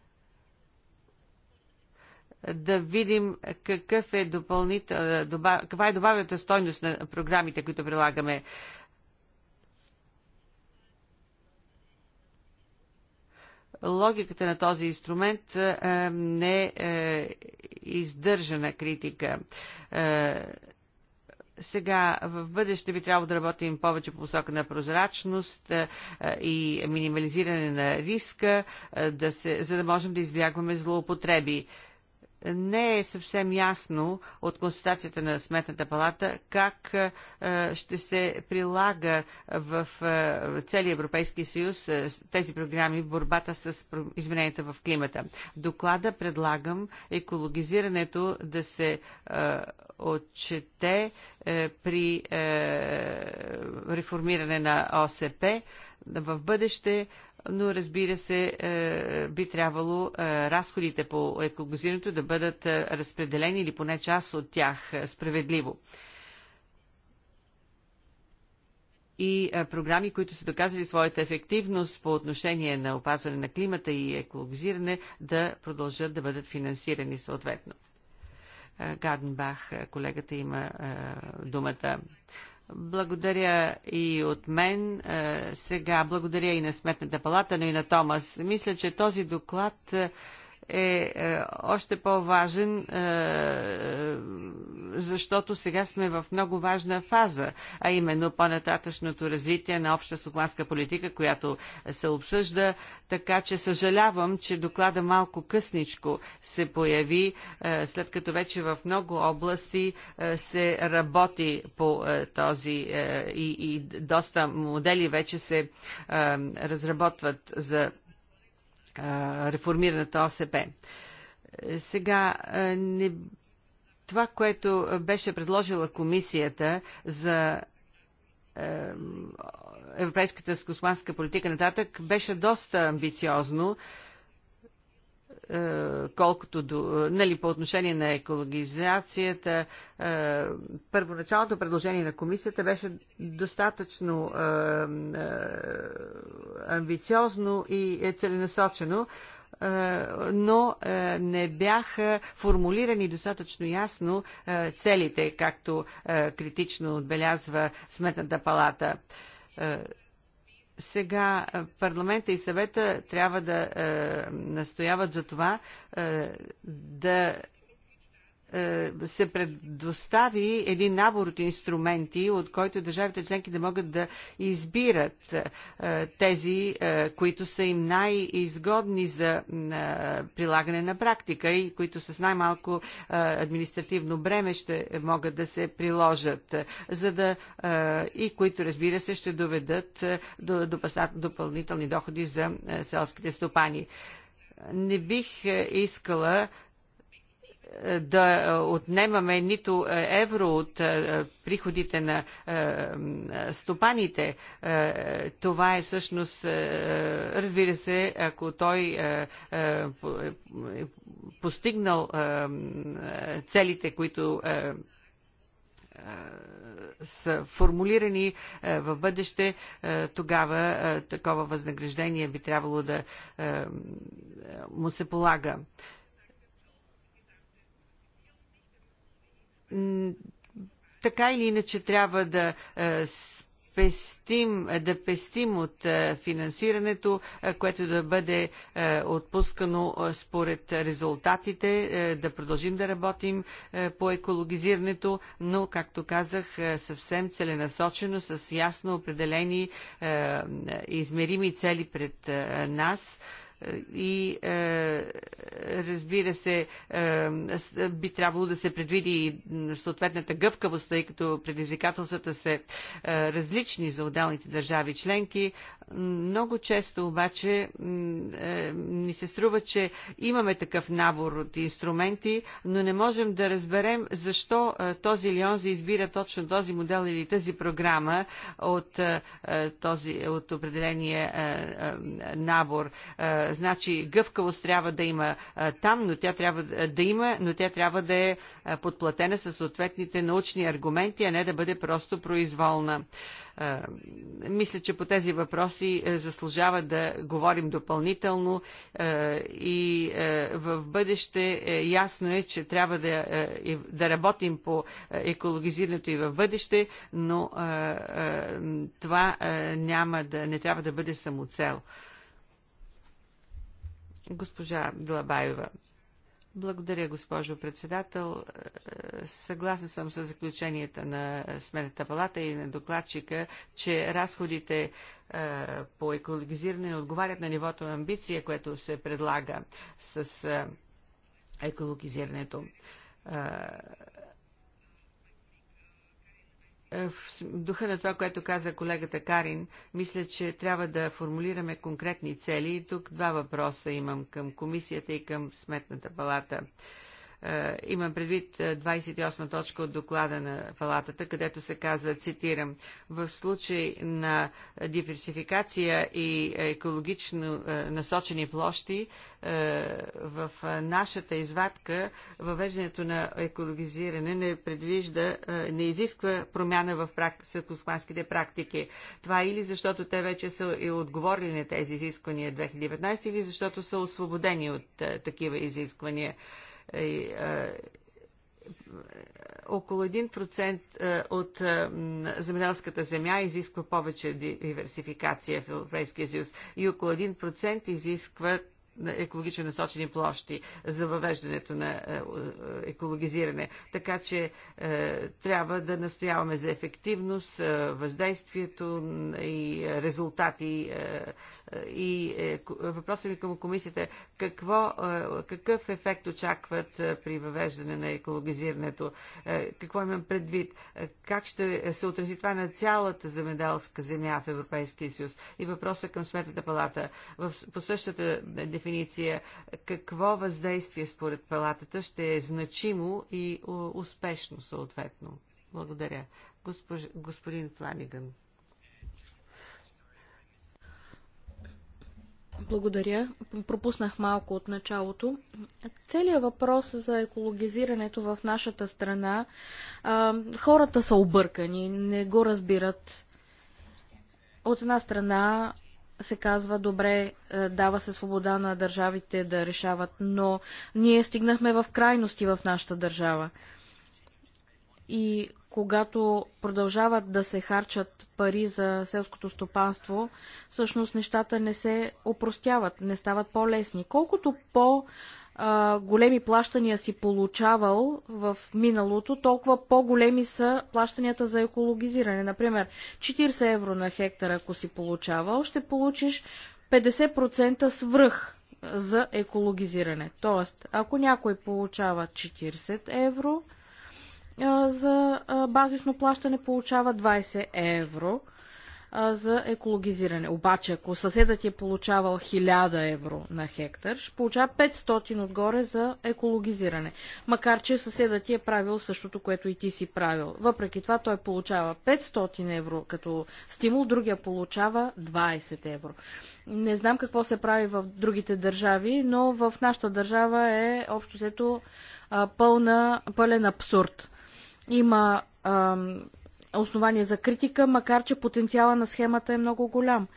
да видим какъв е допълнител, добав, каква е добавената стойност на програмите, които прилагаме. Логиката на този инструмент е, не е, е издържана критика. Е, сега в бъдеще би трябвало да работим повече по посока на прозрачност и минимализиране на риска, да се, за да можем да избягваме злоупотреби не е съвсем ясно от констатацията на Сметната палата как е, ще се прилага в е, целия Европейски съюз е, тези програми в борбата с измененията в климата. В доклада предлагам екологизирането да се отчете при реформиране на ОСП в бъдеще но разбира се, е, би трябвало е, разходите по екологизирането да бъдат е, разпределени или поне част от тях справедливо. И програми, които са доказали своята ефективност по отношение на опазване на климата и екологизиране, да продължат да бъдат финансирани съответно. Гаденбах, колегата има думата. Благодаря и от мен. Е, сега благодаря и на Сметната палата, но и на Томас. Мисля, че този доклад е, е, е още по-важен, е, защото сега сме в много важна фаза, а именно по-нататъчното развитие на обща сухманска политика, която се обсъжда. Така че съжалявам, че доклада малко късничко се появи, е, след като вече в много области се работи по този и доста модели вече се разработват за реформираната ОСП. Сега не това, което беше предложила комисията за европейската скосманска политика нататък, беше доста амбициозно. Е, колкото до, е, нали, по отношение на екологизацията, е, първоначалното предложение на комисията беше достатъчно амбициозно и целенасочено, но не бяха формулирани достатъчно ясно целите, както критично отбелязва Сметната палата сега е, парламента и съвета трябва да е, настояват за това е, да е, се предостави един набор от инструменти, от който държавите членки да могат да избират е, тези, е, които са им най-изгодни за прилагане на практика и които с най-малко административно бреме ще могат да се приложат, за да и които, разбира се, ще доведат до, до допълнителни доходи за селските стопани не бих искала да отнемаме нито евро от е, приходите на е, стопаните. Е, това е всъщност, разбира се, ако той постигнал целите, които са формулирани в бъдеще, тогава такова възнаграждение би трябвало да му се полага. така или иначе трябва да е, пестим, да пестим от е, финансирането, е, което да бъде отпускано според резултатите, да продължим да работим по екологизирането, но, както казах, съвсем целенасочено, с ясно определени измерими цели пред нас и е, разбира се, е, би трябвало да се предвиди и съответната гъвкавост, тъй като предизвикателствата са е, различни за отделните държави членки. Много често обаче ми се струва, че имаме такъв набор от инструменти, но не можем да разберем защо този или онзи избира точно този модел или тази програма от, този, от определения набор Значи гъвкавост трябва да има там, но тя трябва да има, но тя трябва да е подплатена със съответните научни аргументи, а не да бъде просто произволна. Мисля, че по тези въпроси е, заслужава да говорим допълнително и в бъдеще е, ясно е, че трябва да, е, да работим по екологизирането и в бъдеще, но това няма да, не трябва да бъде самоцел. Госпожа Длабаева. Благодаря, госпожо председател. Е, Съгласен съм с заключенията на Сметната палата и на докладчика, че разходите е, по екологизиране отговарят на нивото на амбиция, което се предлага с е, екологизирането е, в духа на това, което каза колегата Карин, мисля, че трябва да формулираме конкретни цели. И тук два въпроса имам към комисията и към Сметната палата. Е, имам предвид 28 е, точка от доклада на палатата, където се казва, цитирам, в случай на диверсификация и екологично е, насочени площи, в нашата извадка въвеждането на екологизиране не предвижда, не изисква промяна в прак... практики. Това е или защото те вече са и отговорили на тези изисквания 2019, или защото са освободени от такива изисквания. Е, е, около 1% е, от земеделската земя изисква повече диверсификация в Европейския съюз и около 1% изискват екологично насочени площи за въвеждането на екологизиране. Така че трябва да настояваме за ефективност, въздействието и резултати и е, въпросът ми към комисията е, какво, е какъв ефект очакват е, при въвеждане на екологизирането? Е, какво имам предвид? Как ще се отрази това на цялата земеделска земя в Европейския съюз? И въпросът към Сметната палата. в По същата дефиниция, какво въздействие според палатата ще е значимо и успешно съответно? Благодаря. Госпож... Господин Фланиган. Благодаря. Пропуснах малко от началото. Целият въпрос за екологизирането в нашата страна, а, хората са объркани, не го разбират. От една страна се казва, добре, дава се свобода на държавите да решават, но ние стигнахме в крайности в нашата държава. И когато продължават да се харчат пари за селското стопанство, всъщност нещата не се опростяват, не стават по-лесни. Колкото по- големи плащания си получавал в миналото, толкова по-големи са плащанията за екологизиране. Например, 40 евро на хектара, ако си получавал, ще получиш 50% свръх за екологизиране. Тоест, ако някой получава 40 евро, за базисно плащане получава 20 евро за екологизиране. Обаче, ако съседът е получавал 1000 евро на хектар, ще получава 500 отгоре за екологизиране. Макар, че съседът ти е правил същото, което и ти си правил. Въпреки това, той получава 500 евро като стимул, другия получава 20 евро. Не знам какво се прави в другите държави, но в нашата държава е общо взето пълна, пълен абсурд има ам, основания за критика, макар че потенциала на схемата е много голям.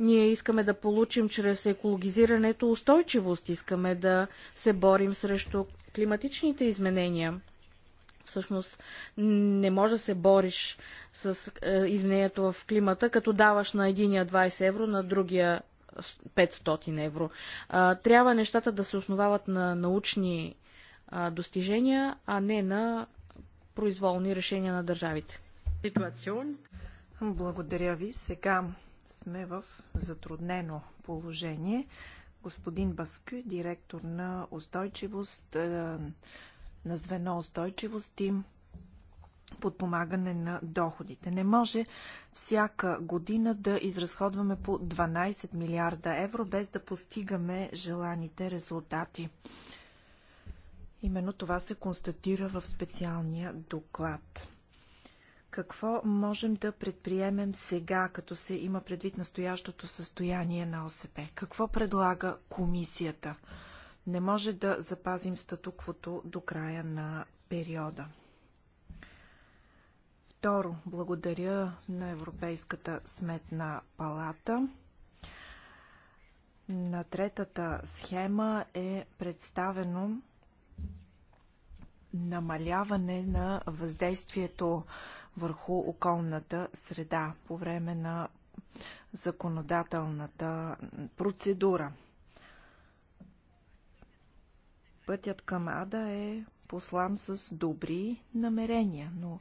Ние искаме да получим чрез екологизирането устойчивост, искаме да се борим срещу климатичните изменения. Всъщност не може да се бориш с е, изменението в климата, като даваш на единия 20 евро, на другия 500 евро. А, трябва нещата да се основават на научни а, достижения, а не на произволни решения на държавите. Ситуацион. Благодаря ви. Сега сме в затруднено положение. Господин Баскю, директор на устойчивост, е, на звено устойчивост и подпомагане на доходите. Не може всяка година да изразходваме по 12 милиарда евро, без да постигаме желаните резултати. Именно това се констатира в специалния доклад. Какво можем да предприемем сега, като се има предвид настоящото състояние на ОСП? Какво предлага комисията? Не може да запазим статуквото до края на периода. Второ, благодаря на Европейската сметна палата. На третата схема е представено намаляване на въздействието върху околната среда по време на законодателната процедура. Пътят към Ада е послан с добри намерения, но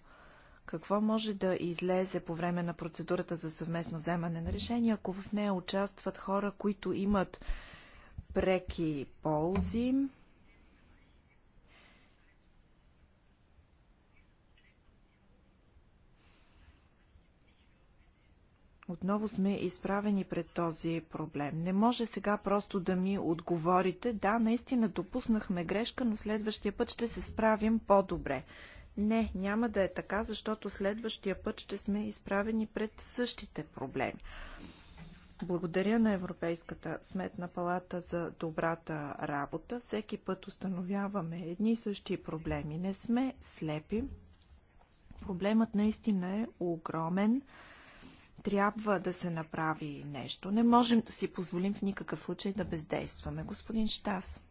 какво може да излезе по време на процедурата за съвместно вземане на решение, ако в нея участват хора, които имат преки ползи, Отново сме изправени пред този проблем. Не може сега просто да ми отговорите, да, наистина допуснахме грешка, но следващия път ще се справим по-добре. Не, няма да е така, защото следващия път ще сме изправени пред същите проблеми. Благодаря на Европейската сметна палата за добрата работа. Всеки път установяваме едни и същи проблеми. Не сме слепи. Проблемът наистина е огромен. Трябва да се направи нещо. Не можем да си позволим в никакъв случай да бездействаме. Господин Штас.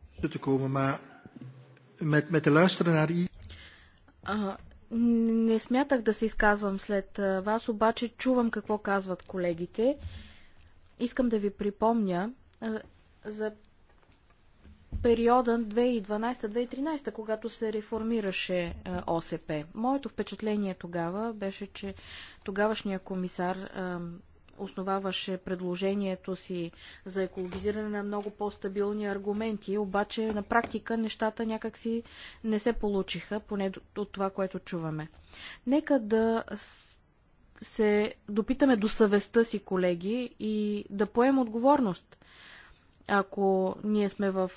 не смятах да се изказвам след вас, обаче чувам какво казват колегите. Искам да ви припомня за периода 2012-2013, когато се реформираше е, ОСП. Моето впечатление тогава беше, че тогавашния комисар е, основаваше предложението си за екологизиране на много по-стабилни аргументи, обаче на практика нещата някакси не се получиха, поне от това, което чуваме. Нека да се допитаме до съвестта си, колеги, и да поем отговорност ако ние сме в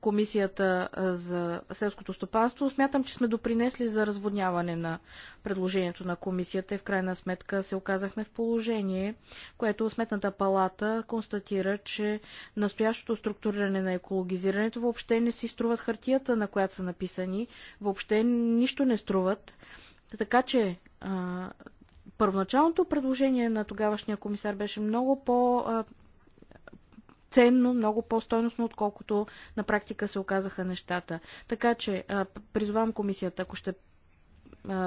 Комисията за селското стопанство, смятам, че сме допринесли за разводняване на предложението на Комисията и в крайна сметка се оказахме в положение, което Сметната палата констатира, че настоящото структуриране на екологизирането въобще не си струват хартията, на която са написани, въобще нищо не струват. Така че първоначалното предложение на тогавашния комисар беше много по- ценно, много по-стойностно, отколкото на практика се оказаха нещата. Така че призвам комисията, ако ще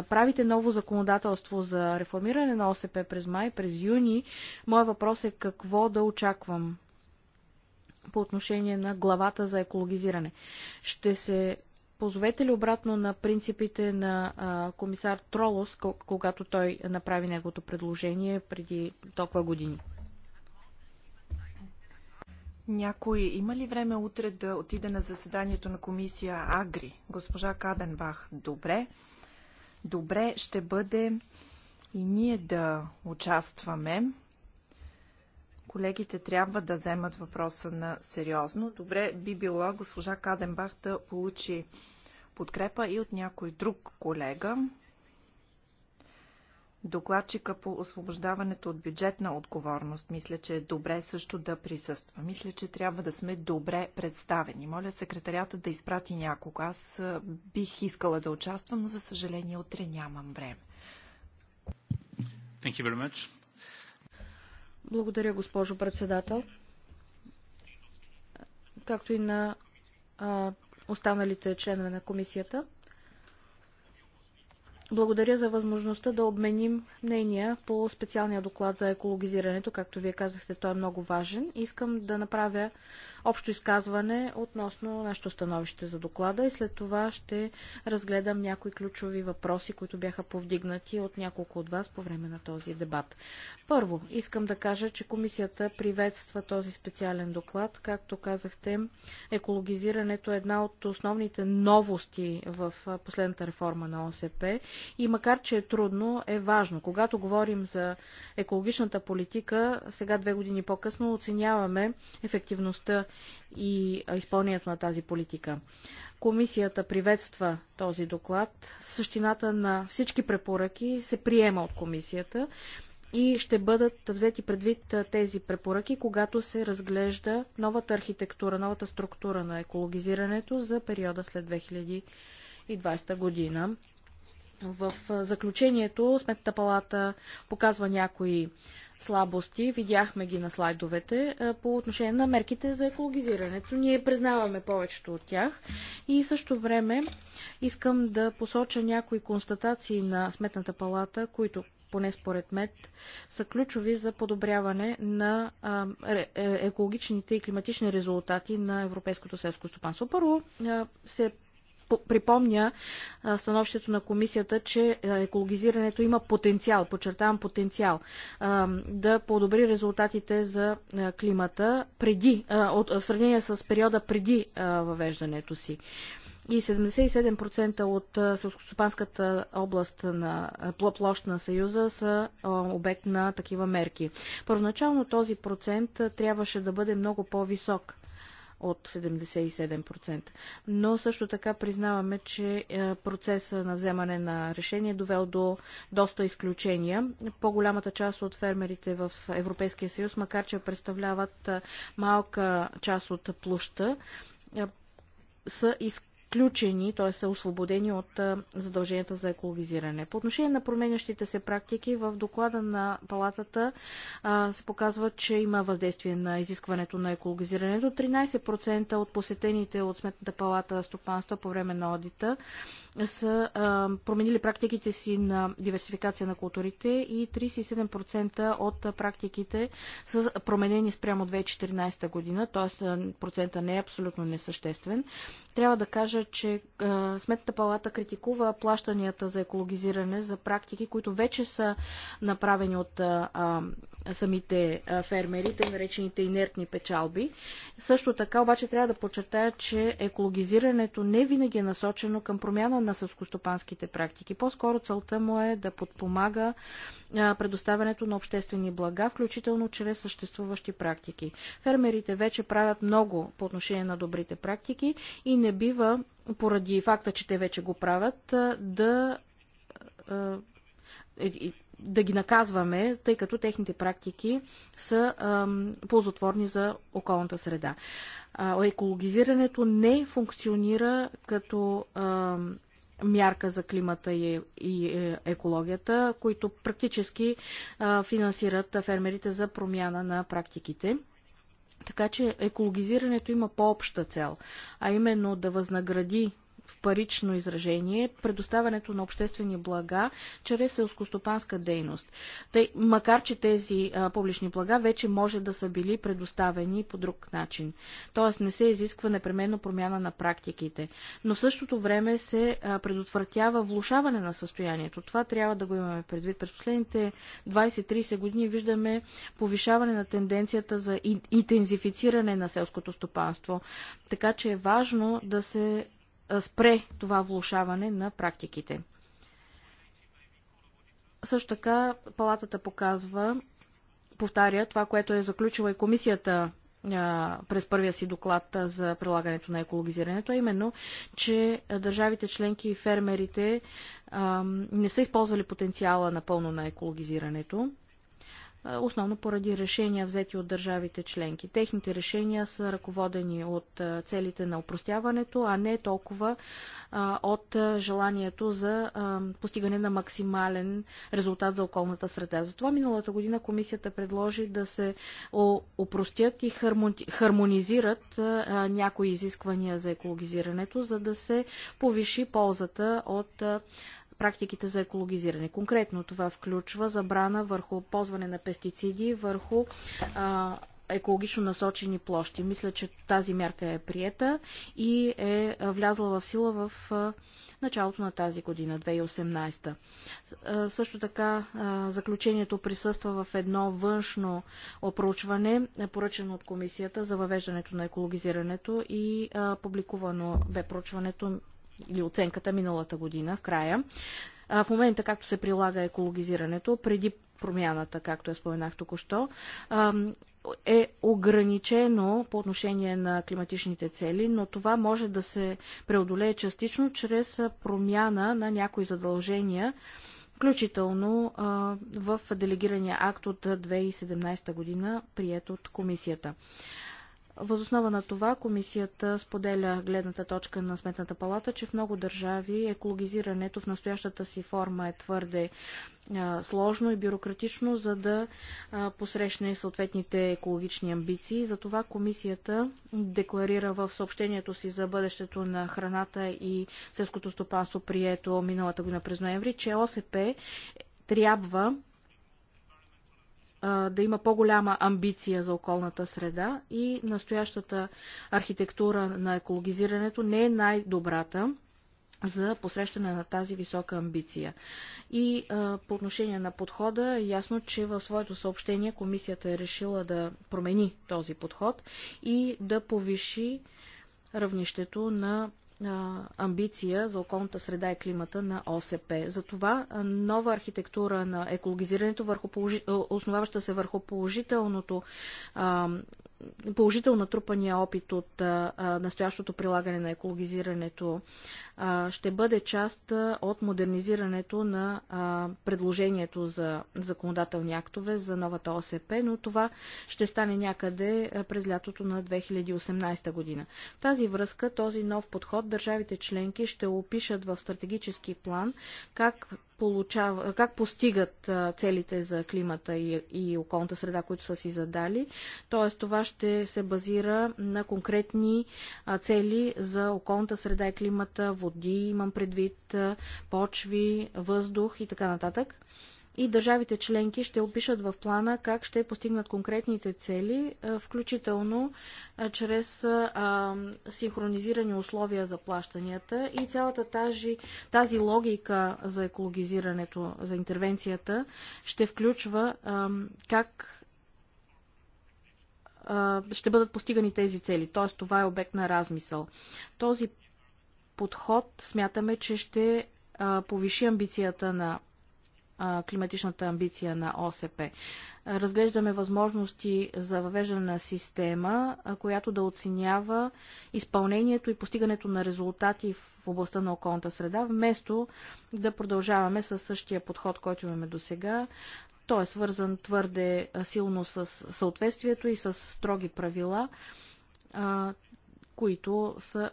правите ново законодателство за реформиране на ОСП през май, през юни, моят въпрос е какво да очаквам по отношение на главата за екологизиране. Ще се позовете ли обратно на принципите на а, комисар Тролос, когато той направи неговото предложение преди толкова години? Някой има ли време утре да отида на заседанието на комисия Агри? Госпожа Каденбах, добре. Добре ще бъде и ние да участваме. Колегите трябва да вземат въпроса на сериозно. Добре би било госпожа Каденбах да получи подкрепа и от някой друг колега докладчика по освобождаването от бюджетна отговорност. Мисля, че е добре също да присъства. Мисля, че трябва да сме добре представени. Моля секретарята да изпрати някого. Аз бих искала да участвам, но за съжаление утре нямам време. Thank you very much. Благодаря, госпожо председател. Както и на а, останалите членове на комисията. Благодаря за възможността да обменим мнения по специалния доклад за екологизирането. Както вие казахте, той е много важен. Искам да направя общо изказване относно нашето становище за доклада и след това ще разгледам някои ключови въпроси, които бяха повдигнати от няколко от вас по време на този дебат. Първо, искам да кажа, че комисията приветства този специален доклад. Както казахте, екологизирането е една от основните новости в последната реформа на ОСП и макар, че е трудно, е важно. Когато говорим за екологичната политика, сега две години по-късно оценяваме ефективността и изпълнението на тази политика. Комисията приветства този доклад. Същината на всички препоръки се приема от комисията и ще бъдат взети предвид тези препоръки, когато се разглежда новата архитектура, новата структура на екологизирането за периода след 2020 година. В заключението Сметната палата показва някои слабости, видяхме ги на слайдовете, по отношение на мерките за екологизирането. Ние признаваме повечето от тях и в също време искам да посоча някои констатации на Сметната палата, които поне според мен, са ключови за подобряване на е, екологичните и климатични резултати на европейското селско стопанство. Първо се припомня становището на комисията, че екологизирането има потенциал, подчертавам потенциал, да подобри резултатите за климата преди, от, в сравнение с периода преди въвеждането си и 77% от селскостопанската област на площ на Съюза са обект на такива мерки. Първоначално този процент трябваше да бъде много по-висок от 77%. Но също така признаваме, че е, процеса на вземане на решение е довел до доста изключения. По-голямата част от фермерите в Европейския съюз, макар че представляват е, малка част от площа, са изключени изключени, т.е. са освободени от задълженията за екологизиране. По отношение на променящите се практики, в доклада на палатата а, се показва, че има въздействие на изискването на екологизирането. 13% от посетените от Сметната палата стопанства по време на одита са а, променили практиките си на диверсификация на културите и 37% от практиките са променени спрямо 2014 година, т.е. процента не е абсолютно несъществен. Трябва да кажа, кажа, че а, Сметната палата критикува плащанията за екологизиране за практики, които вече са направени от а, самите фермери, тъй наречените инертни печалби. Също така обаче трябва да подчертая, че екологизирането не винаги е насочено към промяна на съскостопанските практики. По-скоро целта му е да подпомага предоставянето на обществени блага, включително чрез съществуващи практики. Фермерите вече правят много по отношение на добрите практики и не бива, поради факта, че те вече го правят, да е, да ги наказваме, тъй като техните практики са е, ползотворни за околната среда. екологизирането не функционира като мярка за климата и, и е, екологията, които практически а, финансират фермерите за промяна на практиките. Така че екологизирането има по-обща цел, а именно да възнагради в парично изражение предоставянето на обществени блага чрез селскостопанска дейност. Тъй, макар, че тези а, публични блага вече може да са били предоставени по друг начин. Тоест не се изисква непременно промяна на практиките. Но в същото време се а, предотвратява влушаване на състоянието. Това трябва да го имаме предвид. През последните 20-30 години виждаме повишаване на тенденцията за интензифициране на селското стопанство. Така че е важно да се спре това влушаване на практиките. Също така палатата показва, повтаря това, което е заключила и комисията през първия си доклад за прилагането на екологизирането, а именно, че държавите членки и фермерите не са използвали потенциала напълно на екологизирането основно поради решения взети от държавите членки. Техните решения са ръководени от целите на упростяването, а не толкова от желанието за постигане на максимален резултат за околната среда. Затова миналата година комисията предложи да се упростят и хармонизират някои изисквания за екологизирането, за да се повиши ползата от практиките за екологизиране. Конкретно това включва забрана върху ползване на пестициди, върху а, екологично насочени площи. Мисля, че тази мярка е приета и е влязла в сила в началото на тази година, 2018. Също така заключението присъства в едно външно опрочване, поръчено от комисията за въвеждането на екологизирането и публикувано бе проучването или оценката миналата година, в края. А, в момента, както се прилага екологизирането, преди промяната, както я споменах току-що, е ограничено по отношение на климатичните цели, но това може да се преодолее частично чрез промяна на някои задължения, включително в делегирания акт от 2017 година, прият от комисията. Възоснова на това комисията споделя гледната точка на Сметната палата, че в много държави екологизирането в настоящата си форма е твърде сложно и бюрократично, за да посрещне съответните екологични амбиции. Затова комисията декларира в съобщението си за бъдещето на храната и селското стопанство, прието миналата година през ноември, че ОСП трябва да има по-голяма амбиция за околната среда и настоящата архитектура на екологизирането не е най-добрата за посрещане на тази висока амбиция. И а, по отношение на подхода, е ясно, че в своето съобщение комисията е решила да промени този подход и да повиши равнището на амбиция за околната среда и климата на ОСП. Затова нова архитектура на екологизирането, върху основаваща се върху положителното а, положително трупания опит от настоящото прилагане на екологизирането ще бъде част от модернизирането на предложението за законодателни актове за новата ОСП, но това ще стане някъде през лятото на 2018 година. В тази връзка, този нов подход държавите членки ще опишат в стратегически план как получава, как постигат целите за климата и, и околната среда, които са си задали. Тоест това ще се базира на конкретни цели за околната среда и климата, води, имам предвид, почви, въздух и така нататък и държавите членки ще опишат в плана как ще постигнат конкретните цели, включително чрез синхронизирани условия за плащанията и цялата тази, тази логика за екологизирането, за интервенцията ще включва как ще бъдат постигани тези цели. Т.е. това е обект на размисъл. Този подход смятаме, че ще повиши амбицията на климатичната амбиция на ОСП. Разглеждаме възможности за въвеждане на система, която да оценява изпълнението и постигането на резултати в областта на околната среда, вместо да продължаваме със същия подход, който имаме до сега. Той е свързан твърде силно с съответствието и с строги правила, които са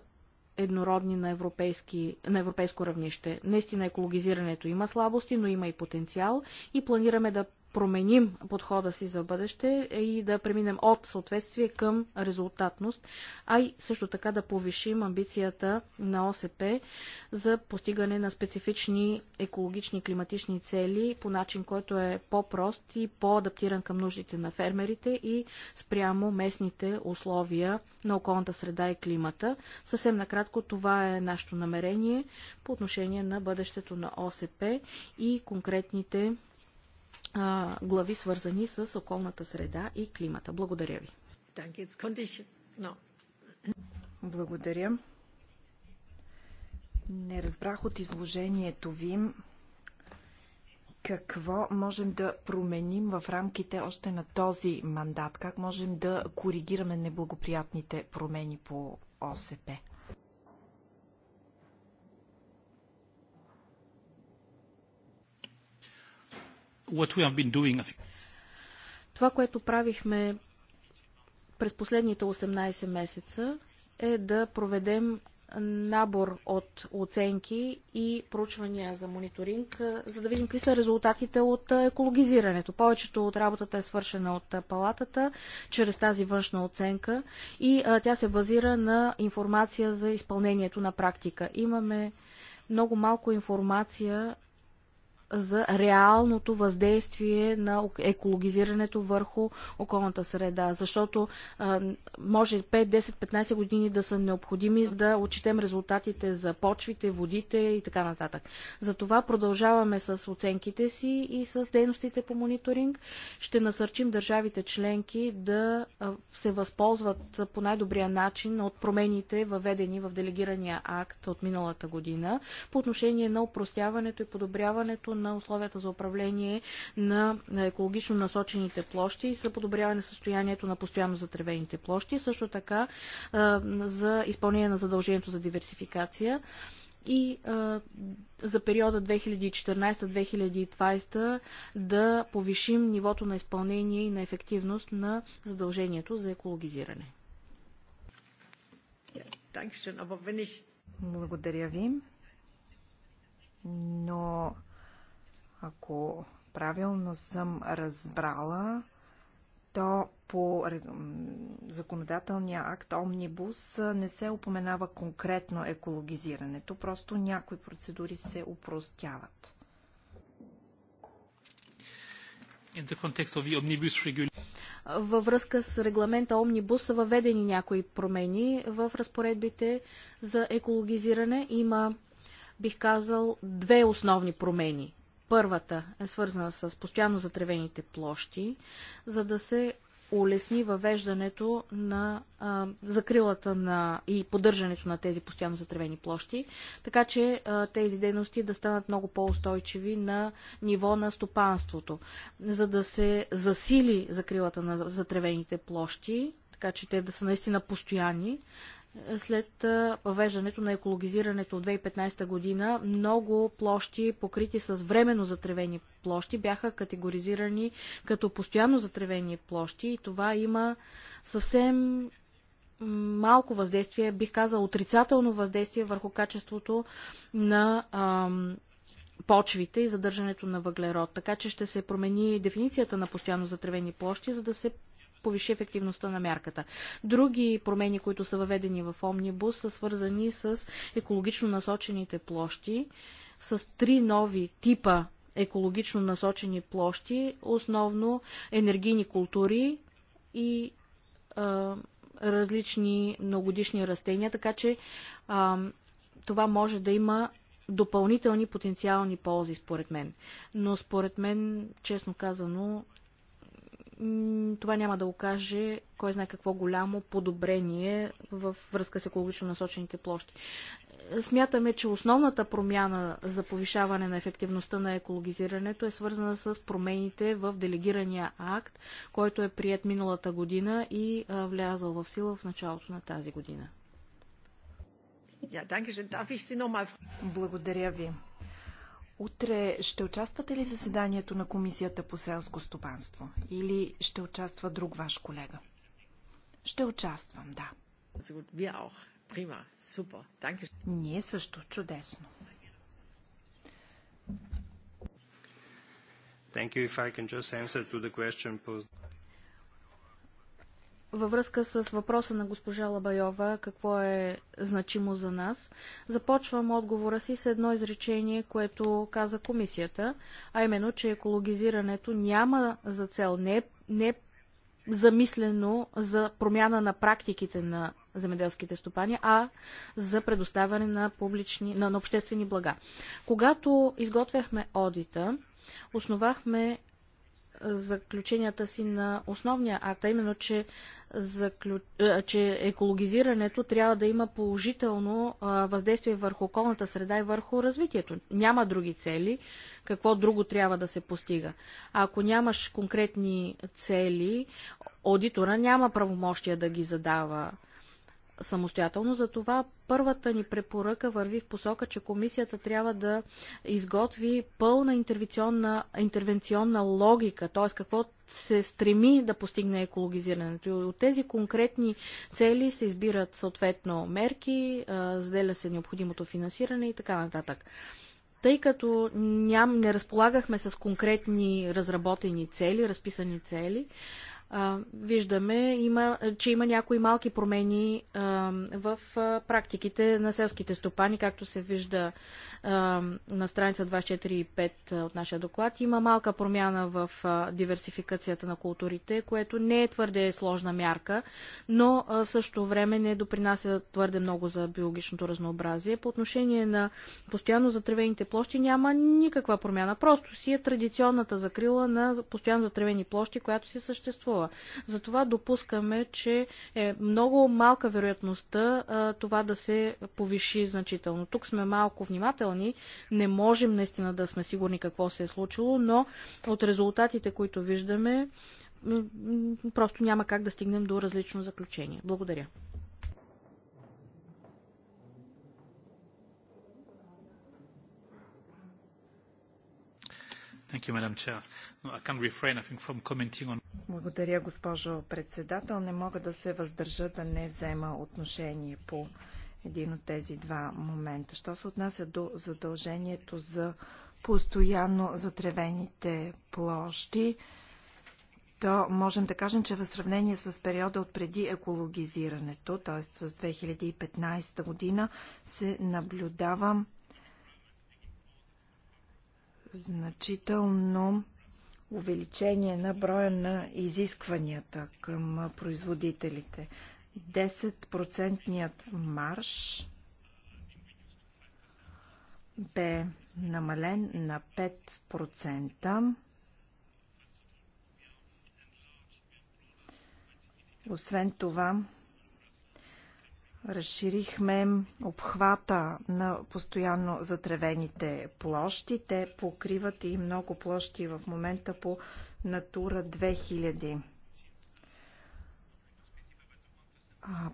еднородни на, европейски, на европейско равнище. Наистина екологизирането има слабости, но има и потенциал и планираме да променим подхода си за бъдеще и да преминем от съответствие към резултатност, а и също така да повишим амбицията на ОСП за постигане на специфични екологични и климатични цели по начин, който е по-прост и по-адаптиран към нуждите на фермерите и спрямо местните условия на околната среда и климата. Съвсем накратко това е нашето намерение по отношение на бъдещето на ОСП и конкретните а, глави, свързани с околната среда и климата. Благодаря ви. Благодаря. Не разбрах от изложението ви какво можем да променим в рамките още на този мандат? Как можем да коригираме неблагоприятните промени по ОСП? what we have been doing. Това, което правихме през последните 18 месеца е да проведем набор от оценки и проучвания за мониторинг, за да видим какви са резултатите от екологизирането. Повечето от работата е свършена от палатата чрез тази външна оценка и а, тя се базира на информация за изпълнението на практика. Имаме много малко информация за реалното въздействие на екологизирането върху околната среда. Защото а, може 5, 10, 15 години да са необходими да отчетем резултатите за почвите, водите и така нататък. Затова продължаваме с оценките си и с дейностите по мониторинг. Ще насърчим държавите членки да се възползват по най-добрия начин от промените въведени в делегирания акт от миналата година по отношение на упростяването и подобряването на условията за управление на екологично насочените площи и за подобряване на състоянието на постоянно затревените площи, също така за изпълнение на задължението за диверсификация и а, за периода 2014-2020 да повишим нивото на изпълнение и на ефективност на задължението за екологизиране. Благодаря ви. Но ако правилно съм разбрала, то по законодателния акт Омнибус не се упоменава конкретно екологизирането, просто някои процедури се упростяват. Във връзка с регламента Омнибус са въведени някои промени в разпоредбите за екологизиране. Има, бих казал, две основни промени. Първата е свързана с постоянно затревените площи, за да се улесни въвеждането на а, закрилата на, и поддържането на тези постоянно затревени площи, така че а, тези дейности да станат много по-устойчиви на ниво на стопанството. За да се засили закрилата на затревените площи, така че те да са наистина постоянни, след въвеждането на екологизирането от 2015 година, много площи, покрити с временно затревени площи, бяха категоризирани като постоянно затревени площи и това има съвсем малко въздействие, бих казал отрицателно въздействие върху качеството на ам, почвите и задържането на въглерод. Така че ще се промени дефиницията на постоянно затревени площи, за да се повиши ефективността на мярката. Други промени, които са въведени в Омнибус, са свързани с екологично насочените площи, с три нови типа екологично насочени площи, основно енергийни култури и а, различни многодишни растения, така че а, това може да има допълнителни потенциални ползи, според мен. Но според мен, честно казано, това няма да окаже кой знае какво голямо подобрение в връзка с екологично насочените площи. Смятаме, че основната промяна за повишаване на ефективността на екологизирането е свързана с промените в делегирания акт, който е прият миналата година и влязал в сила в началото на тази година. Благодаря ви. Утре ще участвате ли в заседанието на Комисията по селско стопанство? Или ще участва друг ваш колега? Ще участвам, да. Вие Прима. Супер. Ние също. Чудесно. Thank you. If I can just answer to the question posed във връзка с въпроса на госпожа Лабайова, какво е значимо за нас, започвам отговора си с едно изречение, което каза комисията, а именно, че екологизирането няма за цел, не не замислено за промяна на практиките на земеделските стопани, а за предоставяне на, публични, на, на обществени блага. Когато изготвяхме одита, основахме заключенията си на основния акт, а именно, че, заклю... че екологизирането трябва да има положително въздействие върху околната среда и върху развитието. Няма други цели, какво друго трябва да се постига. А ако нямаш конкретни цели, аудитора няма правомощия да ги задава самостоятелно. Затова първата ни препоръка върви в посока, че комисията трябва да изготви пълна интервенционна, интервенционна логика, т.е. какво се стреми да постигне екологизирането. И от тези конкретни цели се избират съответно мерки, заделя се необходимото финансиране и така нататък. Тъй като ням, не разполагахме с конкретни разработени цели, разписани цели, виждаме, има, че има някои малки промени в практиките на селските стопани, както се вижда на страница 24 и 5 от нашия доклад. Има малка промяна в диверсификацията на културите, което не е твърде сложна мярка, но в същото време не допринася твърде много за биологичното разнообразие. По отношение на постоянно затревените площи няма никаква промяна. Просто си е традиционната закрила на постоянно затревени площи, която си съществува съществува. Затова допускаме, че е много малка вероятността а, това да се повиши значително. Тук сме малко внимателни, не можем наистина да сме сигурни какво се е случило, но от резултатите, които виждаме, просто няма как да стигнем до различно заключение. Благодаря. Благодаря, госпожо председател. Не мога да се въздържа да не взема отношение по един от тези два момента. Що се отнася до задължението за постоянно затревените площи, то можем да кажем, че в сравнение с периода от преди екологизирането, т.е. с 2015 година, се наблюдава значително увеличение на броя на изискванията към производителите. 10 марш бе намален на 5%. Освен това, Разширихме обхвата на постоянно затревените площи. Те покриват и много площи в момента по Натура 2000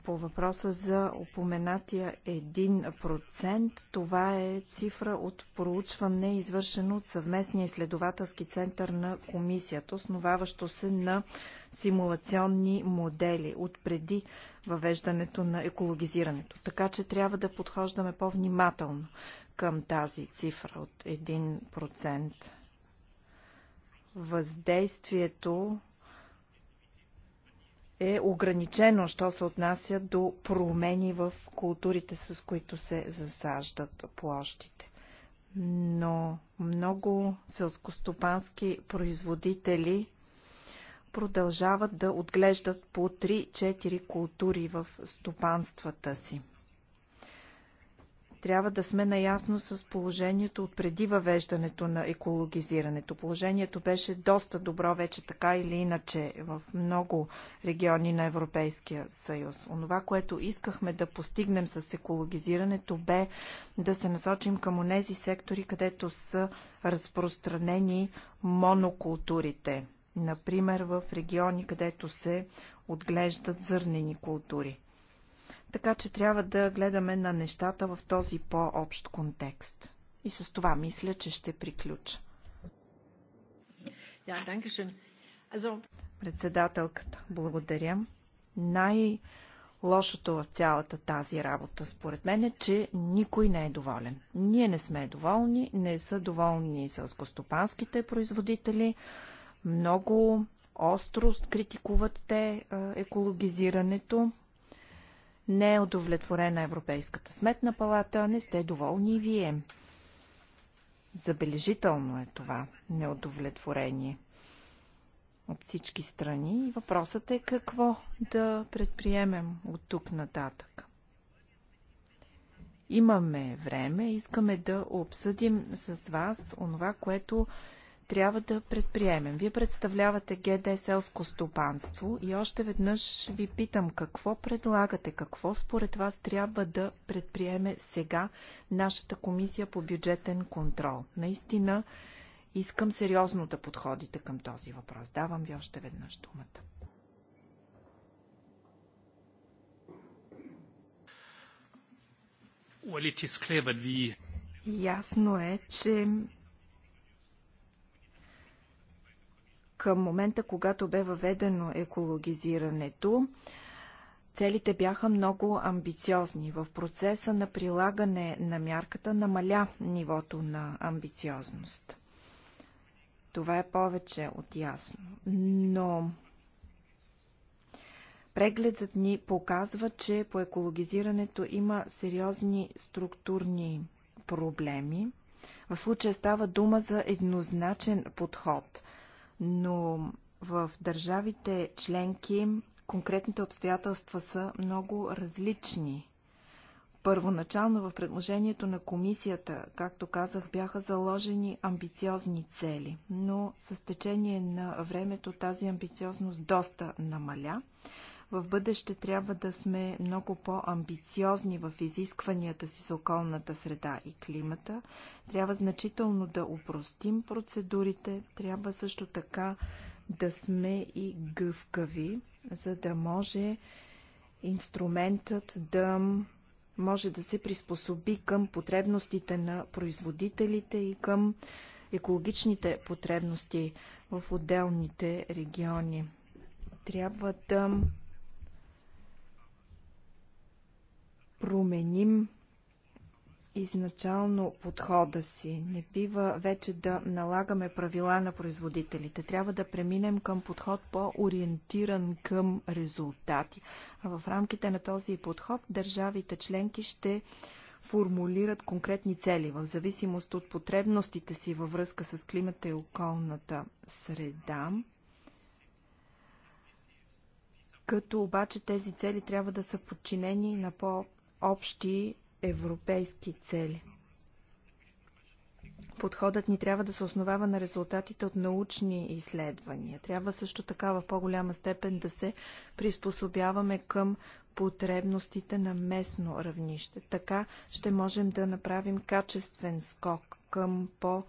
по въпроса за упоменатия 1%, това е цифра от проучване, извършено от съвместния изследователски център на комисията, основаващо се на симулационни модели от преди въвеждането на екологизирането. Така че трябва да подхождаме по-внимателно към тази цифра от 1%. Въздействието е ограничено, що се отнася до промени в културите, с които се засаждат площите. Но много селскостопански производители продължават да отглеждат по 3-4 култури в стопанствата си трябва да сме наясно с положението от преди въвеждането на екологизирането. Положението беше доста добро вече така или иначе в много региони на Европейския съюз. Онова, което искахме да постигнем с екологизирането бе да се насочим към онези сектори, където са разпространени монокултурите. Например, в региони, където се отглеждат зърнени култури. Така че трябва да гледаме на нещата в този по-общ контекст. И с това мисля, че ще приключа. also... Председателката, благодаря. Най-лошото в цялата тази работа, според мен, е, че никой не е доволен. Ние не сме доволни, не са доволни гостопанските производители. Много остро критикуват те екологизирането не е удовлетворена Европейската сметна палата, не сте доволни и вие. Забележително е това неудовлетворение от всички страни и въпросът е какво да предприемем от тук нататък. Имаме време, искаме да обсъдим с вас онова, което трябва да предприемем? Вие представлявате ГД селско стопанство и още веднъж ви питам какво предлагате, какво според вас трябва да предприеме сега нашата комисия по бюджетен контрол? Наистина искам сериозно да подходите към този въпрос. Давам ви още веднъж думата. Well, it is clear that we... Ясно е, че към момента, когато бе въведено екологизирането, целите бяха много амбициозни. В процеса на прилагане на мярката намаля нивото на амбициозност. Това е повече от ясно. Но прегледът ни показва, че по екологизирането има сериозни структурни проблеми. В случая става дума за еднозначен подход – но в държавите членки конкретните обстоятелства са много различни. Първоначално в предложението на комисията, както казах, бяха заложени амбициозни цели, но с течение на времето тази амбициозност доста намаля. В бъдеще трябва да сме много по-амбициозни в изискванията си с околната среда и климата. Трябва значително да упростим процедурите. Трябва също така да сме и гъвкави, за да може инструментът да може да се приспособи към потребностите на производителите и към екологичните потребности в отделните региони. Трябва да променим изначално подхода си. Не бива вече да налагаме правила на производителите. Трябва да преминем към подход по-ориентиран към резултати. А в рамките на този подход държавите членки ще формулират конкретни цели в зависимост от потребностите си във връзка с климата и околната среда. Като обаче тези цели трябва да са подчинени на по общи европейски цели. Подходът ни трябва да се основава на резултатите от научни изследвания. Трябва също така в по-голяма степен да се приспособяваме към потребностите на местно равнище. Така ще можем да направим качествен скок към по-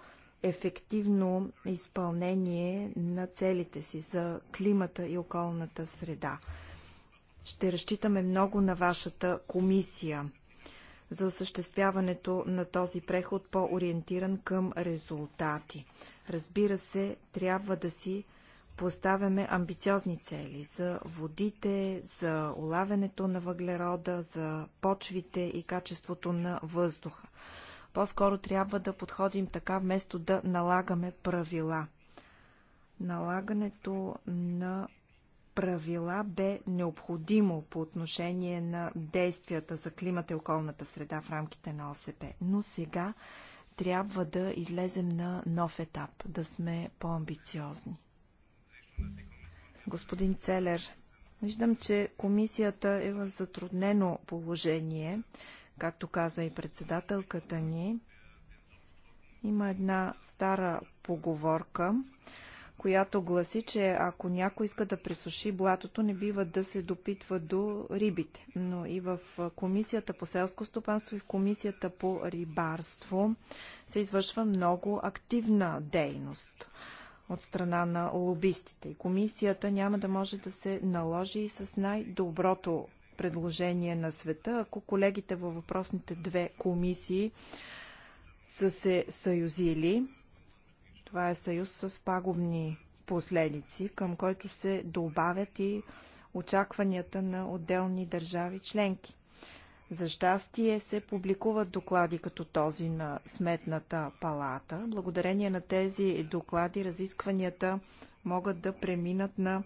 ефективно изпълнение на целите си за климата и околната среда. Ще разчитаме много на вашата комисия за осъществяването на този преход по-ориентиран към резултати. Разбира се, трябва да си поставяме амбициозни цели за водите, за улавянето на въглерода, за почвите и качеството на въздуха. По-скоро трябва да подходим така, вместо да налагаме правила. Налагането на правила бе необходимо по отношение на действията за климата и околната среда в рамките на ОСП. Но сега трябва да излезем на нов етап, да сме по-амбициозни. Господин Целер, виждам, че комисията е в затруднено положение, както каза и председателката ни. Има една стара поговорка, която гласи, че ако някой иска да пресуши блатото, не бива да се допитва до рибите. Но и в Комисията по селско стопанство и в Комисията по рибарство се извършва много активна дейност от страна на лобистите. И комисията няма да може да се наложи и с най-доброто предложение на света, ако колегите във въпросните две комисии са се съюзили това е съюз с пагубни последици, към който се добавят и очакванията на отделни държави членки. За щастие се публикуват доклади като този на Сметната палата. Благодарение на тези доклади разискванията могат да преминат на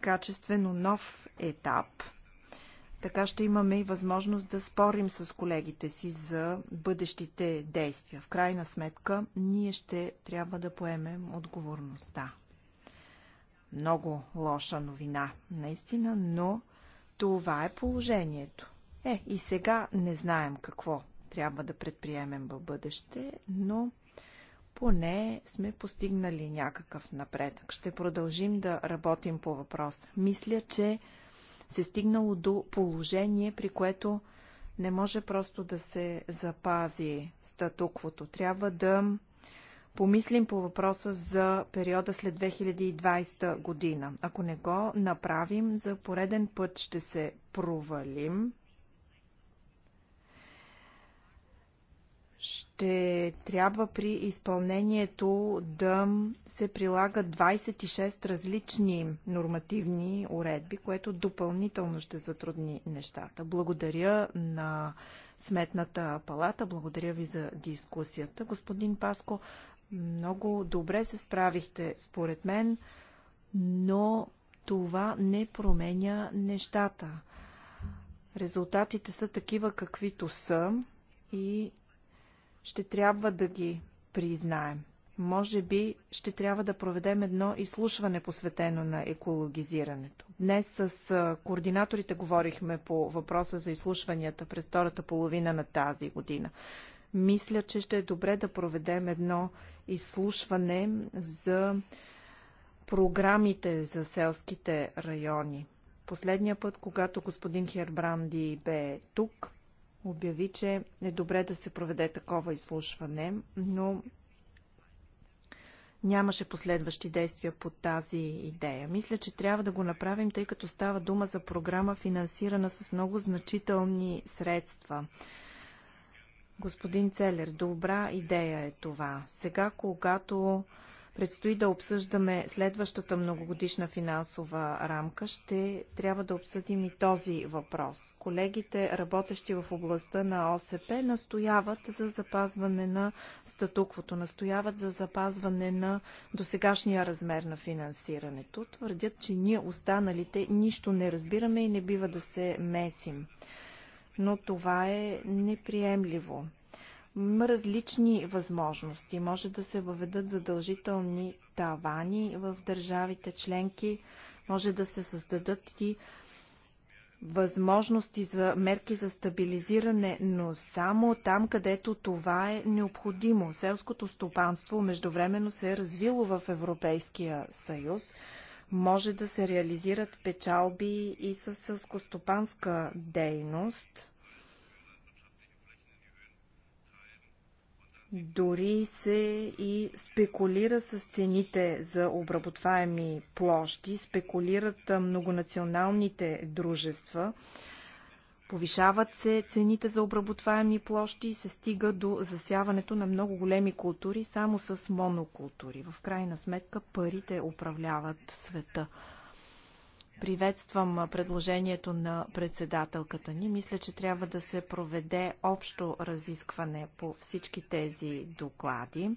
качествено нов етап – така ще имаме и възможност да спорим с колегите си за бъдещите действия. В крайна сметка, ние ще трябва да поемем отговорността. Много лоша новина, наистина, но това е положението. Е, и сега не знаем какво трябва да предприемем в бъдеще, но поне сме постигнали някакъв напредък. Ще продължим да работим по въпроса. Мисля, че се стигнало до положение, при което не може просто да се запази статуквото. Трябва да помислим по въпроса за периода след 2020 година. Ако не го направим, за пореден път ще се провалим. ще трябва при изпълнението да се прилагат 26 различни нормативни уредби, което допълнително ще затрудни нещата. Благодаря на Сметната палата, благодаря ви за дискусията. Господин Паско, много добре се справихте според мен, но това не променя нещата. Резултатите са такива каквито са и ще трябва да ги признаем. Може би ще трябва да проведем едно изслушване посветено на екологизирането. Днес с координаторите говорихме по въпроса за изслушванията през втората половина на тази година. Мисля, че ще е добре да проведем едно изслушване за програмите за селските райони. Последния път, когато господин Хербранди бе тук, обяви, че е добре да се проведе такова изслушване, но нямаше последващи действия по тази идея. Мисля, че трябва да го направим, тъй като става дума за програма, финансирана с много значителни средства. Господин Целер, добра идея е това. Сега, когато Предстои да обсъждаме следващата многогодишна финансова рамка. Ще трябва да обсъдим и този въпрос. Колегите, работещи в областта на ОСП, настояват за запазване на статуквото, настояват за запазване на досегашния размер на финансирането. Твърдят, че ние останалите нищо не разбираме и не бива да се месим но това е неприемливо. Има различни възможности. Може да се въведат задължителни тавани в държавите членки, може да се създадат и възможности за мерки за стабилизиране, но само там, където това е необходимо. Селското стопанство междувременно се е развило в Европейския съюз. Може да се реализират печалби и със селскостопанска дейност. Дори се и спекулира с цените за обработваеми площи, спекулират многонационалните дружества, повишават се цените за обработваеми площи и се стига до засяването на много големи култури само с монокултури. В крайна сметка парите управляват света. Приветствам предложението на председателката ни. Мисля, че трябва да се проведе общо разискване по всички тези доклади.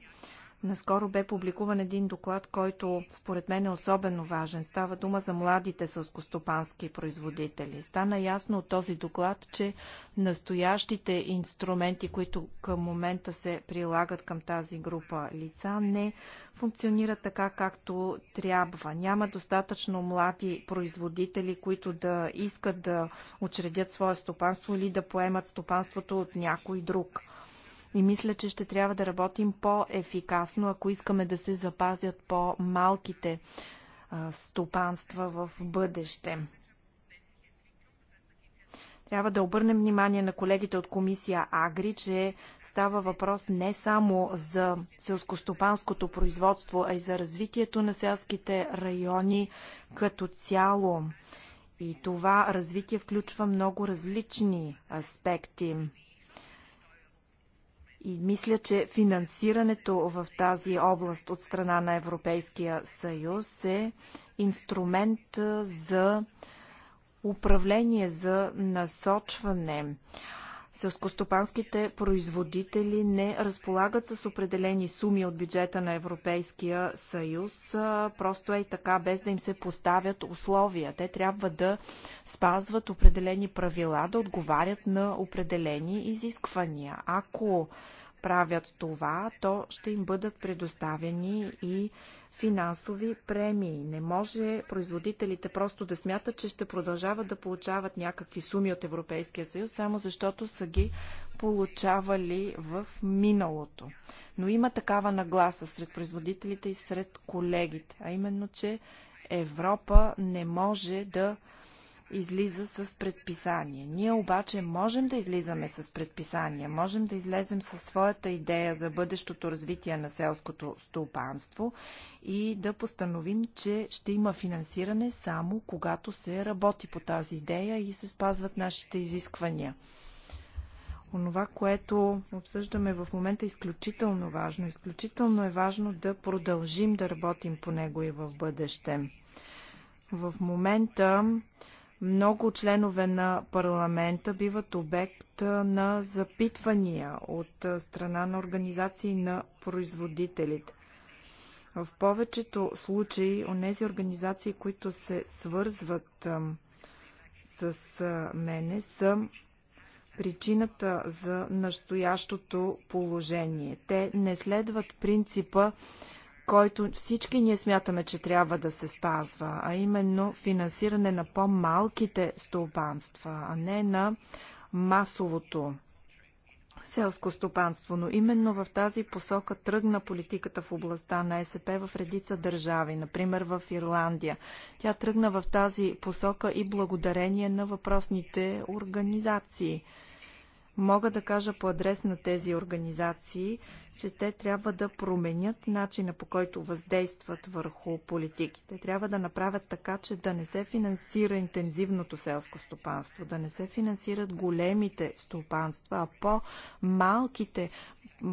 Наскоро бе публикуван един доклад, който според мен е особено важен. Става дума за младите сълскостопански производители. Стана ясно от този доклад, че настоящите инструменти, които към момента се прилагат към тази група лица, не функционират така, както трябва. Няма достатъчно млади производители, които да искат да учредят свое стопанство или да поемат стопанството от някой друг. И мисля, че ще трябва да работим по-ефикасно, ако искаме да се запазят по-малките стопанства в бъдеще. Трябва да обърнем внимание на колегите от комисия Агри, че става въпрос не само за селскостопанското производство, а и за развитието на селските райони като цяло. И това развитие включва много различни аспекти. И мисля, че финансирането в тази област от страна на Европейския съюз е инструмент за управление, за насочване. Селскостопанските производители не разполагат с определени суми от бюджета на Европейския съюз, просто е и така, без да им се поставят условия. Те трябва да спазват определени правила, да отговарят на определени изисквания. Ако правят това, то ще им бъдат предоставени и финансови премии. Не може производителите просто да смятат, че ще продължават да получават някакви суми от Европейския съюз, само защото са ги получавали в миналото. Но има такава нагласа сред производителите и сред колегите, а именно, че Европа не може да излиза с предписание. Ние обаче можем да излизаме с предписания, можем да излезем със своята идея за бъдещото развитие на селското стопанство и да постановим, че ще има финансиране само когато се работи по тази идея и се спазват нашите изисквания. Онова, което обсъждаме в момента е изключително важно. Изключително е важно да продължим да работим по него и в бъдеще. В момента много членове на парламента биват обект на запитвания от страна на организации на производителите. В повечето случаи тези организации, които се свързват с мене, са причината за настоящото положение. Те не следват принципа който всички ние смятаме, че трябва да се спазва, а именно финансиране на по-малките стопанства, а не на масовото селско стопанство, но именно в тази посока тръгна политиката в областта на СП в редица държави, например в Ирландия. Тя тръгна в тази посока и благодарение на въпросните организации – Мога да кажа по адрес на тези организации, че те трябва да променят начина по който въздействат върху политиките. Трябва да направят така, че да не се финансира интензивното селско стопанство, да не се финансират големите стопанства, а по-малките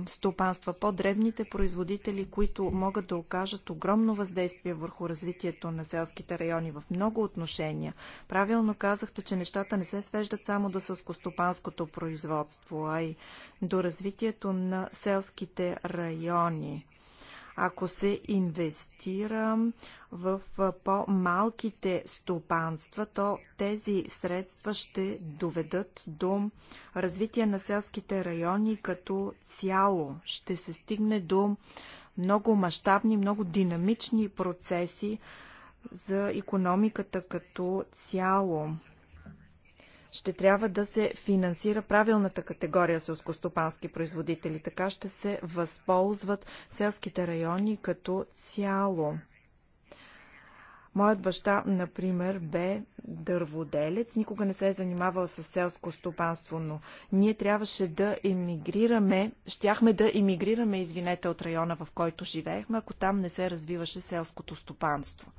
стопанства, по-дребните производители, които могат да окажат огромно въздействие върху развитието на селските райони в много отношения. Правилно казахте, че нещата не се свеждат само до селскостопанското производство, а и до развитието на селските райони ако се инвестира в по-малките стопанства, то тези средства ще доведат до развитие на селските райони като цяло. Ще се стигне до много мащабни, много динамични процеси за економиката като цяло ще трябва да се финансира правилната категория селскостопански производители. Така ще се възползват селските райони като цяло. Моят баща, например, бе дърводелец, никога не се е занимавал с селско стопанство, но ние трябваше да емигрираме, щяхме да емигрираме, извинете, от района, в който живеехме, ако там не се развиваше селското стопанство.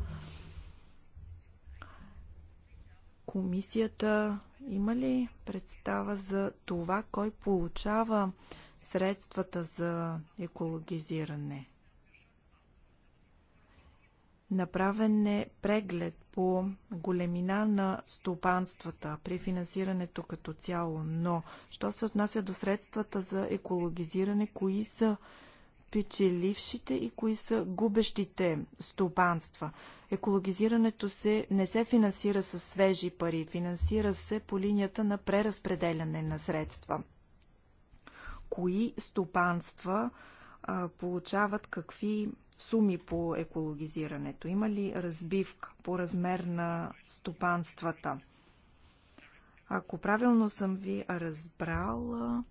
Комисията има ли представа за това, кой получава средствата за екологизиране? Направен е преглед по големина на стопанствата при финансирането като цяло, но що се отнася до средствата за екологизиране, кои са печелившите и кои са губещите стопанства? екологизирането се не се финансира с свежи пари, финансира се по линията на преразпределяне на средства. Кои стопанства а, получават какви суми по екологизирането? Има ли разбивка по размер на стопанствата? Ако правилно съм ви разбрала,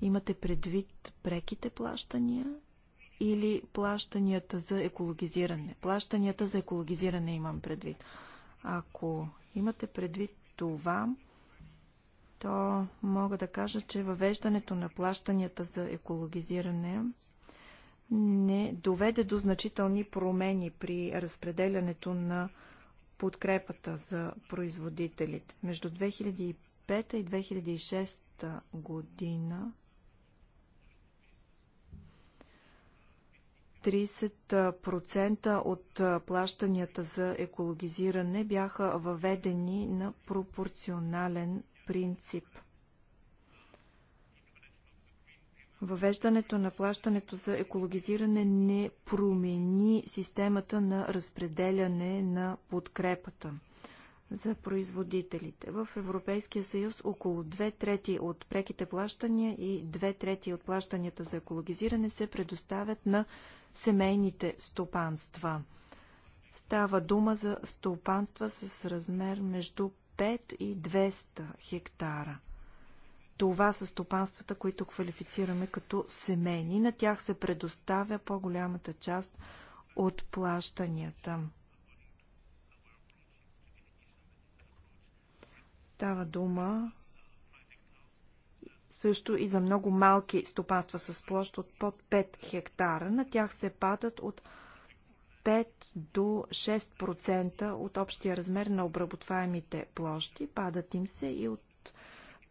имате предвид преките плащания или плащанията за екологизиране? Плащанията за екологизиране имам предвид. Ако имате предвид това, то мога да кажа, че въвеждането на плащанията за екологизиране не доведе до значителни промени при разпределянето на подкрепата за производителите. Между 2005 и 2006 година 30% от плащанията за екологизиране бяха въведени на пропорционален принцип. Въвеждането на плащането за екологизиране не промени системата на разпределяне на подкрепата за производителите. В Европейския съюз около две трети от преките плащания и две трети от плащанията за екологизиране се предоставят на семейните стопанства. Става дума за стопанства с размер между 5 и 200 хектара. Това са стопанствата, които квалифицираме като семейни. На тях се предоставя по-голямата част от плащанията. Става дума също и за много малки стопанства с площ от под 5 хектара. На тях се падат от 5 до 6% от общия размер на обработваемите площи. Падат им се и от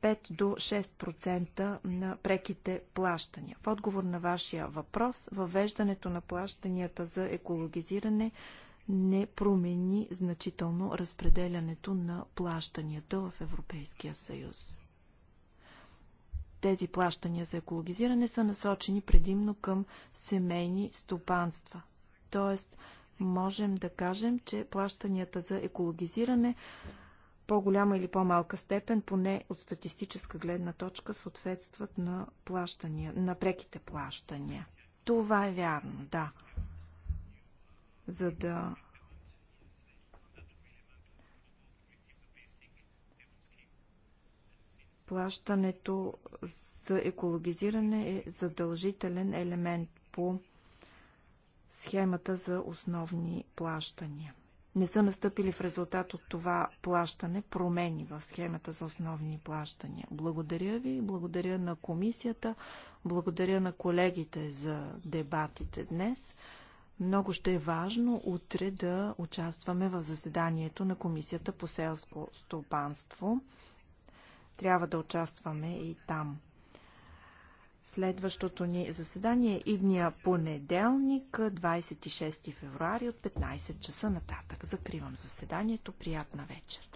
5 до 6% на преките плащания. В отговор на вашия въпрос, въвеждането на плащанията за екологизиране не промени значително разпределянето на плащанията в Европейския съюз. Тези плащания за екологизиране са насочени предимно към семейни стопанства. Тоест, можем да кажем, че плащанията за екологизиране по-голяма или по-малка степен, поне от статистическа гледна точка, съответстват на плащания, на преките плащания. Това е вярно, да. За да Плащането за екологизиране е задължителен елемент по схемата за основни плащания. Не са настъпили в резултат от това плащане промени в схемата за основни плащания. Благодаря ви, благодаря на комисията, благодаря на колегите за дебатите днес. Много ще е важно утре да участваме в заседанието на Комисията по селско стопанство трябва да участваме и там. Следващото ни заседание е идния понеделник, 26 февруари от 15 часа нататък. Закривам заседанието. Приятна вечер!